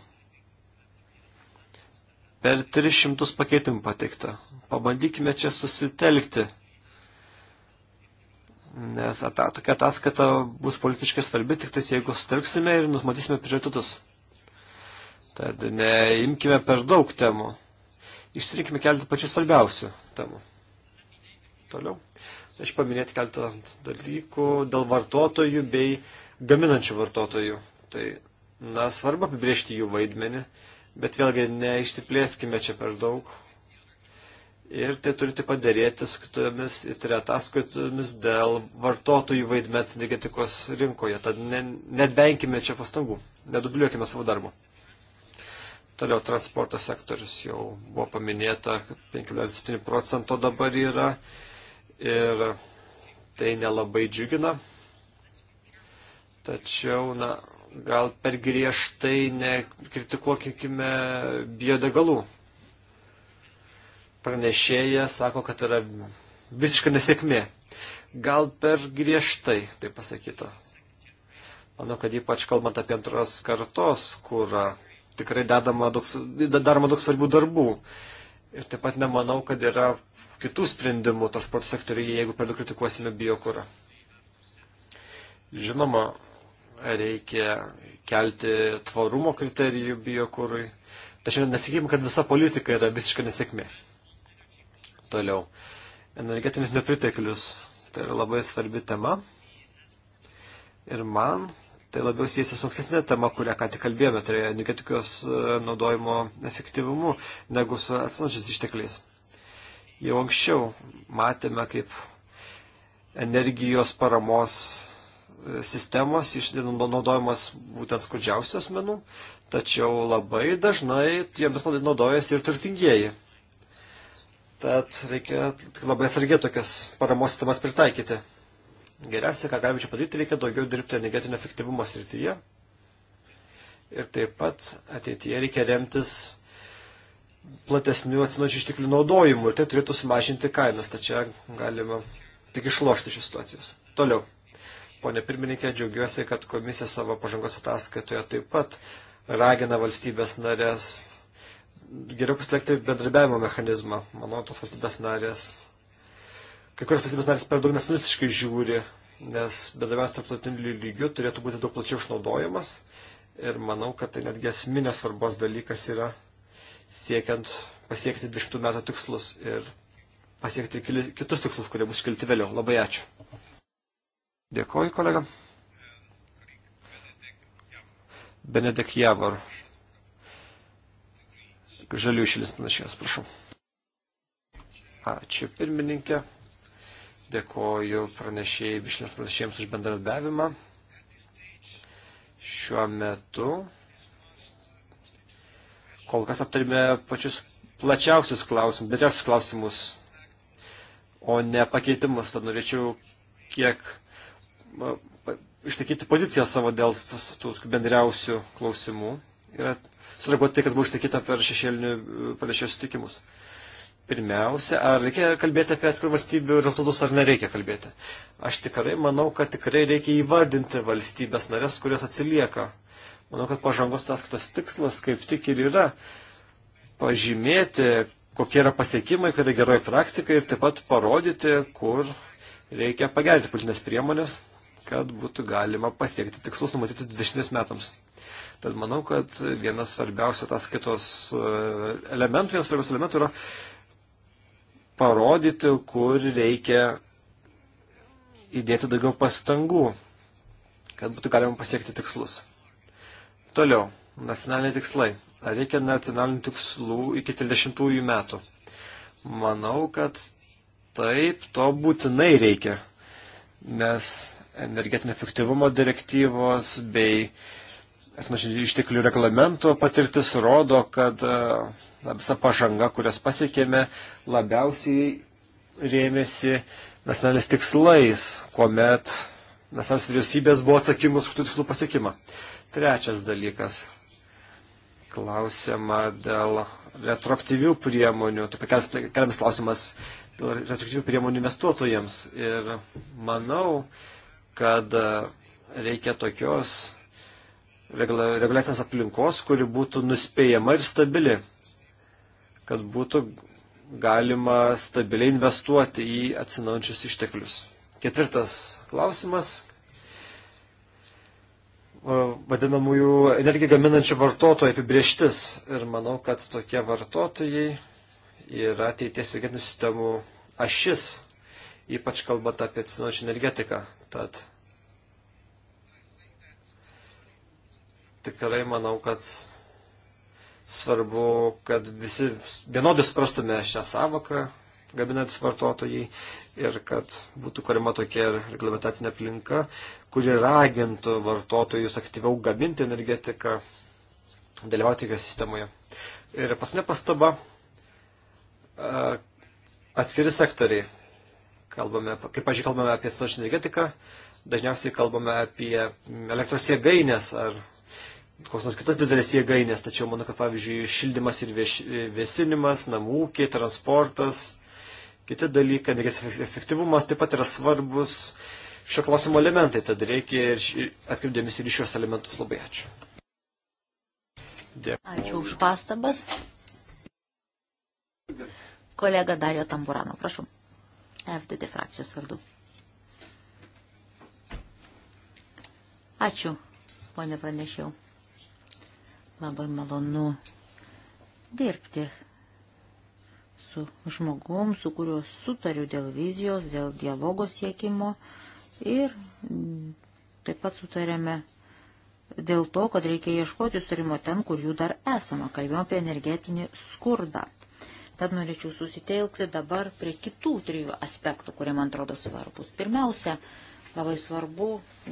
[SPEAKER 1] Per 300 pakeitimų pateikta. Pabandykime čia susitelkti nes ata, tokia ataskaita bus politiškai svarbi tik tais, jeigu sutelksime ir numatysime prioritetus. Tad neimkime per daug temų. Išsirinkime keletą pačių svarbiausių temų. Toliau. Aš paminėti keletą dalykų dėl vartotojų bei gaminančių vartotojų. Tai, na, svarbu apibriežti jų vaidmenį, bet vėlgi neišsiplėskime čia per daug Ir tai turi taip pat dėrėti su kitomis tai ataskaitomis dėl vartotojų vaidmens energetikos rinkoje. Tad ne, nedvenkime čia pastangų, nedubliuokime savo darbo. Toliau transporto sektorius jau buvo paminėta, 5,7 procento dabar yra ir tai nelabai džiugina. Tačiau, na, gal per griežtai nekritikuokime biodegalų pranešėjas sako, kad yra visiška nesėkmė. Gal per griežtai tai pasakyto. Manau, kad ypač kalbant apie antros kartos kūrą, tikrai daroma daug svarbių darbų. Ir taip pat nemanau, kad yra kitų sprendimų transporto sektoriuje, jeigu per daug kritikuosime biokūrą. Žinoma, reikia kelti tvarumo kriterijų biokūrui. Tačiau nesakykime, kad visa politika yra visiška nesėkmė. Toliau. Energetinis nepriteklius. Tai yra labai svarbi tema. Ir man tai labiau siejasi su ankstesnė tema, kurią ką tik kalbėjome, tai yra energetikos e, naudojimo efektyvumu, negu su atsinaujančiais ištekliais. Jau anksčiau matėme, kaip energijos paramos e, sistemos naudojamas būtent skurdžiausių asmenų, tačiau labai dažnai jomis naudojasi ir turtingieji. Tad reikia tik labai atsargiai tokias paramos sistemas pritaikyti. Geriausia, ką galime čia padaryti, reikia daugiau dirbti energetinio efektyvumo srityje. Ir taip pat ateityje reikia remtis platesnių atsinaujančių išteklių naudojimų ir tai turėtų sumažinti kainas. Tačiau galima tik išlošti iš situacijos. Toliau. Pone pirmininkė, džiaugiuosi, kad komisija savo pažangos ataskaitoje taip pat ragina valstybės narės geriau pasilikti bendradarbiavimo mechanizmą. Manau, tos valstybės narės. Kai kurios valstybės narės per daug nesulistiškai žiūri, nes bendradarbiavimas tarptautiniu lygiu turėtų būti daug plačiau išnaudojamas. Ir manau, kad tai netgi esminės svarbos dalykas yra siekiant pasiekti 20 metų tikslus ir pasiekti kitus tikslus, kurie bus iškelti vėliau. Labai ačiū. Dėkoju, kolega. Benedek Javor žalių šalis panašės, prašau. Ačiū pirmininkė. Dėkoju pranešėjai, bišlės pranešėjams už bendradarbiavimą. Šiuo metu kol kas aptarime pačius plačiausius klausimus, betriausius klausimus, o ne pakeitimus. Tad norėčiau kiek išsakyti poziciją savo dėl tų bendriausių klausimų. Yra sureaguoti tai, kas buvo išsakyta per šešėlinių e, pranešėjų sutikimus. Pirmiausia, ar reikia kalbėti apie atskirų valstybių rezultatus, ar nereikia kalbėti? Aš tikrai manau, kad tikrai reikia įvardinti valstybės narės, kurios atsilieka. Manau, kad pažangos ataskaitos tikslas kaip tik ir yra pažymėti, kokie yra pasiekimai, kada tai geroji praktika ir taip pat parodyti, kur reikia pagerinti politinės priemonės kad būtų galima pasiekti tikslus numatytus 20 metams. Tad manau, kad vienas svarbiausių ataskaitos e, elementų, vienas svarbiausių elementų yra parodyti, kur reikia įdėti daugiau pastangų, kad būtų galima pasiekti tikslus. Toliau, nacionaliniai tikslai. Ar reikia nacionalinių tikslų iki 30 metų? Manau, kad taip, to būtinai reikia, nes energetinio efektyvumo direktyvos bei esmažinių išteklių reglamento patirtis rodo, kad e, na, visa pažanga, kurios pasiekėme, labiausiai rėmėsi nacionalinės tikslais, kuomet nacionalinės vyriausybės buvo atsakymus už tų tikslų pasiekimą. Trečias dalykas. Klausima dėl retroaktyvių priemonių. Taip pat keliamas klausimas dėl retroaktyvių priemonių investuotojams. Ir manau, kad e, reikia tokios reguliacinės aplinkos, kuri būtų nuspėjama ir stabili, kad būtų galima stabiliai investuoti į atsinaujančius išteklius. Ketvirtas klausimas. Vadinamųjų energiją gaminančių vartotojų apibrieštis. Ir manau, kad tokie vartotojai yra ateities energetinių sistemų ašis ypač kalbant apie atsinaujančią energetiką. Tad tikrai manau, kad svarbu, kad visi vienodai suprastume šią savoką, gaminantis vartotojai, ir kad būtų kuriama tokia reglamentacinė aplinka, kuri ragintų vartotojus aktyviau gaminti energetiką, dalyvauti joje sistemoje. Ir paskutinė pastaba - atskiri sektoriai kalbame, kaip pažiūrėjau, kalbame apie atsinaujinančią energetiką, dažniausiai kalbame apie elektros jėgainės ar koks nors kitas didelis jėgainės, tačiau manau, kad pavyzdžiui šildymas ir vieš, vėsinimas, namų ūkiai, transportas, kiti dalykai, energetikos efektyvumas taip pat yra svarbus šio klausimo elementai, tad reikia ir atkreipdėmės ir į šios elementus. Labai ačiū. Dėkui.
[SPEAKER 3] Ačiū už pastabas. Kolega Dario Tamburano, prašau. FDD frakcijos vardu. Ačiū, ponė pranešiau. Labai malonu dirbti su žmogum, su kuriuo sutariu dėl vizijos, dėl dialogo siekimo ir taip pat sutarėme dėl to, kad reikia ieškoti sutarimo ten, kur jų dar esama. Kalbėjome apie energetinį skurdą. Tad norėčiau susitelkti dabar prie kitų trijų aspektų, kurie man atrodo svarbus. Pirmiausia, labai svarbu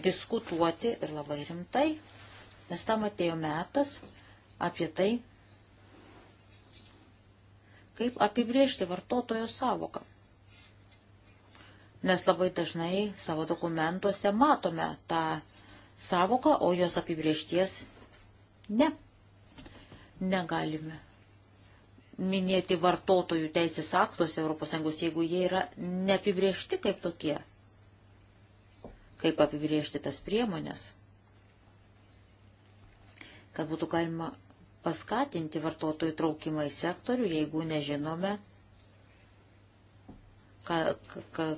[SPEAKER 3] diskutuoti ir labai rimtai, nes tam atėjo metas apie tai, kaip apibriežti vartotojo savoką. Nes labai dažnai savo dokumentuose matome tą savoką, o jos apibriešties ne. Negalime minėti vartotojų teisės aktuose ES, jeigu jie yra neapibriešti kaip tokie? Kaip apibriešti tas priemonės? Kad būtų galima paskatinti vartotojų traukimą į sektorių, jeigu nežinome, ką, ką,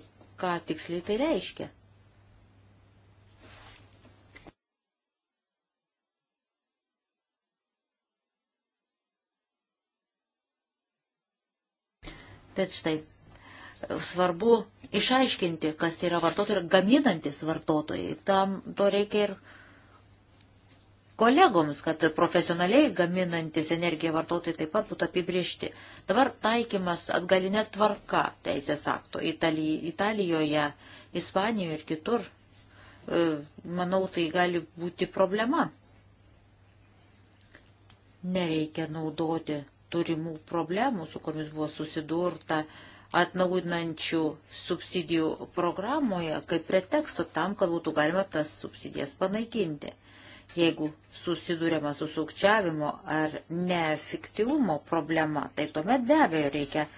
[SPEAKER 3] ką tiksliai tai reiškia. Tad štai, svarbu išaiškinti, kas yra vartotojai ir gaminantis vartotojai. Tam to reikia ir kolegoms, kad profesionaliai gaminantis energiją vartotojai taip pat būtų apibriežti. Dabar taikymas atgalinė tvarka teisės akto Itali, Italijoje, Ispanijoje ir kitur. E, manau, tai gali būti problema. Nereikia naudoti turimų problemų, su kuriamis buvo susidurta atnaudinančių subsidijų programoje, kaip preteksto tam, kad būtų galima tas subsidijas panaikinti. Jeigu susidūrėma su sukčiavimo ar neefektyvumo problema, tai tuomet be abejo reikia e,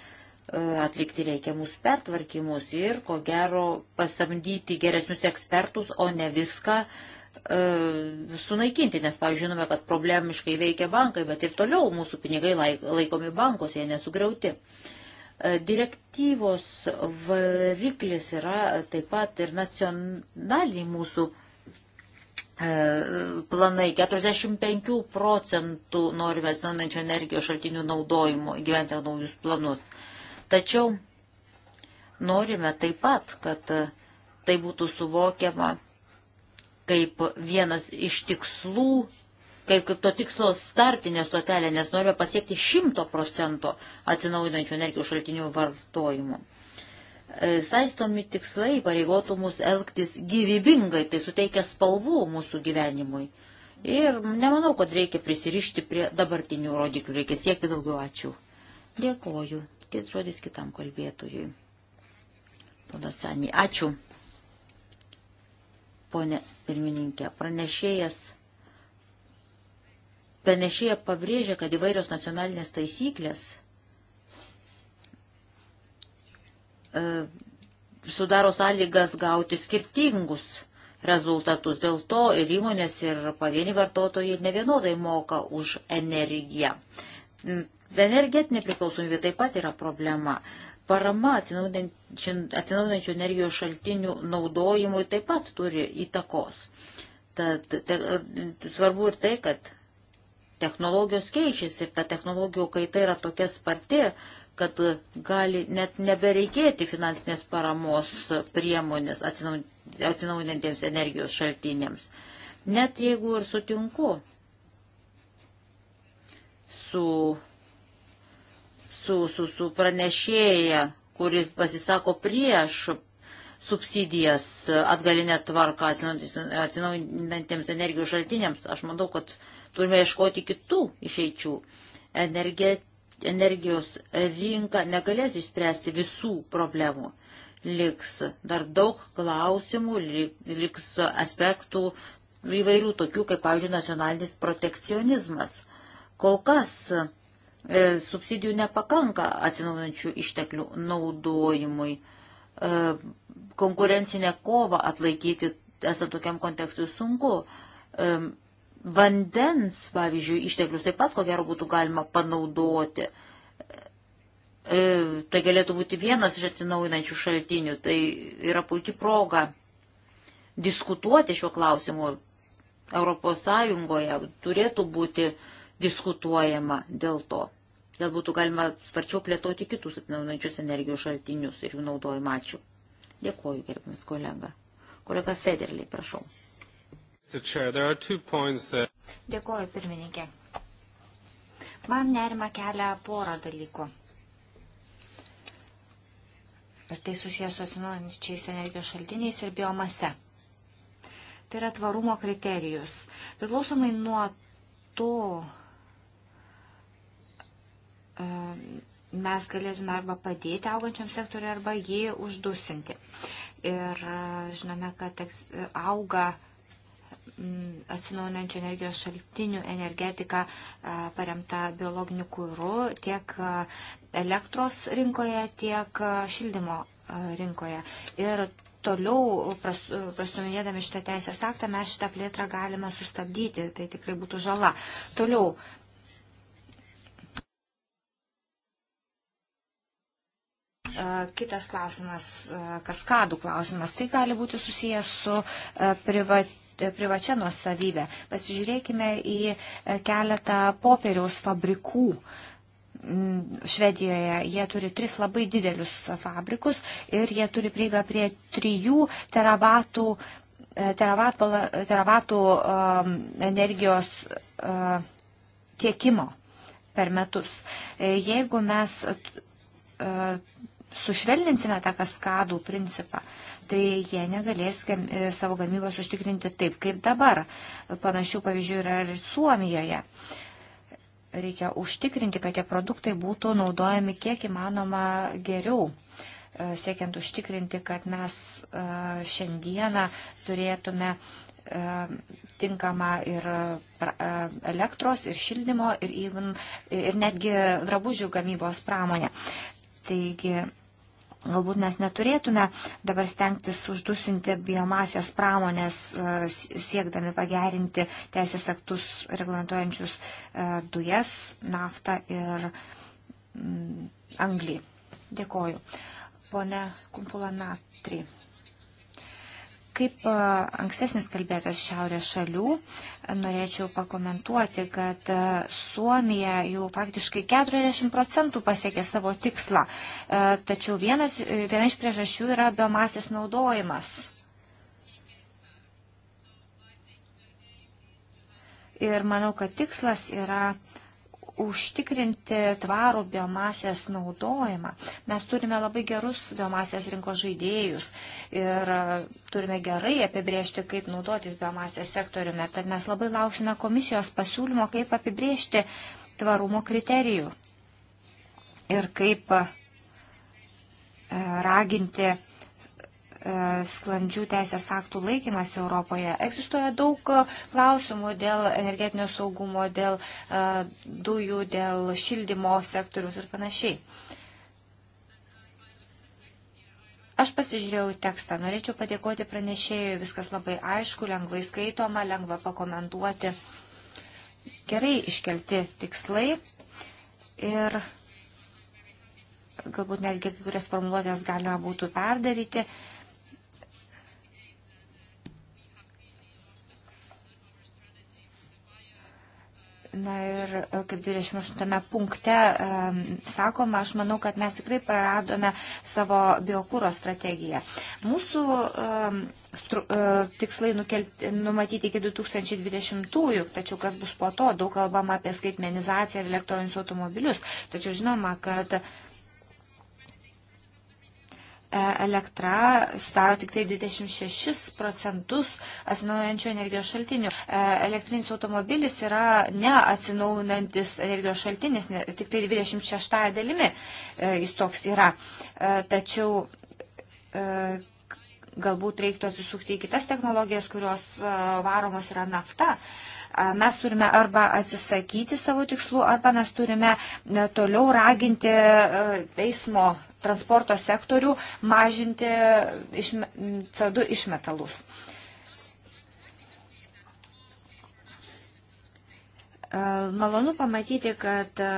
[SPEAKER 3] atlikti reikiamus pertvarkymus ir, ko gero, pasamdyti geresnius ekspertus, o ne viską uh, E, sunaikinti, nes, pavyzdžiui, žinome, kad problemiškai veikia bankai, bet ir toliau mūsų pinigai laikomi bankos, jie nesugriauti. E, direktyvos variklis yra taip pat ir nacionaliniai mūsų e, planai. 45 procentų norime atsinaujančio energijos šaltinių naudojimo gyventi naujus planus. Tačiau norime taip pat, kad tai būtų suvokiama kaip vienas iš tikslų, kaip, kaip to tikslo startinė stotelė, nes norime pasiekti 100 procento atsinaujinančių energijos šaltinių vartojimo. E, saistomi tikslai pareigotų mus elgtis gyvybingai, tai suteikia spalvų mūsų gyvenimui. Ir nemanau, kad reikia prisirišti prie dabartinių rodiklių, reikia siekti daugiau ačiū. Dėkoju. Kits žodis kitam kalbėtojui. Ponas Sanį, ačiū ponė pirmininkė. Pranešėjas Penešėja pabrėžia, kad įvairios nacionalinės taisyklės e, sudaro sąlygas gauti skirtingus rezultatus. Dėl to ir įmonės, ir pavieni vartotojai nevienodai moka už energiją. Energetinė priklausomybė taip pat yra problema. Parama atsinaudinančių energijos šaltinių naudojimui taip pat turi įtakos. Tad te, svarbu ir tai, kad technologijos keičiasi ir ta technologijų kaita yra tokia sparti, kad gali net nebereikėti finansinės paramos priemonės atsinaujinantiems energijos šaltiniams. Net jeigu ir sutinku su su, su, su pranešėja, kuri pasisako prieš subsidijas atgalinę tvarką atsinaujinantiems energijos šaltiniams. Aš manau, kad turime ieškoti kitų išeičių. Energe, energijos rinka negalės išspręsti visų problemų. Liks dar daug klausimų, liks aspektų įvairių tokių, kaip, pavyzdžiui, nacionalinis protekcionizmas. Kol kas E, subsidijų nepakanka atsinaujančių išteklių naudojimui. E, konkurencinę kovą atlaikyti esant tokiam kontekstui sunku. E, vandens, pavyzdžiui, išteklius taip pat ko gero būtų galima panaudoti. Tai galėtų būti vienas iš atsinaujinančių šaltinių. Tai yra puikia proga diskutuoti šiuo klausimu. Europos Sąjungoje turėtų būti uh, diskutuojama dėl to. Gal būtų galima sparčiau plėtoti kitus atnaunančius energijos šaltinius ir jų naudojimą. Ačiū. Dėkuoju, gerbiamas kolega. Kolega Federlį, prašau.
[SPEAKER 2] Dėkuoju, pirmininkė. Man nerima kelia porą dalykų. Ir tai susijęs su atsinaujinčiais energijos šaltiniais ir biomase. Tai yra tvarumo kriterijus. Priklausomai nuo to, E, mes galėtume arba padėti augančiam sektoriui, arba jį uždusinti. Ir e, žinome, kad e, auga atsinaujančių energijos šaltinių energetika paremta biologiniu kūru tiek elektros rinkoje, tiek šildymo rinkoje. Ir toliau prasuminėdami šitą teisės aktą mes šitą plėtrą galime sustabdyti, tai tikrai būtų žala. Toliau Kitas klausimas, kaskadų klausimas, tai gali būti susijęs su privatu e, privačia nuosavybė. Pasižiūrėkime į e, keletą popieriaus fabrikų. Švedijoje jie turi tris labai didelius fabrikus ir jie turi prieigą prie trijų teravatų, e, teravatų, teravatų um, energijos uh, tiekimo per metus. Jeigu mes uh, sušvelninsime tą kaskadų principą, tai jie negalės e, savo gamybos užtikrinti taip, kaip dabar. Panašių pavyzdžių yra ir Suomijoje. Reikia užtikrinti, kad tie produktai būtų naudojami kiek įmanoma geriau e, siekiant užtikrinti, kad mes e, šiandieną turėtume tinkamą ir elektros, ir šildymo, ir, even, ir netgi drabužių gamybos pramonę. Taigi Galbūt mes neturėtume dabar stengtis uždusinti biomasės pramonės e, siekdami pagerinti teisės aktus reglamentuojančius e, dujas, naftą ir anglį. Dėkoju. Pone Kumpula Natri. Kaip ankstesnis kalbėtas šiaurės šalių, norėčiau pakomentuoti, kad Suomija jau faktiškai 40 procentų pasiekė savo tikslą, tačiau vienas, viena iš priežasčių yra biomasės naudojimas. Ir manau, kad tikslas yra užtikrinti tvarų biomasės naudojimą. Mes turime labai gerus biomasės rinkos žaidėjus ir e, turime gerai apibriežti, kaip naudotis biomasės sektoriumi. Tad mes labai lauksime komisijos pasiūlymo, kaip apibriežti tvarumo kriterijų ir kaip e, raginti E, sklandžių teisės aktų laikymas Europoje. Egzistuoja daug e, klausimų dėl energetinio saugumo, dėl e, dujų, dėl šildymo sektorius ir panašiai. Aš pasižiūrėjau tekstą, norėčiau padėkoti pranešėjui, viskas labai aišku, lengvai skaitoma, lengva pakomentuoti. Gerai iškelti tikslai ir galbūt netgi kai kurias formuluotės galima būtų perdaryti. Uh, Na ir e, kaip 28 punkte sakoma, aš manau, kad mes tikrai praradome savo biokūro strategiją. Mūsų stru, e, tikslai nukelti, numatyti iki 2020-ųjų, tačiau kas bus po to, daug kalbama apie skaitmenizaciją ir elektroninius automobilius. Tačiau žinoma, kad E, elektra sudaro tik tai 26 procentus atsinaujančių energijos šaltinių. E, elektrinis automobilis yra neatsinaujantis energijos šaltinis, tik tai 26 dalimi e, jis toks yra. Tačiau galbūt reiktų atsisukti į kitas technologijas, kurios varomos yra nafta mes turime arba atsisakyti savo tikslų, arba mes turime toliau raginti teismo transporto sektorių mažinti CO2 išmetalus. E, malonu pamatyti, kad e,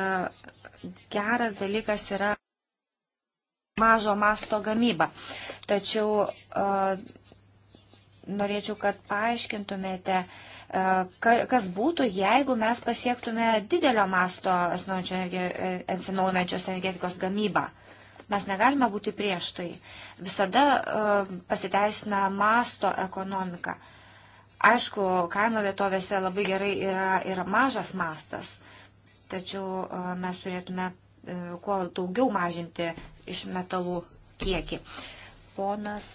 [SPEAKER 2] geras dalykas yra mažo masto gamyba. Tačiau e, norėčiau, kad paaiškintumėte, kas būtų, jeigu mes pasiektume didelio masto atsinaujinančios energetikos gamybą. Mes negalime būti prieš tai. Visada e, pasiteisina masto ekonomika. Aišku, kaimo vietovėse labai gerai yra, yra mažas mastas, tačiau e, mes turėtume e, kuo daugiau mažinti iš metalų kiekį. Ponas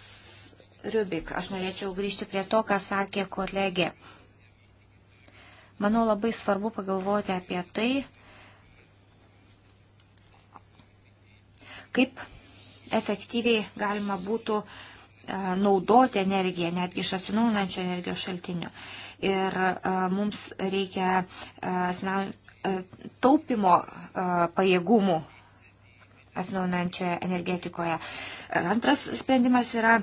[SPEAKER 2] Rubik, aš norėčiau grįžti prie to, ką sakė kolegė. Manau, labai svarbu pagalvoti apie tai, kaip efektyviai galima būtų e, naudoti energiją, netgi iš atsinaujinančio energijos šaltinių. Ir e, mums reikia e, taupimo pajėgumų atsinaujinančioje energetikoje. Antras sprendimas yra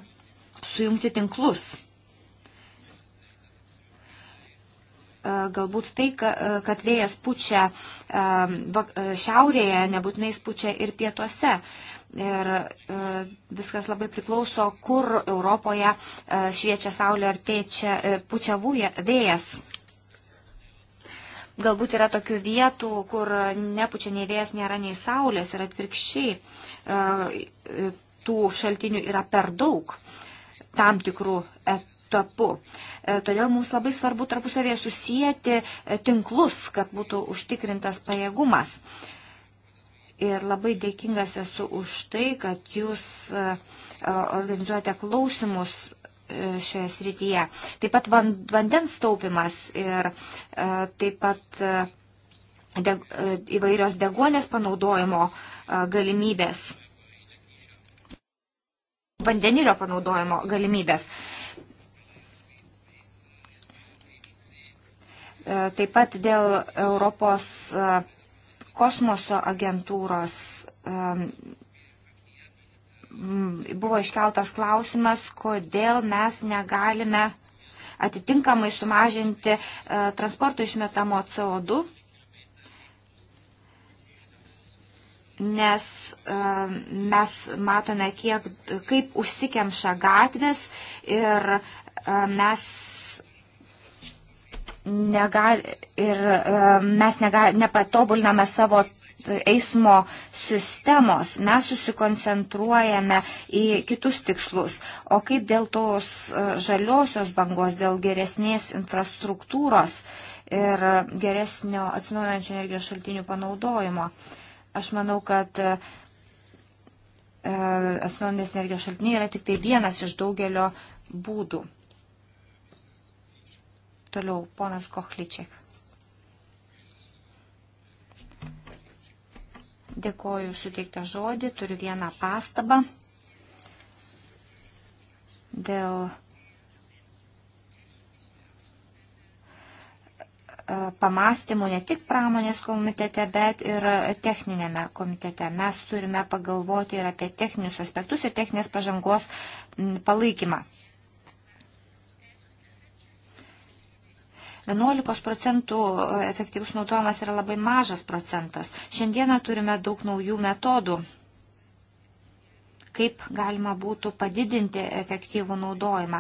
[SPEAKER 2] sujungti tinklus E, galbūt tai, e, kad vėjas pučia e, šiaurėje, nebūtinai pučia ir pietuose. Ir viskas labai priklauso, kur Europoje šviečia saulė ar pėčia, pučia vėjas. Galbūt yra tokių vietų, kur nepučia nei vėjas, nėra nei saulės ir atvirkščiai tų šaltinių yra per daug tam tikrų et, etapu. E, todėl mums labai svarbu tarpusavėje susijęti e, tinklus, kad būtų užtikrintas pajėgumas. Ir labai dėkingas esu už tai, kad jūs e, organizuojate klausimus šioje srityje. Taip pat vandens taupimas ir taip pat deg, įvairios degonės panaudojimo galimybės, vandenilio panaudojimo galimybės. E, taip pat dėl Europos e, kosmoso agentūros e, buvo iškeltas klausimas, kodėl mes negalime atitinkamai sumažinti transporto išmetamo CO2, nes mes matome, kiek, kaip užsikemša gatvės ir mes negal, ir mes negal, nepatobuliname savo eismo sistemos, mes susikoncentruojame į kitus tikslus. O kaip dėl tos e, žaliosios bangos, dėl geresnės infrastruktūros ir geresnio atsinaujančio energijos šaltinių panaudojimo? Aš manau, kad e, e, atsinaujinės energijos šaltiniai yra tik tai vienas iš daugelio būdų. Toliau, ponas Kochličiek. Dėkoju suteiktą žodį, turiu vieną pastabą dėl e, pamastymų ne tik pramonės komitete, bet ir techninėme komitete. Mes turime pagalvoti ir apie techninius aspektus ir techninės pažangos palaikymą. 11 procentų efektyvus naudojimas yra labai mažas procentas. Šiandieną turime daug naujų metodų kaip galima būtų padidinti efektyvų naudojimą.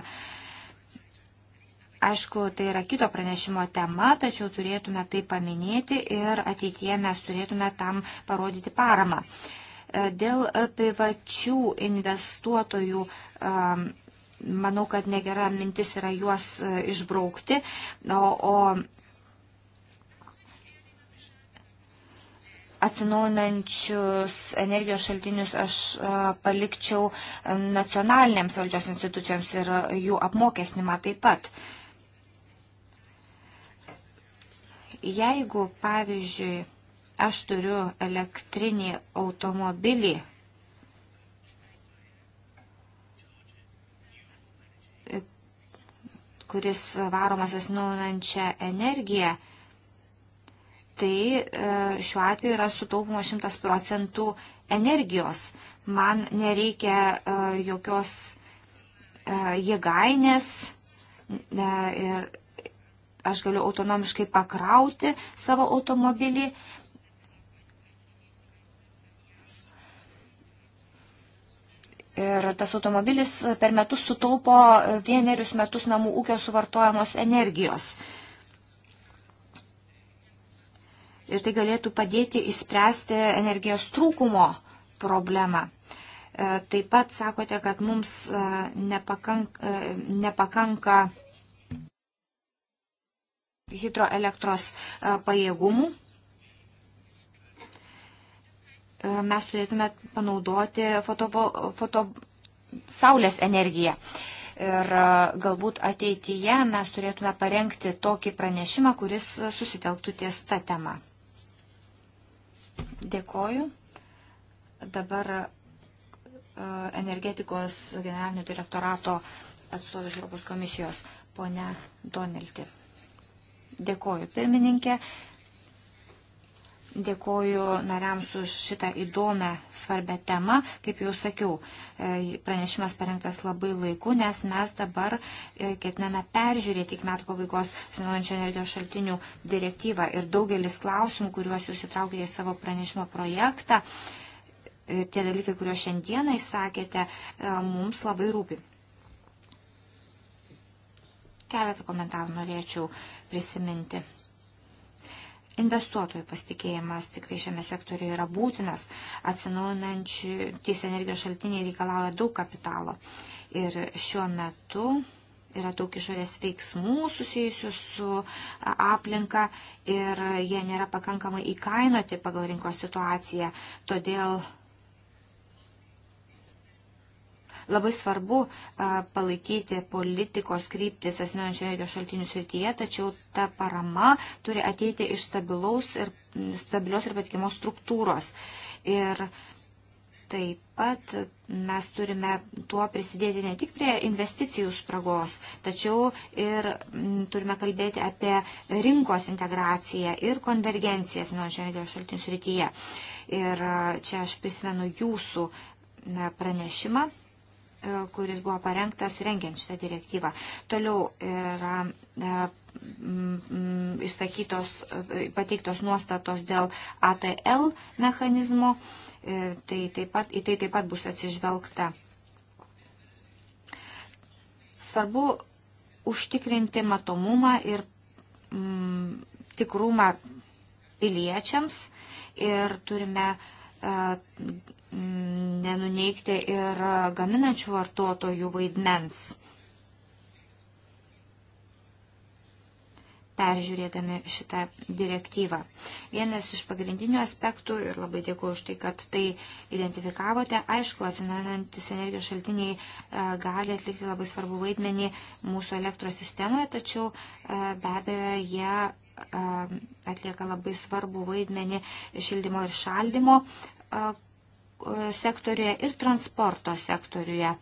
[SPEAKER 2] Aišku, tai yra kito pranešimo tema, tačiau turėtume tai paminėti ir ateityje mes turėtume tam parodyti paramą. Dėl privačių investuotojų ehm, manau, kad negera mintis yra juos e, išbraukti. O, o atsinaujinančius energijos šaltinius aš e, palikčiau e, nacionalinėms valdžios institucijoms ir jų apmokesnimą taip pat. Jeigu, pavyzdžiui, aš turiu elektrinį automobilį, kuris varomas atsinaujinančią energiją, tai e, šiuo atveju yra sutaupimo 100 procentų energijos. Man nereikia e, jokios e, jėgainės ir aš galiu autonomiškai pakrauti savo automobilį Ir tas automobilis per metus sutaupo vienerius metus namų ūkio suvartojamos energijos. Ir tai galėtų padėti įspręsti energijos trūkumo problemą. E, taip pat sakote, kad mums e, nepakank, e, nepakanka hidroelektros pajėgumų E, mes turėtume panaudoti fotovo, foto, saulės energiją. Ir e, galbūt ateityje mes turėtume parengti tokį pranešimą, kuris susitelktų ties tą temą. Dėkoju. Dabar e, energetikos generalinio direktorato atstovės Europos komisijos, ponia Donelti. Dėkoju, pirmininkė. Dėkoju nariams už šitą įdomią, svarbę temą. Kaip jau sakiau, e, pranešimas parengtas labai laiku, nes mes dabar e, ketiname peržiūrėti iki metų pabaigos atsinaujančio energijos šaltinių direktyvą ir daugelis klausimų, kuriuos jūs įtraukėte į savo pranešimo projektą, e, tie dalykai, kuriuos šiandieną išsakėte, mums labai rūpi. Keletą komentarų norėčiau prisiminti. Investuotojų pasitikėjimas tikrai šiame sektoriuje yra būtinas. Atsinaujinantys energijos šaltiniai reikalauja daug kapitalo. Ir šiuo metu yra daug išorės veiksmų susijusių su aplinka ir jie nėra pakankamai įkainoti pagal rinkos situaciją. Todėl Labai svarbu palaikyti politikos kryptis asmeninčio energijos šaltinių srityje, tačiau ta parama turi ateiti iš stabilaus ir, stabilios ir patikimos struktūros. Ir taip pat mes turime tuo prisidėti ne tik prie investicijų spragos, tačiau ir turime kalbėti apie rinkos integraciją ir konvergenciją asmeninčio energijos šaltinių srityje. Ir čia aš prisimenu jūsų pranešimą E, kuris buvo parengtas rengiant šitą direktyvą. Toliau yra e, išsakytos, e, pateiktos nuostatos dėl ATL mechanizmo, tai taip pat, į tai taip pat bus atsižvelgta. Svarbu užtikrinti matomumą ir mm, tikrumą piliečiams ir turime uh, E, nenuneikti ir gaminančių vartotojų vaidmens. peržiūrėdami šitą direktyvą. Vienas iš pagrindinių aspektų, ir labai dėkuoju už tai, kad tai identifikavote, aišku, atsinaujantis energijos šaltiniai e, gali atlikti labai svarbu vaidmenį mūsų elektros sistemoje, tačiau e, be abejo jie atlieka labai svarbu vaidmenį šildymo ir šaldymo sektoriuje ir transporto sektoriuje.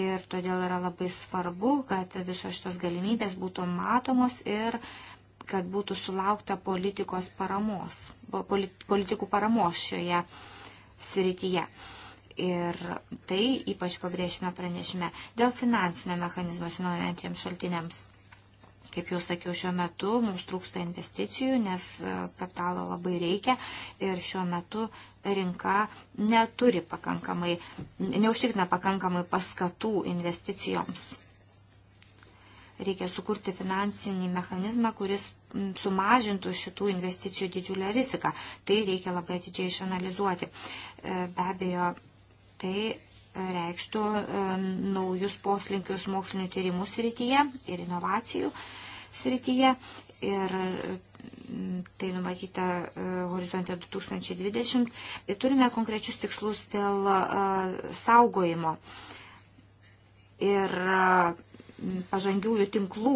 [SPEAKER 2] Ir todėl yra labai svarbu, kad visos šitos galimybės būtų matomos ir kad būtų sulaukta politikos paramos, politikų paramos šioje srityje. Ir tai ypač pabrėžime pranešime dėl finansinio mechanizmo atsinaujinantiems šaltiniams. Kaip jau sakiau, šiuo metu mums trūksta investicijų, nes e, kapitalo labai reikia ir šiuo metu rinka neturi pakankamai, neužtikrina pakankamai paskatų investicijoms. Reikia sukurti finansinį mechanizmą, kuris sumažintų šitų investicijų didžiulę riziką. Tai reikia labai atidžiai išanalizuoti. E, be abejo, tai reikštų e, naujus poslinkius mokslinių tyrimų srityje ir inovacijų. E, srityje ir mm, tai numatyta e, horizonte 2020. E, turime konkrečius tikslus dėl e, saugojimo ir pažangiųjų tinklų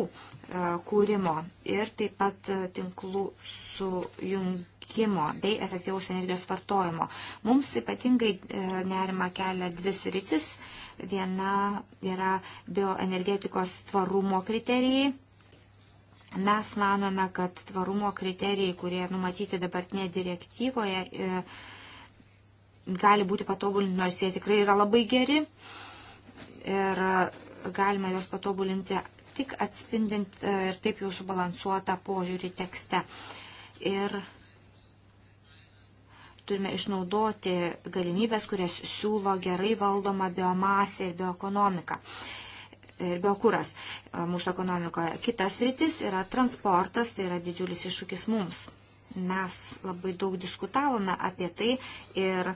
[SPEAKER 2] kūrimo ir taip pat tinklų sujungimo bei efektyvaus energijos vartojimo. Mums ypatingai nerima kelia dvi sritis. Viena yra bioenergetikos tvarumo kriterijai Mes manome, kad tvarumo kriterijai, kurie numatyti dabartinėje direktyvoje, e, gali būti patobulinti, nors jie tikrai yra labai geri ir galima juos patobulinti tik atspindint e, ir taip jau subalansuotą požiūrį tekste. Ir turime išnaudoti galimybės, kurias siūlo gerai valdoma biomasė ir bioekonomika. E, biokuras e, mūsų ekonomikoje. Kitas rytis yra transportas, tai yra didžiulis iššūkis mums. Mes labai daug diskutavome apie tai ir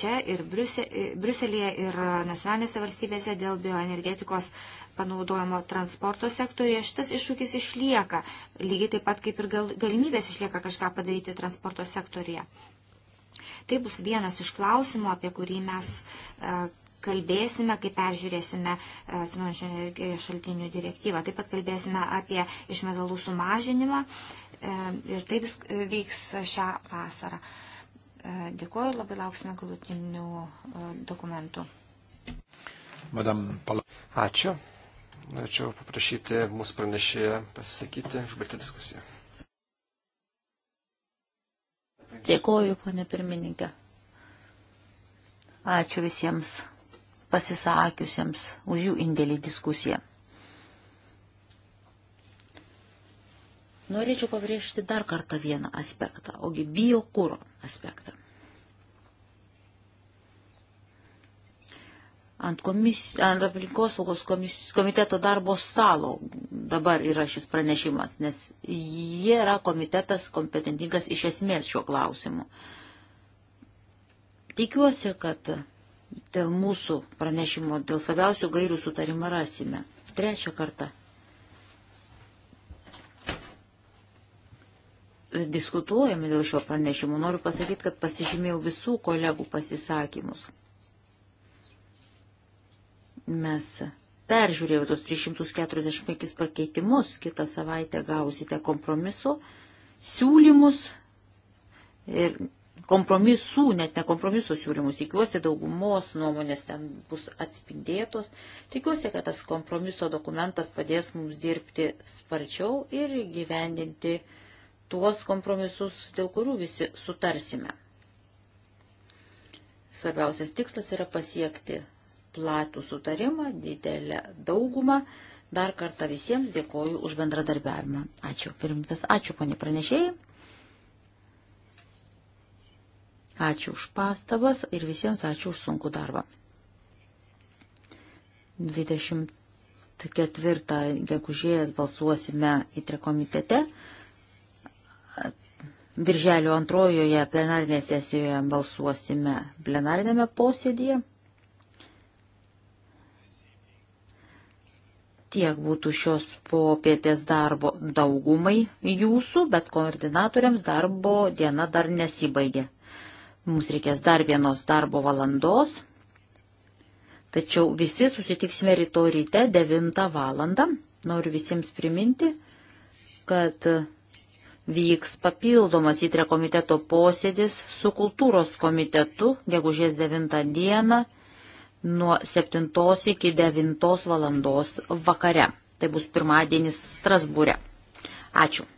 [SPEAKER 2] čia, ir e, Briuselėje, ir nacionalinėse valstybėse dėl bioenergetikos panaudojimo transporto sektorija šitas iššūkis išlieka, lygiai taip pat kaip ir galimybės išlieka kažką padaryti transporto sektorija. Tai bus vienas iš klausimų, apie kurį mes kalbėsime, kai peržiūrėsime e, atsinaujančių energijos šaltinių direktyvą. Taip pat kalbėsime apie išmetalų sumažinimą e, ir taip e, vyks šią vasarą. Dėkuoju ir labai lauksime galutinių dokumentų.
[SPEAKER 1] Madam Pala. Ačiū. Norėčiau paprašyti mūsų pranešėją pasisakyti, užbaigti diskusiją.
[SPEAKER 3] Dėkoju, ponė pirmininkė. Ačiū visiems pasisakiusiems už jų indėlį diskusiją. Norėčiau pabrėžti dar kartą vieną aspektą, ogi biokūro aspektą. Ant, komis, ant aplinkosaugos komis, komiteto darbo stalo dabar yra šis pranešimas, nes jie yra komitetas kompetentingas iš esmės šiuo klausimu. Tikiuosi, kad dėl mūsų pranešimo, dėl svarbiausių gairių sutarimą rasime. Trečią kartą. Diskutuojame dėl šio pranešimo. Noriu pasakyti, kad pasižymėjau visų kolegų pasisakymus. Mes peržiūrėjome tos 345 pakeitimus. Kitą savaitę gausite kompromiso siūlymus ir kompromisų, net ne kompromisų siūlymus. Tikiuosi, daugumos nuomonės ten bus atspindėtos. Tikiuosi, kad tas kompromiso dokumentas padės mums dirbti sparčiau ir gyvendinti tuos kompromisus, dėl kurių visi sutarsime. Svarbiausias tikslas yra pasiekti platų sutarimą, didelę daugumą. Dar kartą visiems dėkoju už bendradarbiavimą. Ačiū, pirmininkas, ačiū, ponė pranešėjai. Ačiū už pastabas ir visiems ačiū už sunkų darbą. 24 gegužėjas balsuosime į trekomitete. Birželio antrojoje plenarinėje sesijoje balsuosime plenarinėme posėdėje. tiek būtų šios popietės darbo daugumai jūsų, bet koordinatoriams darbo diena dar nesibaigė. Mums reikės dar vienos darbo valandos. Tačiau visi susitiksime rytoj ryte 9 valandą. Noriu visiems priminti, kad vyks papildomas įtre komiteto posėdis su kultūros komitetu gegužės 9 dieną nuo 7 iki 9 valandos vakare. Tai bus pirmadienis Strasbūre. Ačiū.